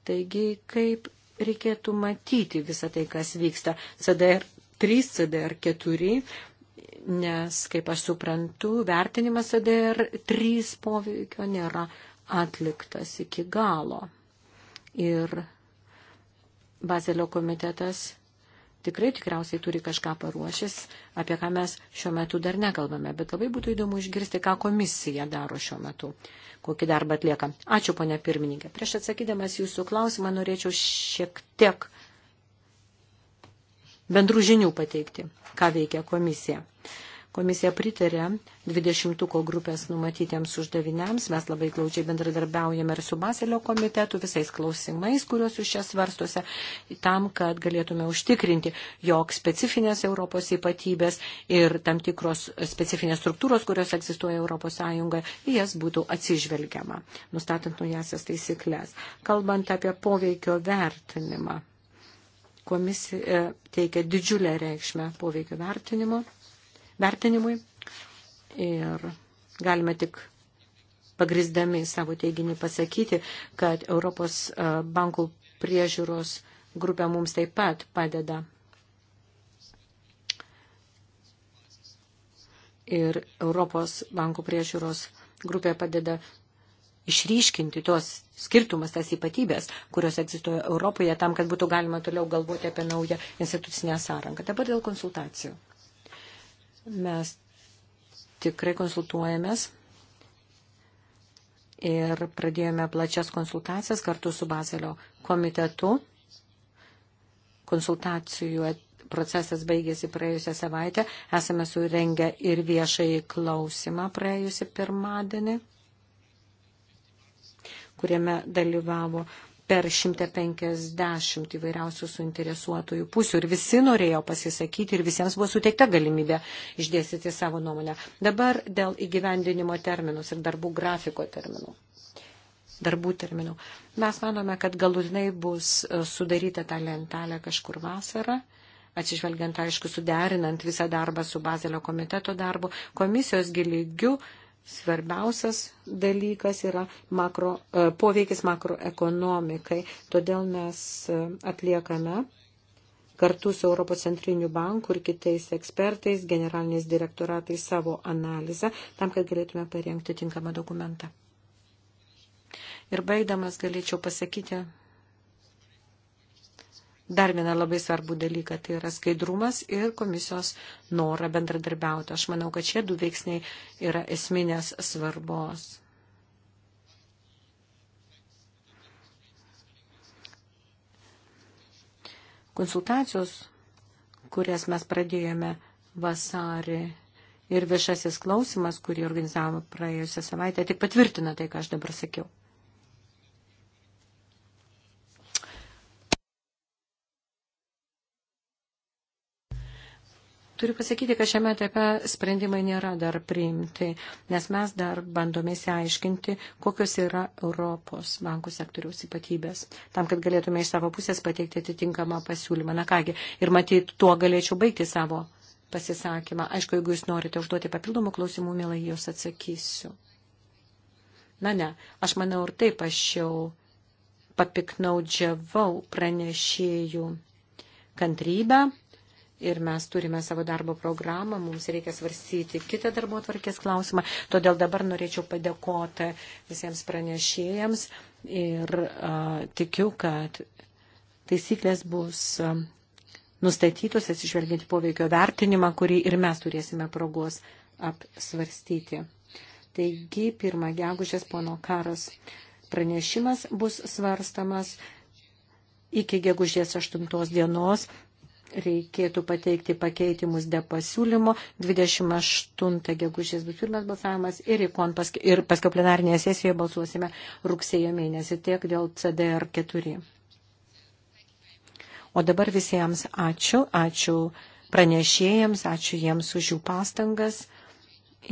Taigi, kaip reikėtų matyti visą tai, kas vyksta CDR 3, CDR 4, nes, kaip aš suprantu, vertinimas CDR 3 poveikio nėra atliktas iki galo. Ir Bazelio komitetas tikrai tikriausiai turi kažką paruošęs, apie ką mes šiuo metu dar nekalbame, bet labai būtų įdomu išgirsti, ką komisija daro šiuo metu, kokį darbą atlieka. Ačiū, ponia pirmininkė. Prieš atsakydamas jūsų klausimą norėčiau šiek tiek bendrų žinių pateikti, ką veikia komisija. Uh, Komisija pritarė 20-ko grupės numatytiems uždaviniams. Mes labai glaudžiai bendradarbiaujame ir su Baselio komitetu visais klausimais, kuriuos jūs čia svarstose, tam, kad galėtume užtikrinti, jog specifinės Europos ypatybės ir tam tikros specifinės struktūros, kurios egzistuoja Europos Sąjungoje, jas būtų atsižvelgiama, nustatant naujasias taisyklės. Kalbant apie poveikio vertinimą, komisija e, teikia didžiulę reikšmę poveikio vertinimo vertinimui ir galime tik pagrisdami savo teiginį pasakyti, kad Europos e, bankų priežiūros grupė mums taip pat padeda. Ir Europos bankų priežiūros grupė padeda išryškinti tuos skirtumas, tas ypatybės, kurios egzistuoja Europoje, tam, kad būtų galima toliau galvoti apie naują institucinę sąrangą. Dabar dėl konsultacijų. Mes tikrai konsultuojamės ir pradėjome plačias konsultacijas kartu su Bazelio komitetu. Konsultacijų procesas baigėsi praėjusią savaitę. Esame surengę ir viešai klausimą praėjusią pirmadienį, kuriame dalyvavo per 150 įvairiausių suinteresuotųjų pusių ir visi norėjo pasisakyti ir visiems buvo suteikta galimybė išdėstyti savo nuomonę. Dabar dėl įgyvendinimo terminus ir darbų grafiko terminų. Darbų terminų. Mes manome, kad galutinai bus e, sudaryta ta lentelė kažkur vasarą atsižvelgiant, aišku, suderinant visą darbą su Bazelio komiteto darbu, komisijos giligiu svarbiausias dalykas yra makro, e, poveikis makroekonomikai. Todėl mes e, atliekame kartu su Europos centriniu banku ir kitais ekspertais, generaliniais direktoratais savo analizę, tam, kad galėtume parengti tinkamą dokumentą. Ir baigdamas galėčiau pasakyti, dar vieną labai svarbų dalyką, tai yra skaidrumas ir komisijos norą bendradarbiauti. Aš manau, kad šie du veiksniai yra esminės svarbos. Konsultacijos, kurias mes pradėjome vasarį ir viešasis klausimas, kurį organizavome praėjusią savaitę, tik patvirtina tai, ką aš dabar sakiau. Turiu pasakyti, kad šiame etape sprendimai nėra dar priimti, nes mes dar bandome įsiaiškinti, kokios yra Europos bankų sektoriaus ypatybės, tam, kad galėtume iš savo pusės pateikti atitinkamą pasiūlymą. Na kągi, ir matyt, tuo galėčiau baigti savo pasisakymą. Aišku, jeigu jūs norite užduoti papildomų klausimų, mielai jūs atsakysiu. Na ne, aš manau ir taip aš jau papiknaudžiavau pranešėjų kantrybę ir mes turime savo darbo programą, mums reikia svarstyti kitą darbo tvarkės klausimą. Todėl dabar norėčiau padėkoti visiems pranešėjams ir uh, tikiu, kad taisyklės bus uh, nustatytos atsižvelgiant į poveikio vertinimą, kurį ir mes turėsime progos apsvarstyti. Taigi, pirmą gegužės pono karos pranešimas bus svarstamas iki gegužės 8 dienos reikėtų pateikti pakeitimus dėl pasiūlymo. 28 gegužės bus pirmas balsavimas ir, pask ir paskui plenarinėje sesijoje balsuosime rugsėjo mėnesį tiek dėl CDR 4. O dabar visiems ačiū, ačiū pranešėjams, ačiū jiems už jų pastangas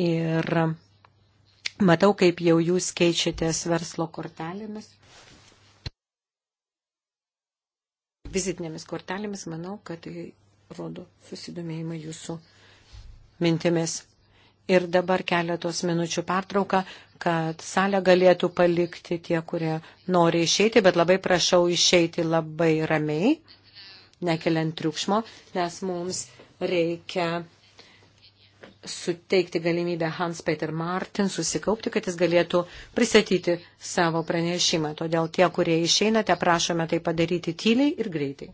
ir matau, kaip jau jūs keičiatės verslo kortelėmis. vizitinėmis kortelėmis, manau, kad tai rodo susidomėjimą jūsų mintimis. Ir dabar keletos minučių pertrauka, kad salę galėtų palikti tie, kurie nori išeiti, bet labai prašau išeiti labai ramiai, nekeliant triukšmo, nes mums reikia suteikti galimybę Hans Peter Martin susikaupti, kad jis galėtų pristatyti savo pranešimą. Todėl tie, kurie išeinate, prašome tai padaryti tyliai ir greitai.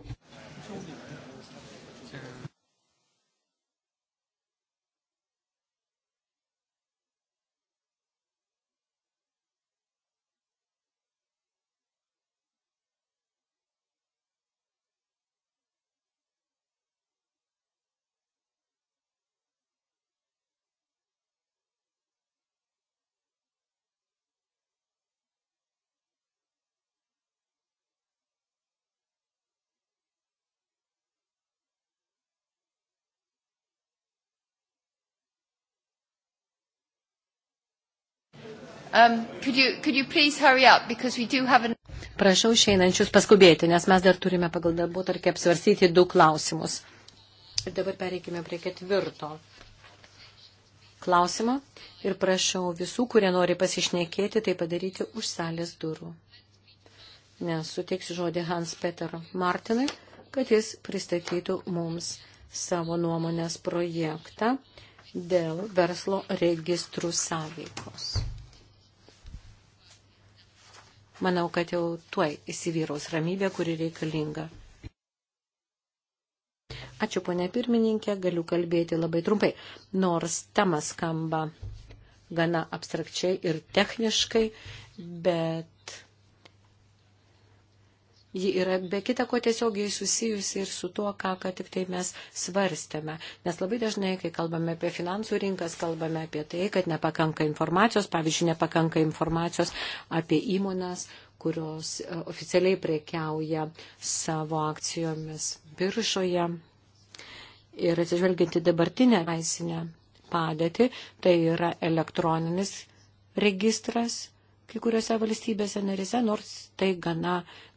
Um, could you, could you please hurry up, because we do have an... Prašau išeinančius paskubėti, nes mes dar turime pagal darbo tarkį apsvarstyti du klausimus. Ir dabar pereikime prie ketvirto klausimo ir prašau visų, kurie nori pasišnekėti, tai padaryti už salės durų. Nes suteiksiu žodį Hans Peter Martinui, kad jis pristatytų mums savo nuomonės projektą dėl verslo registrų sąveikos manau, kad jau tuoj įsivyraus ramybė, kuri reikalinga. Ačiū, ponė pirmininkė, galiu kalbėti labai trumpai, nors tema skamba gana abstrakčiai ir techniškai, bet Ji yra be kita ko tiesiogiai susijusi ir su tuo, ką, ką tik tai mes svarstėme. Nes labai dažnai, kai kalbame apie finansų rinkas, kalbame apie tai, kad nepakanka informacijos, pavyzdžiui, nepakanka informacijos apie įmonas, kurios e, oficialiai prekiauja savo akcijomis biržoje. Ir atsižvelginti dabartinę teisinę padėtį, tai yra elektroninis registras kai kuriuose valstybėse narise, nors tai gana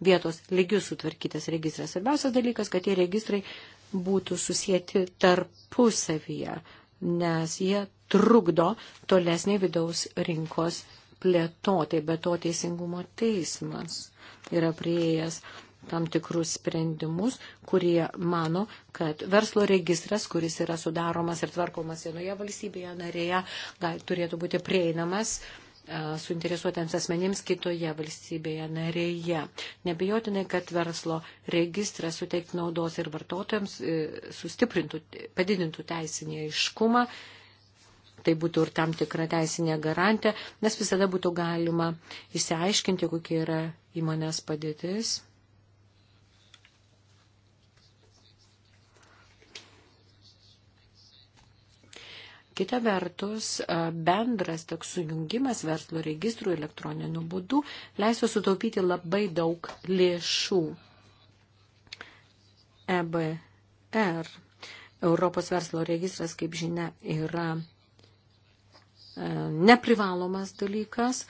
vietos lygių sutvarkytas registras. Svarbiausias dalykas, kad tie registrai būtų susijęti tarpusavyje, nes jie trukdo tolesnį vidaus rinkos plėtotai, bet to teisingumo teismas yra prieėjęs tam tikrus sprendimus, kurie mano, kad verslo registras, kuris yra sudaromas ir tvarkomas vienoje valstybėje narėje, gal, turėtų būti prieinamas uh, suinteresuotėms asmenims kitoje valstybėje narėje. Nebejotinai, kad verslo registras suteiktų naudos ir vartotojams, e, sustiprintų, padidintų teisinį aiškumą, tai būtų ir tam tikra teisinė garantė, nes visada būtų galima įsiaiškinti, kokia yra įmonės padėtis Kita vertus, e, bendras toks sujungimas verslo registrų elektroniniu būdu leistų sutaupyti labai daug lėšų. EBR, Europos verslo registras, kaip žinia, yra e, neprivalomas dalykas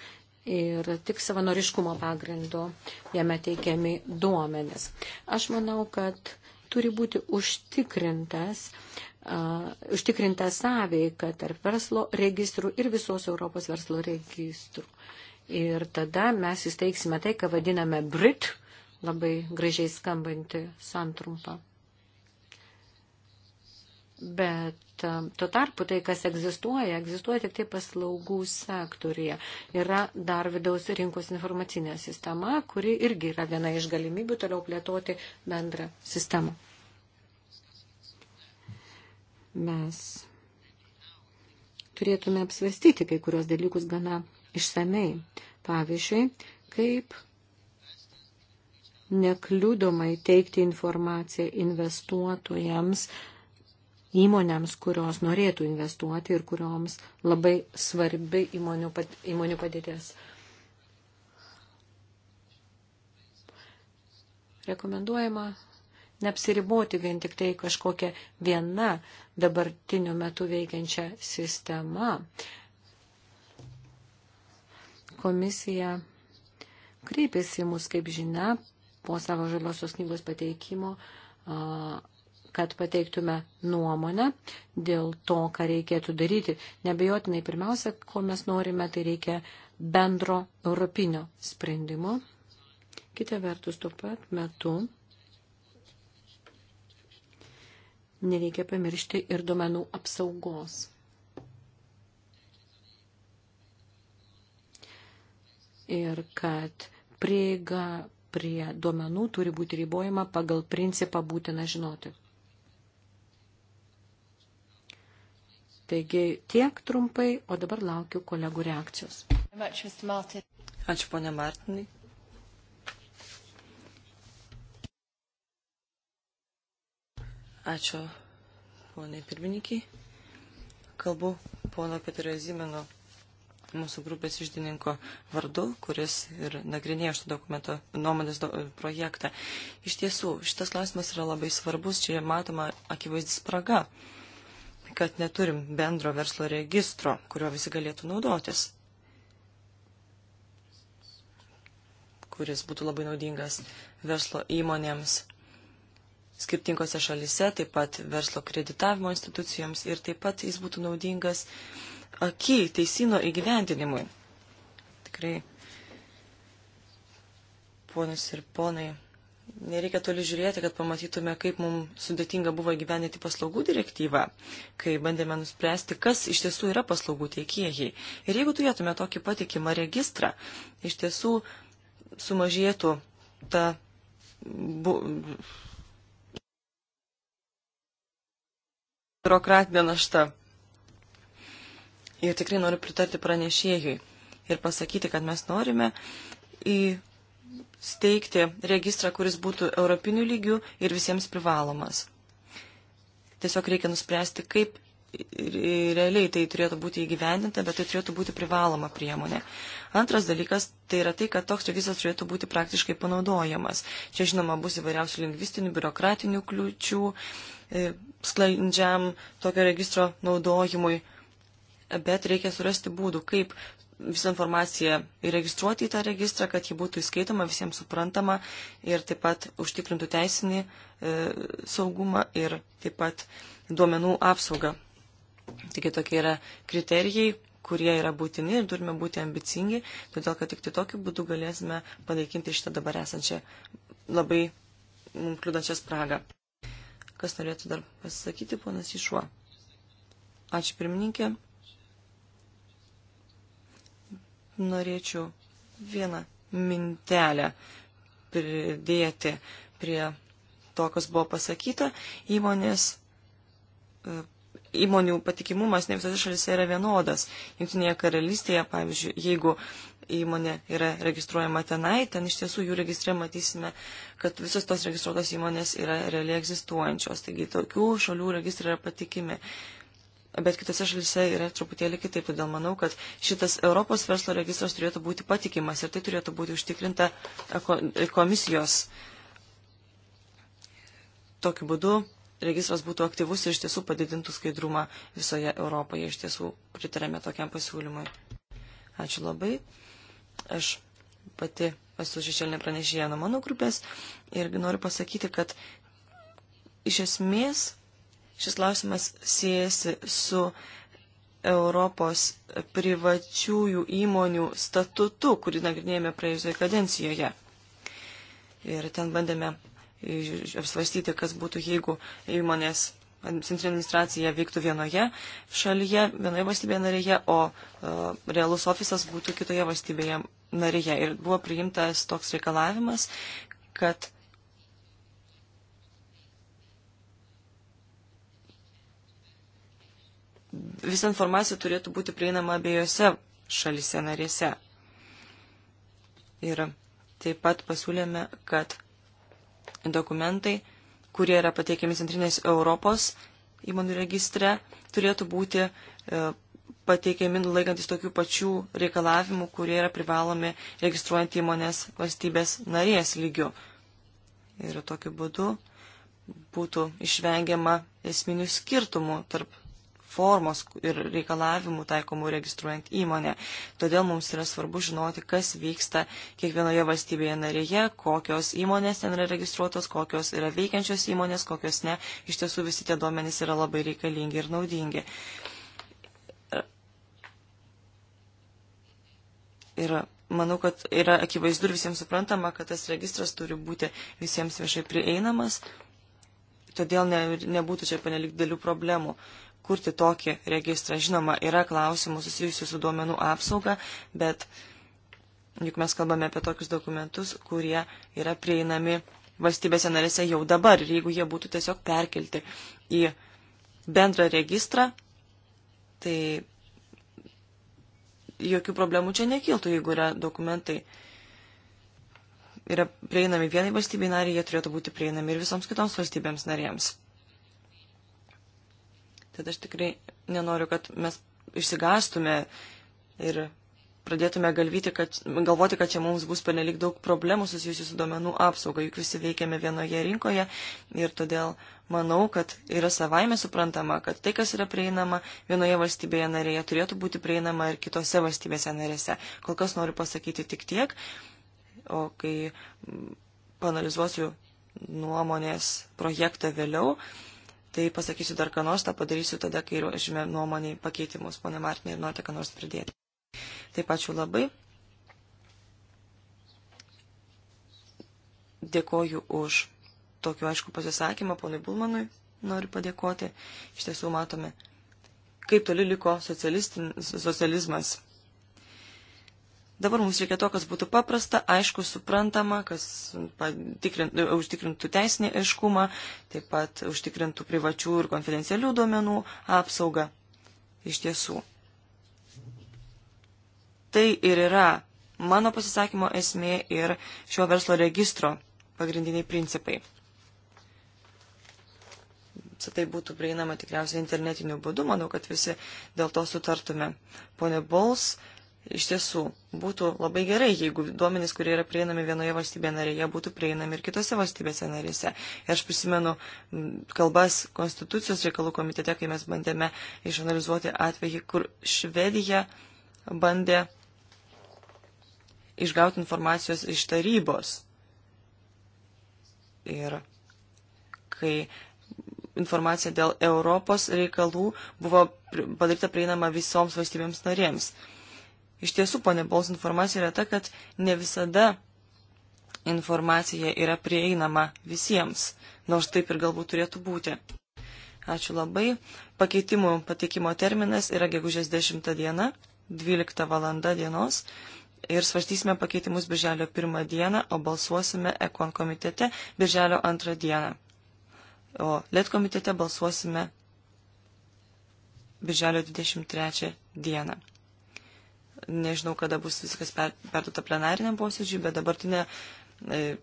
ir tik savanoriškumo pagrindu jame teikiami duomenis. Aš manau, kad turi būti užtikrintas, uh, užtikrinta sąveika tarp verslo registrų ir visos Europos verslo registrų. Ir tada mes įsteigsime tai, ką vadiname BRIT, labai gražiai skambanti santrumpa. Bet um, tuo tarpu tai, kas egzistuoja, egzistuoja tik tai paslaugų sektorija. Yra dar vidaus rinkos informacinė sistema, kuri irgi yra viena iš galimybių toliau plėtoti bendrą sistemą. Mes turėtume apsvarstyti kai kurios dalykus gana išsamei. Pavyzdžiui, kaip nekliudomai teikti informaciją investuotojams, uh, įmonėms, kurios norėtų investuoti ir kurioms labai svarbi įmonių, pat, įmonių padėties. Rekomenduojama neapsiriboti vien tik tai kažkokią vieną dabartiniu metu veikiančią sistemą. Komisija kreipėsi mus, kaip žinia, po savo žaliosios knygos pateikimo kad pateiktume nuomonę dėl to, ką reikėtų daryti. Nebejotinai, pirmiausia, ko mes norime, tai reikia bendro europinio sprendimo. Kita vertus, tuo pat metu nereikia pamiršti ir duomenų apsaugos. Ir kad prieiga prie duomenų turi būti ribojama pagal principą būtina žinoti. Taigi tiek trumpai, o dabar laukiu kolegų reakcijos. Ačiū, ponė Martinai. Ačiū, ponė pirmininkiai. Kalbu pono Peterio Zimeno mūsų grupės išdininko vardu, kuris ir nagrinėjo šitą dokumento nuomonės do, projektą. Iš tiesų, šitas klausimas yra labai svarbus, čia matoma akivaizdis spraga. Uh, kad neturim bendro verslo registro, kuriuo visi galėtų naudotis, kuris būtų labai naudingas verslo įmonėms skirtingose šalise, taip pat verslo kreditavimo institucijoms ir taip pat jis būtų naudingas aky teisino įgyvendinimui. Tikrai, ponus ir ponai, Nereikia toli žiūrėti, kad pamatytume, kaip mums sudėtinga buvo gyveninti paslaugų direktyvą, kai bandėme nuspręsti, kas iš tiesų yra paslaugų teikėjai. Ir jeigu turėtume tokį patikimą registrą, iš tiesų sumažėtų ta. Bu, biurokratinė našta. Ir tikrai noriu pritarti pranešėjui ir pasakyti, kad mes norime į steigti registrą, kuris būtų europinių lygių ir visiems privalomas. Tiesiog reikia nuspręsti, kaip realiai tai turėtų būti įgyvendinta, bet tai turėtų būti privaloma priemonė. Antras dalykas tai yra tai, kad toks registras turėtų būti praktiškai panaudojamas. Čia, žinoma, bus įvairiausių lingvistinių, biurokratinių kliučių, sklandžiam tokio registro naudojimui, bet reikia surasti būdų, kaip visą informaciją įregistruoti į tą registrą, kad ji būtų įskaitoma, visiems suprantama ir taip pat užtikrintų teisinį e, saugumą ir taip pat duomenų apsaugą. Taigi tokie yra kriterijai, kurie yra būtini ir turime būti ambicingi, todėl kad tik tai tokiu būdu galėsime panaikinti šitą dabar esančią labai mums kliūdančią spragą. Kas norėtų dar pasisakyti, ponas Išuo? Ačiū pirmininkė. norėčiau vieną mintelę pridėti prie to, kas buvo pasakyta. Įmonės, e, įmonių patikimumas ne visose šalise yra vienodas. Junktinėje karalystėje, pavyzdžiui, jeigu įmonė yra registruojama tenai, ten iš tiesų jų registre matysime, kad visos tos registruotos įmonės yra realiai egzistuojančios. Taigi tokių šalių registrai yra patikimi bet kitose šalise yra truputėlį kitaip. Todėl manau, kad šitas Europos verslo registras turėtų būti patikimas ir tai turėtų būti užtikrinta komisijos. Tokiu būdu registras būtų aktyvus ir iš tiesų padidintų skaidrumą visoje Europoje. Iš tiesų pritarėme tokiam pasiūlymui. Ačiū labai. Aš pati esu šešėlinė pranešėja nuo mano grupės ir noriu pasakyti, kad iš esmės Šis klausimas siejasi su Europos privačiųjų įmonių statutu, kurį nagrinėjome praėjusioje kadencijoje. Ir ten bandėme apsvarstyti, kas būtų, jeigu įmonės centrinė administracija veiktų vienoje šalyje, vienoje valstybėje narėje, o uh, realus ofisas būtų kitoje valstybėje narėje. Ir buvo priimtas toks reikalavimas, kad visa informacija turėtų būti prieinama abiejose šalise narėse. Ir taip pat pasiūlėme, kad dokumentai, kurie yra pateikiami Centrinės Europos įmonių registre, turėtų būti e, pateikiami laikantis tokių pačių reikalavimų, kurie yra privalomi registruojant įmonės valstybės narės lygiu. Ir tokiu būdu būtų išvengiama esminių skirtumų tarp formos ir reikalavimų taikomų registruojant įmonę. Todėl mums yra svarbu žinoti, kas vyksta kiekvienoje valstybėje narėje, kokios įmonės ten yra registruotos, kokios yra veikiančios įmonės, kokios ne. Iš tiesų visi tie duomenys yra labai reikalingi ir naudingi. Ir manau, kad yra akivaizdu ir visiems suprantama, kad tas registras turi būti visiems viešai prieinamas, todėl ne, nebūtų čia panelik dalių problemų. Uh, kurti tokį registrą. Žinoma, yra klausimų susijusių su duomenų apsauga, bet juk mes kalbame apie tokius dokumentus, kurie yra prieinami valstybėse narėse jau dabar. Ir jeigu jie būtų tiesiog perkelti į bendrą registrą, tai jokių problemų čia nekiltų, jeigu yra dokumentai. Yra prieinami vienai valstybei nariai, jie turėtų būti prieinami ir visoms kitoms valstybėms narėms. Tad aš tikrai nenoriu, kad mes išsigastume ir pradėtume galvyti, kad, galvoti, kad čia mums bus panelik daug problemų susijusių su duomenų apsauga, juk visi veikiame vienoje rinkoje ir todėl manau, kad yra savaime suprantama, kad tai, kas yra prieinama vienoje valstybėje narėje, turėtų būti prieinama ir kitose valstybėse narėse. Kol kas noriu pasakyti tik tiek, o kai panalizuosiu nuomonės projektą vėliau, tai pasakysiu dar ką nors, tą padarysiu tada, kai ruošime nuomonį pakeitimus. Pone Martinė, ar norite ką nors pridėti? Taip ačiū labai. Dėkoju už tokiu aišku pasisakymą ponui Bulmanui. Noriu padėkoti. Iš tiesų matome, kaip toli liko socializmas Dabar mums reikia to, kas būtų paprasta, aišku, suprantama, kas užtikrintų teisinį aiškumą, taip pat užtikrintų privačių ir konfidencialių duomenų apsaugą. Iš tiesų. Tai ir yra mano pasisakymo esmė ir šio verslo registro pagrindiniai principai. Visą tai būtų prieinama tikriausiai internetiniu būdu, manau, kad visi dėl to sutartume. Pone Bols, uh, iš tiesų būtų labai gerai, jeigu duomenys, kurie yra prieinami vienoje valstybėje narėje, būtų prieinami ir kitose valstybėse narėse. Ir aš prisimenu kalbas Konstitucijos reikalų komitete, kai mes bandėme išanalizuoti atvejį, kur Švedija bandė išgauti informacijos iš tarybos. Ir kai informacija dėl Europos reikalų buvo padaryta prieinama visoms valstybėms narėms. Iš tiesų, ponė Bols informacija yra ta, kad ne visada informacija yra prieinama visiems, nors taip ir galbūt turėtų būti. Ačiū labai. Pakeitimų pateikimo terminas yra gegužės 10 diena, 12 valanda dienos ir svarstysime pakeitimus birželio 1 dieną, o balsuosime ekon komitete birželio 2 dieną. O let komitete balsuosime birželio 23 dieną. Nežinau, kada bus viskas per, perduota plenariniam posėdžiui, bet dabartinė, e,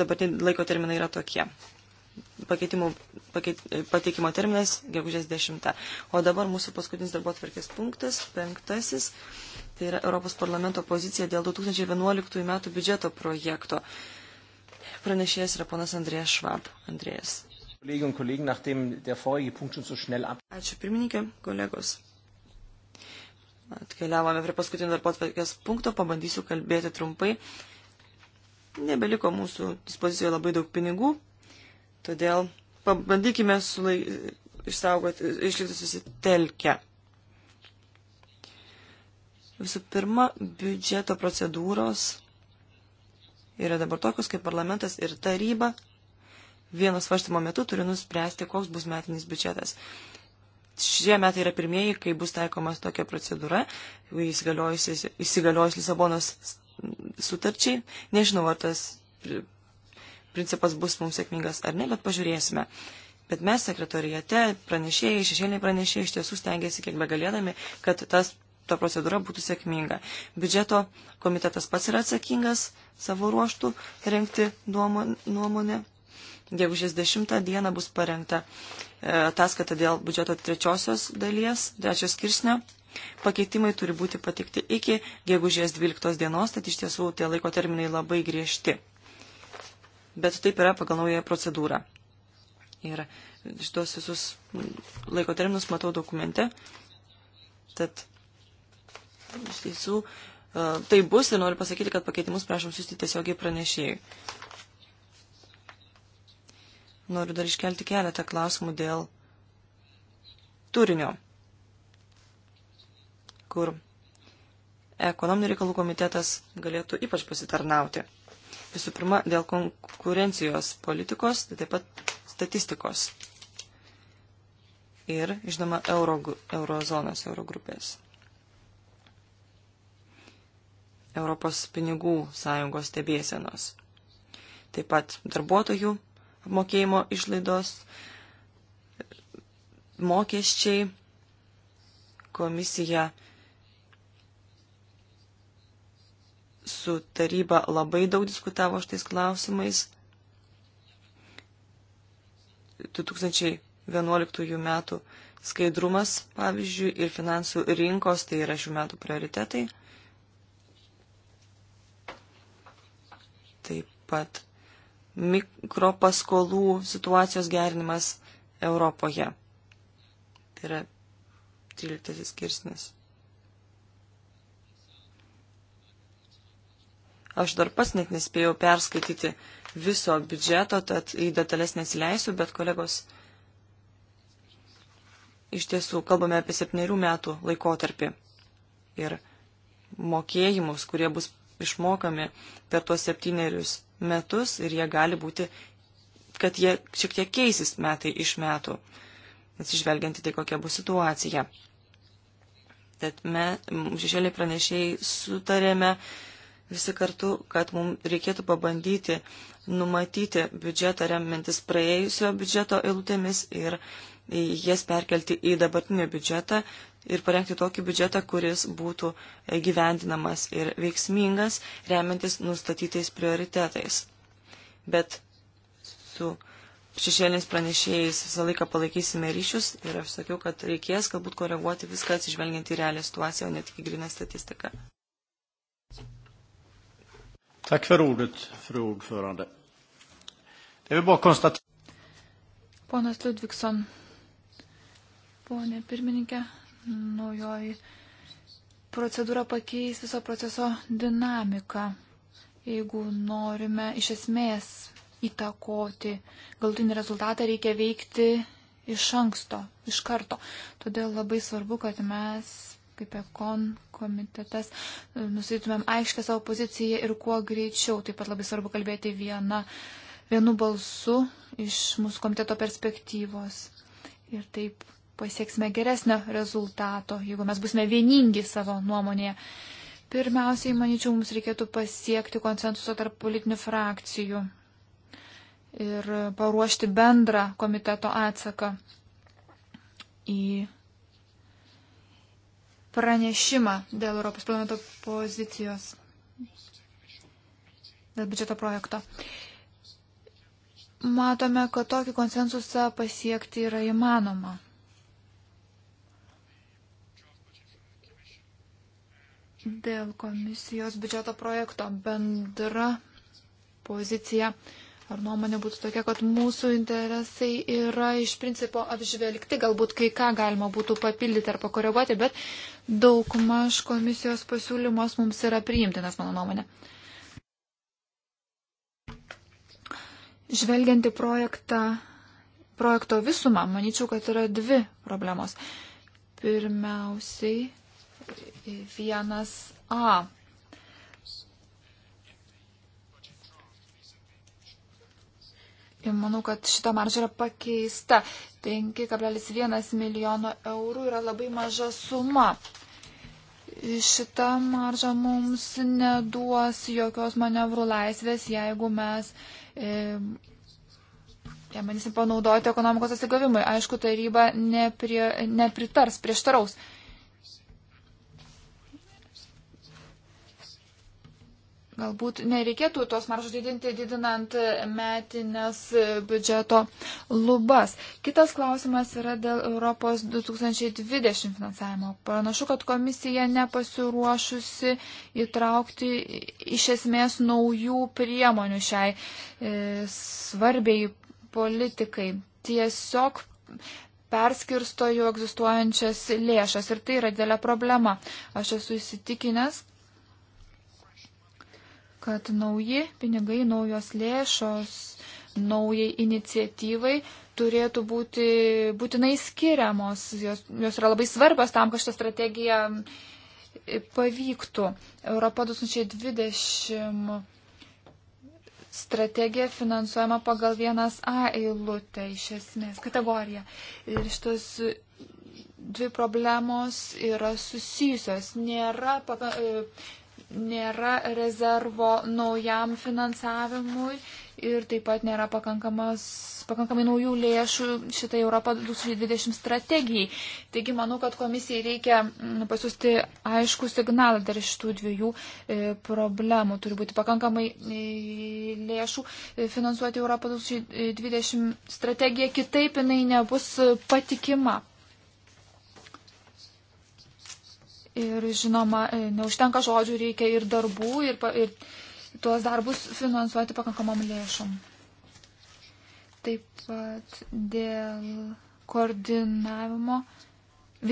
dabartinė laiko terminai yra tokie. Pakeitimų pakeit, e, pateikimo terminas gegužės 10. O dabar mūsų paskutinis darbo atvarkės punktas, penktasis, tai yra Europos parlamento pozicija dėl 2011 metų biudžeto projekto. Pranešėjas yra ponas Andrėjas Švab. Andrėjas. Ačiū pirmininkė, kolegos. Atkeliavome prie paskutinio darbo atvarkės punkto, pabandysiu kalbėti trumpai. Nebeliko mūsų dispozicijoje labai daug pinigų, todėl pabandykime sulai... išsaugoti, išlikti susitelkę. Visų pirma, biudžeto procedūros yra dabar tokios, kaip parlamentas ir taryba vieno svarstymo metu turi nuspręsti, koks bus metinis biudžetas šie metai yra pirmieji, kai bus taikomas tokia procedūra, įsigaliojus, įsigaliojus Lisabonos sutarčiai. Nežinau, ar tas principas bus mums sėkmingas ar ne, bet pažiūrėsime. Bet mes sekretorijate, pranešėjai, šešėliai pranešėjai iš tiesų stengiasi kiek begalėdami, kad tas, ta procedūra būtų sėkminga. Biudžeto komitetas pats yra atsakingas savo ruoštų rengti nuomonę. Gegužės 10 dieną bus parengta uh, ataskaitą dėl biudžeto trečiosios dalies, trečios skirsnio. Pakeitimai turi būti patikti iki gegužės 12 dienos, tad iš tiesų tie laiko terminai labai griežti. Bet taip yra pagal naują procedūrą. Ir šitos visus laiko terminus matau dokumente. Tad iš tiesų tai bus ir noriu pasakyti, kad pakeitimus prašom siūsti tiesiogiai pranešėjai. Noriu dar iškelti keletą klausimų dėl turinio, kur ekonominių reikalų komitetas galėtų ypač pasitarnauti. Visų pirma, dėl konkurencijos politikos, tai taip pat statistikos ir, žinoma, euro, eurozonos, eurogrupės. Europos pinigų sąjungos stebėsenos. Taip pat darbuotojų mokėjimo išlaidos, mokesčiai, komisija su taryba labai daug diskutavo šitais klausimais. 2011 metų skaidrumas, pavyzdžiui, ir finansų rinkos, tai yra šių metų prioritetai. Taip pat mikropaskolų situacijos gerinimas Europoje. Tai yra 13 skirsnis. Aš dar pas net nespėjau perskaityti viso biudžeto, tad į detalės nesileisiu, bet kolegos, iš tiesų kalbame apie septynerių metų laikotarpį ir mokėjimus, kurie bus išmokami per tuos septynerius metus ir jie gali būti, kad jie šiek tiek keisis metai iš metų, atsižvelgiant į tai, kokia bus situacija. Tad mes, šešėliai pranešėjai, sutarėme visi kartu, kad mums reikėtų pabandyti numatyti biudžetą remiantis praėjusio biudžeto eilutėmis ir jas perkelti į dabartinį biudžetą ir parengti tokį biudžetą, kuris būtų e, gyvendinamas ir veiksmingas, remiantis nustatytais prioritetais. Bet su šešėliniais pranešėjais visą laiką palaikysime ryšius ir aš sakiau, kad reikės galbūt koreguoti viską atsižvelgiant į realią situaciją, o ne tik į griną statistiką. Tack för ordet, fru ordförande. Det är väl bara att konstatera. Ponas Ludvigsson, Pone pirmininkė, naujoji procedūra pakeis viso proceso dinamiką, jeigu norime iš esmės įtakoti galtinį rezultatą, reikia veikti iš anksto, iš karto. Todėl labai svarbu, kad mes kaip ekon komitetas, nusitytumėm aiškę savo poziciją ir kuo greičiau. Taip pat labai svarbu kalbėti viena, vienu balsu iš mūsų komiteto perspektyvos. Ir taip pasieksime geresnio rezultato, jeigu mes busime vieningi savo nuomonėje. Pirmiausiai, manyčiau, mums reikėtų pasiekti konsensuso tarp politinių frakcijų ir paruošti bendrą komiteto atsaką į pranešimą dėl Europos parlamento pozicijos, dėl biudžeto projekto. Matome, kad tokį konsensusą pasiekti yra įmanoma. Dėl komisijos biudžeto projekto bendra pozicija ar nuomonė būtų tokia, kad mūsų interesai yra iš principo apžvelgti, galbūt kai ką galima būtų papildyti ar pakoreguoti, bet daugmaž komisijos pasiūlymas mums yra priimtinas, mano nuomonė. Žvelgiant į projektą, projekto visumą, manyčiau, kad yra dvi problemos. Pirmiausiai 1A. Ir manau, kad šita marža yra pakeista. 5,1 milijono eurų yra labai maža suma. Šita marža mums neduos jokios manevrų laisvės, jeigu mes e, Ja, manysim panaudoti ekonomikos atsigavimui. Aišku, taryba neprie, nepritars, prieštaraus. Galbūt nereikėtų tos maržos didinti, didinant metinės biudžeto lubas. Kitas klausimas yra dėl Europos 2020 finansavimo. Panašu, kad komisija nepasiruošusi įtraukti iš esmės naujų priemonių šiai e, svarbiai politikai. Tiesiog perskirsto jų egzistuojančias lėšas ir tai yra didelė problema. Aš esu įsitikinęs kad nauji pinigai, naujos lėšos, naujai iniciatyvai turėtų būti būtinai skiriamos. Jos, jos yra labai svarbios tam, kad šitą strategiją pavyktų. Europa 2020 strategija finansuojama pagal vienas A eilutę iš esmės, kategoriją. Ir šitos dvi problemos yra susijusios. Nėra nėra rezervo naujam finansavimui ir taip pat nėra pakankamai naujų lėšų šitai Europą 2020 strategijai. Taigi manau, kad komisijai reikia mm, pasiūsti aišku signalą dar iš tų dviejų e, problemų. Turi būti pakankamai e, lėšų e, finansuoti Europą 2020 strategiją, kitaip jinai nebus patikima. Ir žinoma, e, neužtenka žodžių, reikia ir darbų, ir, ir tuos darbus finansuoti pakankamam lėšom. Taip pat dėl koordinavimo,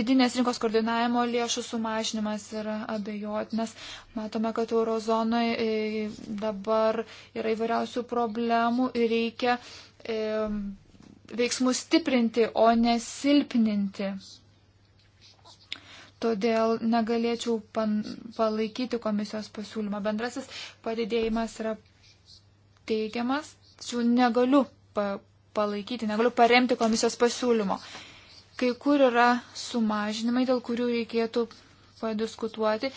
vidinės rinkos koordinavimo lėšų sumažinimas yra abejotinas. Matome, kad eurozonai e, dabar yra įvairiausių problemų ir reikia e, veiksmus stiprinti, o nesilpninti todėl negalėčiau pan, palaikyti komisijos pasiūlymą. Bendrasis padidėjimas yra teigiamas, tačiau negaliu pa, palaikyti, negaliu paremti komisijos pasiūlymo. Kai kur yra sumažinimai, dėl kurių reikėtų padiskutuoti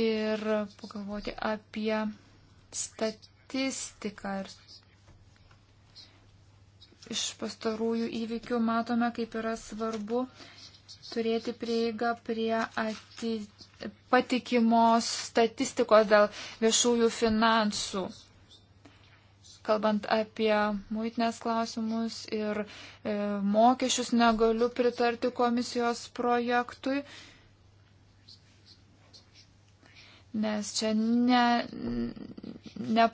ir pagalvoti apie statistiką. Iš pastarųjų įvykių matome, kaip yra svarbu turėti prieigą prie ati, patikimos statistikos dėl viešųjų finansų. Kalbant apie muitinės klausimus ir e, mokesčius, negaliu pritarti komisijos projektui, nes čia ne, ne,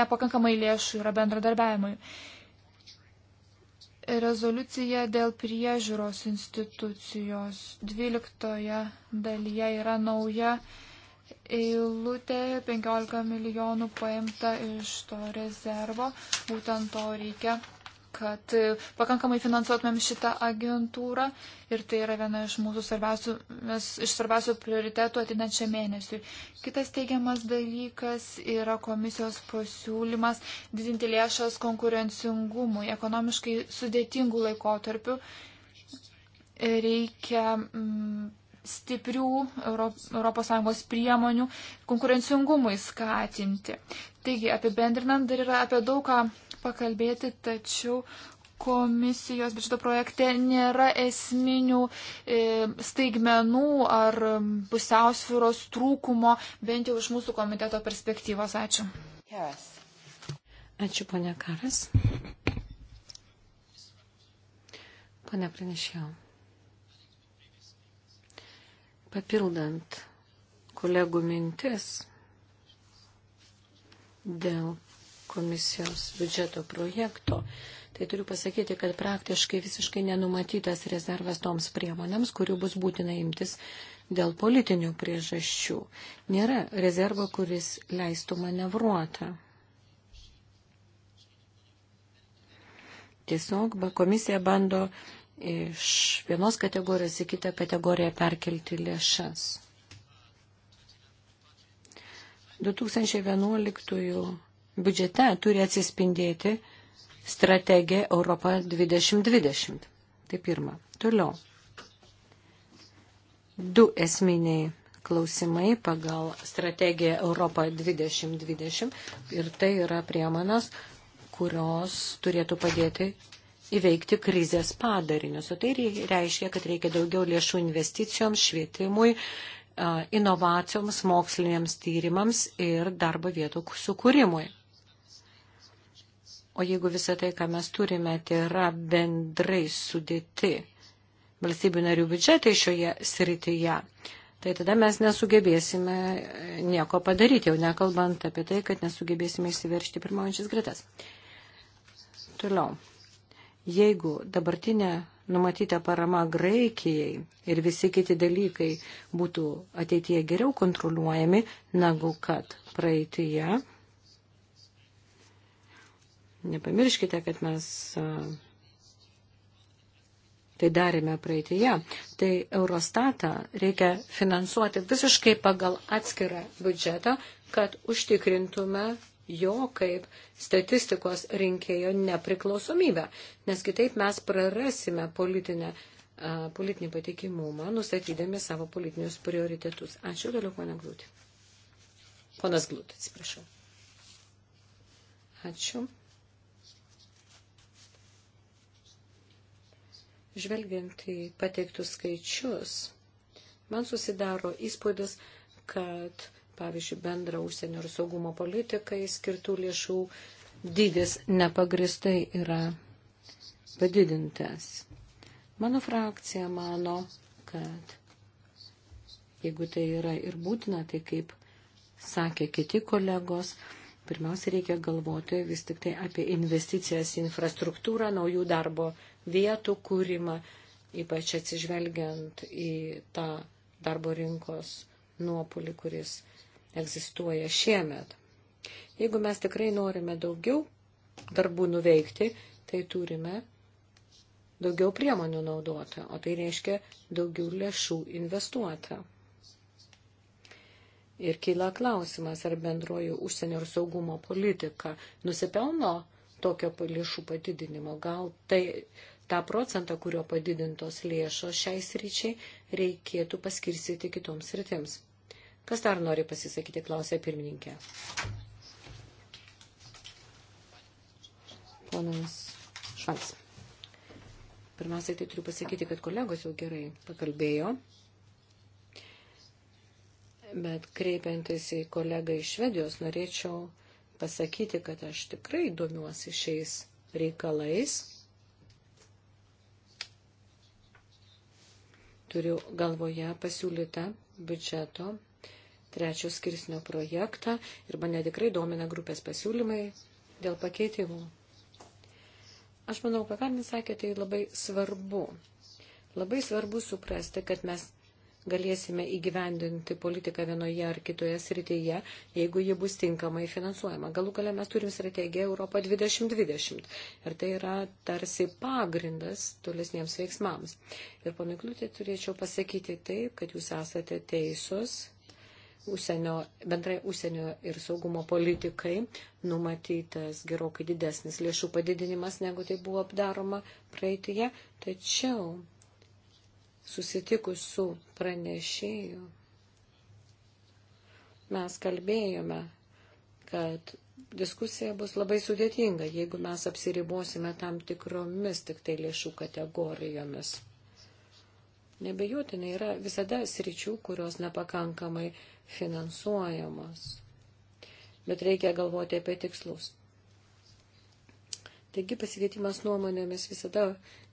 nepakankamai lėšų yra bendradarbiavimui. E, rezoliucija dėl priežiūros institucijos 12 dalyje yra nauja eilutė 15 milijonų paimta iš to rezervo. Būtent to reikia kad e, pakankamai finansuotumėm šitą agentūrą ir tai yra viena iš mūsų svarbiausių, iš svarbiausių prioritetų atinančią mėnesiui. Kitas teigiamas dalykas yra komisijos pasiūlymas didinti lėšas konkurencingumui ekonomiškai sudėtingų laikotarpių. Reikia mm, stiprių ES priemonių konkurencingumui skatinti. Taigi, apibendrinant, dar yra apie daug ką pakalbėti, tačiau komisijos biudžeto projekte nėra esminių e, staigmenų ar pusiausvyros trūkumo, bent jau iš mūsų komiteto perspektyvos. Ačiū. Yes. Ačiū, ponia Karas. Pane pranešiau. Papildant kolegų mintis dėl komisijos biudžeto projekto, tai turiu pasakyti, kad praktiškai visiškai nenumatytas rezervas toms priemonėms, kurių bus būtina imtis dėl politinių priežasčių. Nėra rezervo, kuris leistų manevruoti. Tiesiog komisija bando iš vienos kategorijos į kitą kategoriją perkelti lėšas. 2011 biudžete turi atsispindėti strategija Europa 2020. Tai pirma. Toliau. Du esminiai klausimai pagal strategiją Europa 2020 ir tai yra priemonas, kurios turėtų padėti įveikti krizės padarinius. O tai reiškia, kad reikia daugiau lėšų investicijoms, švietimui, inovacijoms, moksliniams tyrimams ir darbo vietų sukūrimui. O jeigu visą tai, ką mes turime, tai yra bendrai sudėti valstybių narių biudžetai šioje srityje, tai tada mes nesugebėsime nieko padaryti, jau nekalbant apie tai, kad nesugebėsime įsiveršti pirmaujančias gretas. Toliau. Jeigu dabartinė numatyta parama Graikijai ir visi kiti dalykai būtų ateityje geriau kontroliuojami negu kad praeitįje, Nepamirškite, kad mes tai darėme praeitėje. Tai Eurostatą reikia finansuoti visiškai pagal atskirą biudžetą, kad užtikrintume jo kaip statistikos rinkėjo nepriklausomybę. Nes kitaip mes prarasime politinę, politinį patikimumą, nustatydami savo politinius prioritetus. Ačiū vėliau, ponia Glūtė. Ponas Glūtė, atsiprašau. Ačiū. Žvelgiant į pateiktus skaičius, man susidaro įspūdis, kad, pavyzdžiui, bendra užsienio ir saugumo politikai skirtų lėšų dydis nepagristai yra padidintas. Mano frakcija mano, kad jeigu tai yra ir būtina, tai kaip sakė kiti kolegos, Pirmiausia, reikia galvoti vis tik tai apie investicijas į infrastruktūrą, naujų darbo vietų kūrimą, ypač atsižvelgiant į tą darbo rinkos nuopolį, kuris egzistuoja šiemet. Jeigu mes tikrai norime daugiau darbų nuveikti, tai turime daugiau priemonių naudoti, o tai reiškia daugiau lėšų investuoti. Ir kyla klausimas, ar bendroji užsienio ir saugumo politika nusipelno tokio lėšų padidinimo. Gal tai tą procentą, kurio padidintos lėšos šiais ryčiai, reikėtų paskirstyti kitoms rytims. Kas dar nori pasisakyti, klausė pirmininkė. Ponas Švans. Pirmiausiai tai turiu pasakyti, kad kolegos jau gerai pakalbėjo Bet kreipiantis į kolegą iš Švedijos, norėčiau pasakyti, kad aš tikrai domiuosi šiais reikalais. Turiu galvoje pasiūlytą biudžeto trečio skirsnio projektą ir mane tikrai domina grupės pasiūlymai dėl pakeitimų. Aš manau, ką Karnis sakė, tai labai svarbu. Labai svarbu suprasti, kad mes galėsime įgyvendinti politiką vienoje ar kitoje srityje, jeigu ji bus tinkamai finansuojama. Galų galia mes turim strategiją Europą 2020 ir tai yra tarsi pagrindas tolesniems veiksmams. Ir ponui Kliūtė turėčiau pasakyti taip, kad jūs esate teisus. Užsienio, bendrai užsienio ir saugumo politikai numatytas gerokai didesnis lėšų padidinimas, negu tai buvo apdaroma praeitie. Tačiau susitikus su pranešėju, mes kalbėjome, kad diskusija bus labai sudėtinga, jeigu mes apsiribosime tam tikromis tik tai lėšų kategorijomis. Nebejotinai yra visada sričių, kurios nepakankamai finansuojamos. Bet reikia galvoti apie tikslus. Taigi pasikeitimas nuomonėmis visada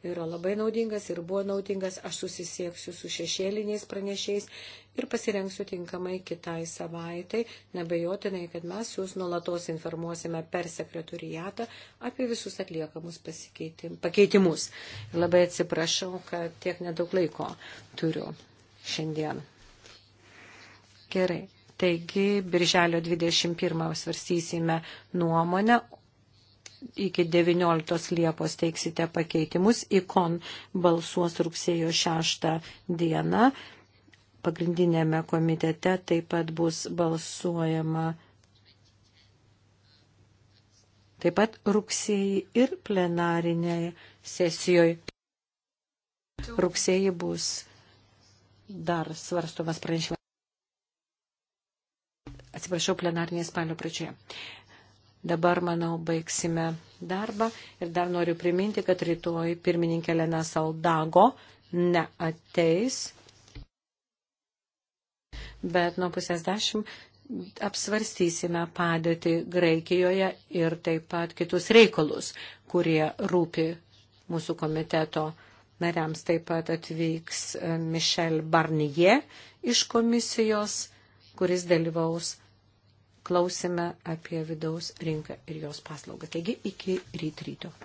yra labai naudingas ir buvo naudingas. Aš susisieksiu su šešėliniais pranešiais ir pasirengsiu tinkamai kitai savaitai. Nebejotinai, kad mes jūs nuolatos informuosime per sekretorijatą apie visus atliekamus pakeitimus. Ir labai atsiprašau, kad tiek nedaug laiko turiu šiandien. Gerai. Taigi, birželio 21 svarstysime nuomonę, iki 19 Liepos teiksite pakeitimus, ikon balsuos rugsėjo 6 dieną. Pagrindinėme komitete taip pat bus balsuojama taip pat rugsėjai ir plenariniai sesijoje. Rugsėjai bus dar svarstomas pranešimas. Atsiprašau, plenarnėje spalio pradžioje. Dabar, manau, baigsime darbą ir dar noriu priminti, kad rytoj pirmininkė Lena Saldago neateis, bet nuo pusės dešimt apsvarstysime padėti Graikijoje ir taip pat kitus reikalus, kurie rūpi mūsų komiteto nariams. Taip pat atvyks Michel Barnier iš komisijos, kuris dalyvaus klausime apie vidaus rinką ir jos paslaugą. Taigi iki ryt ryto.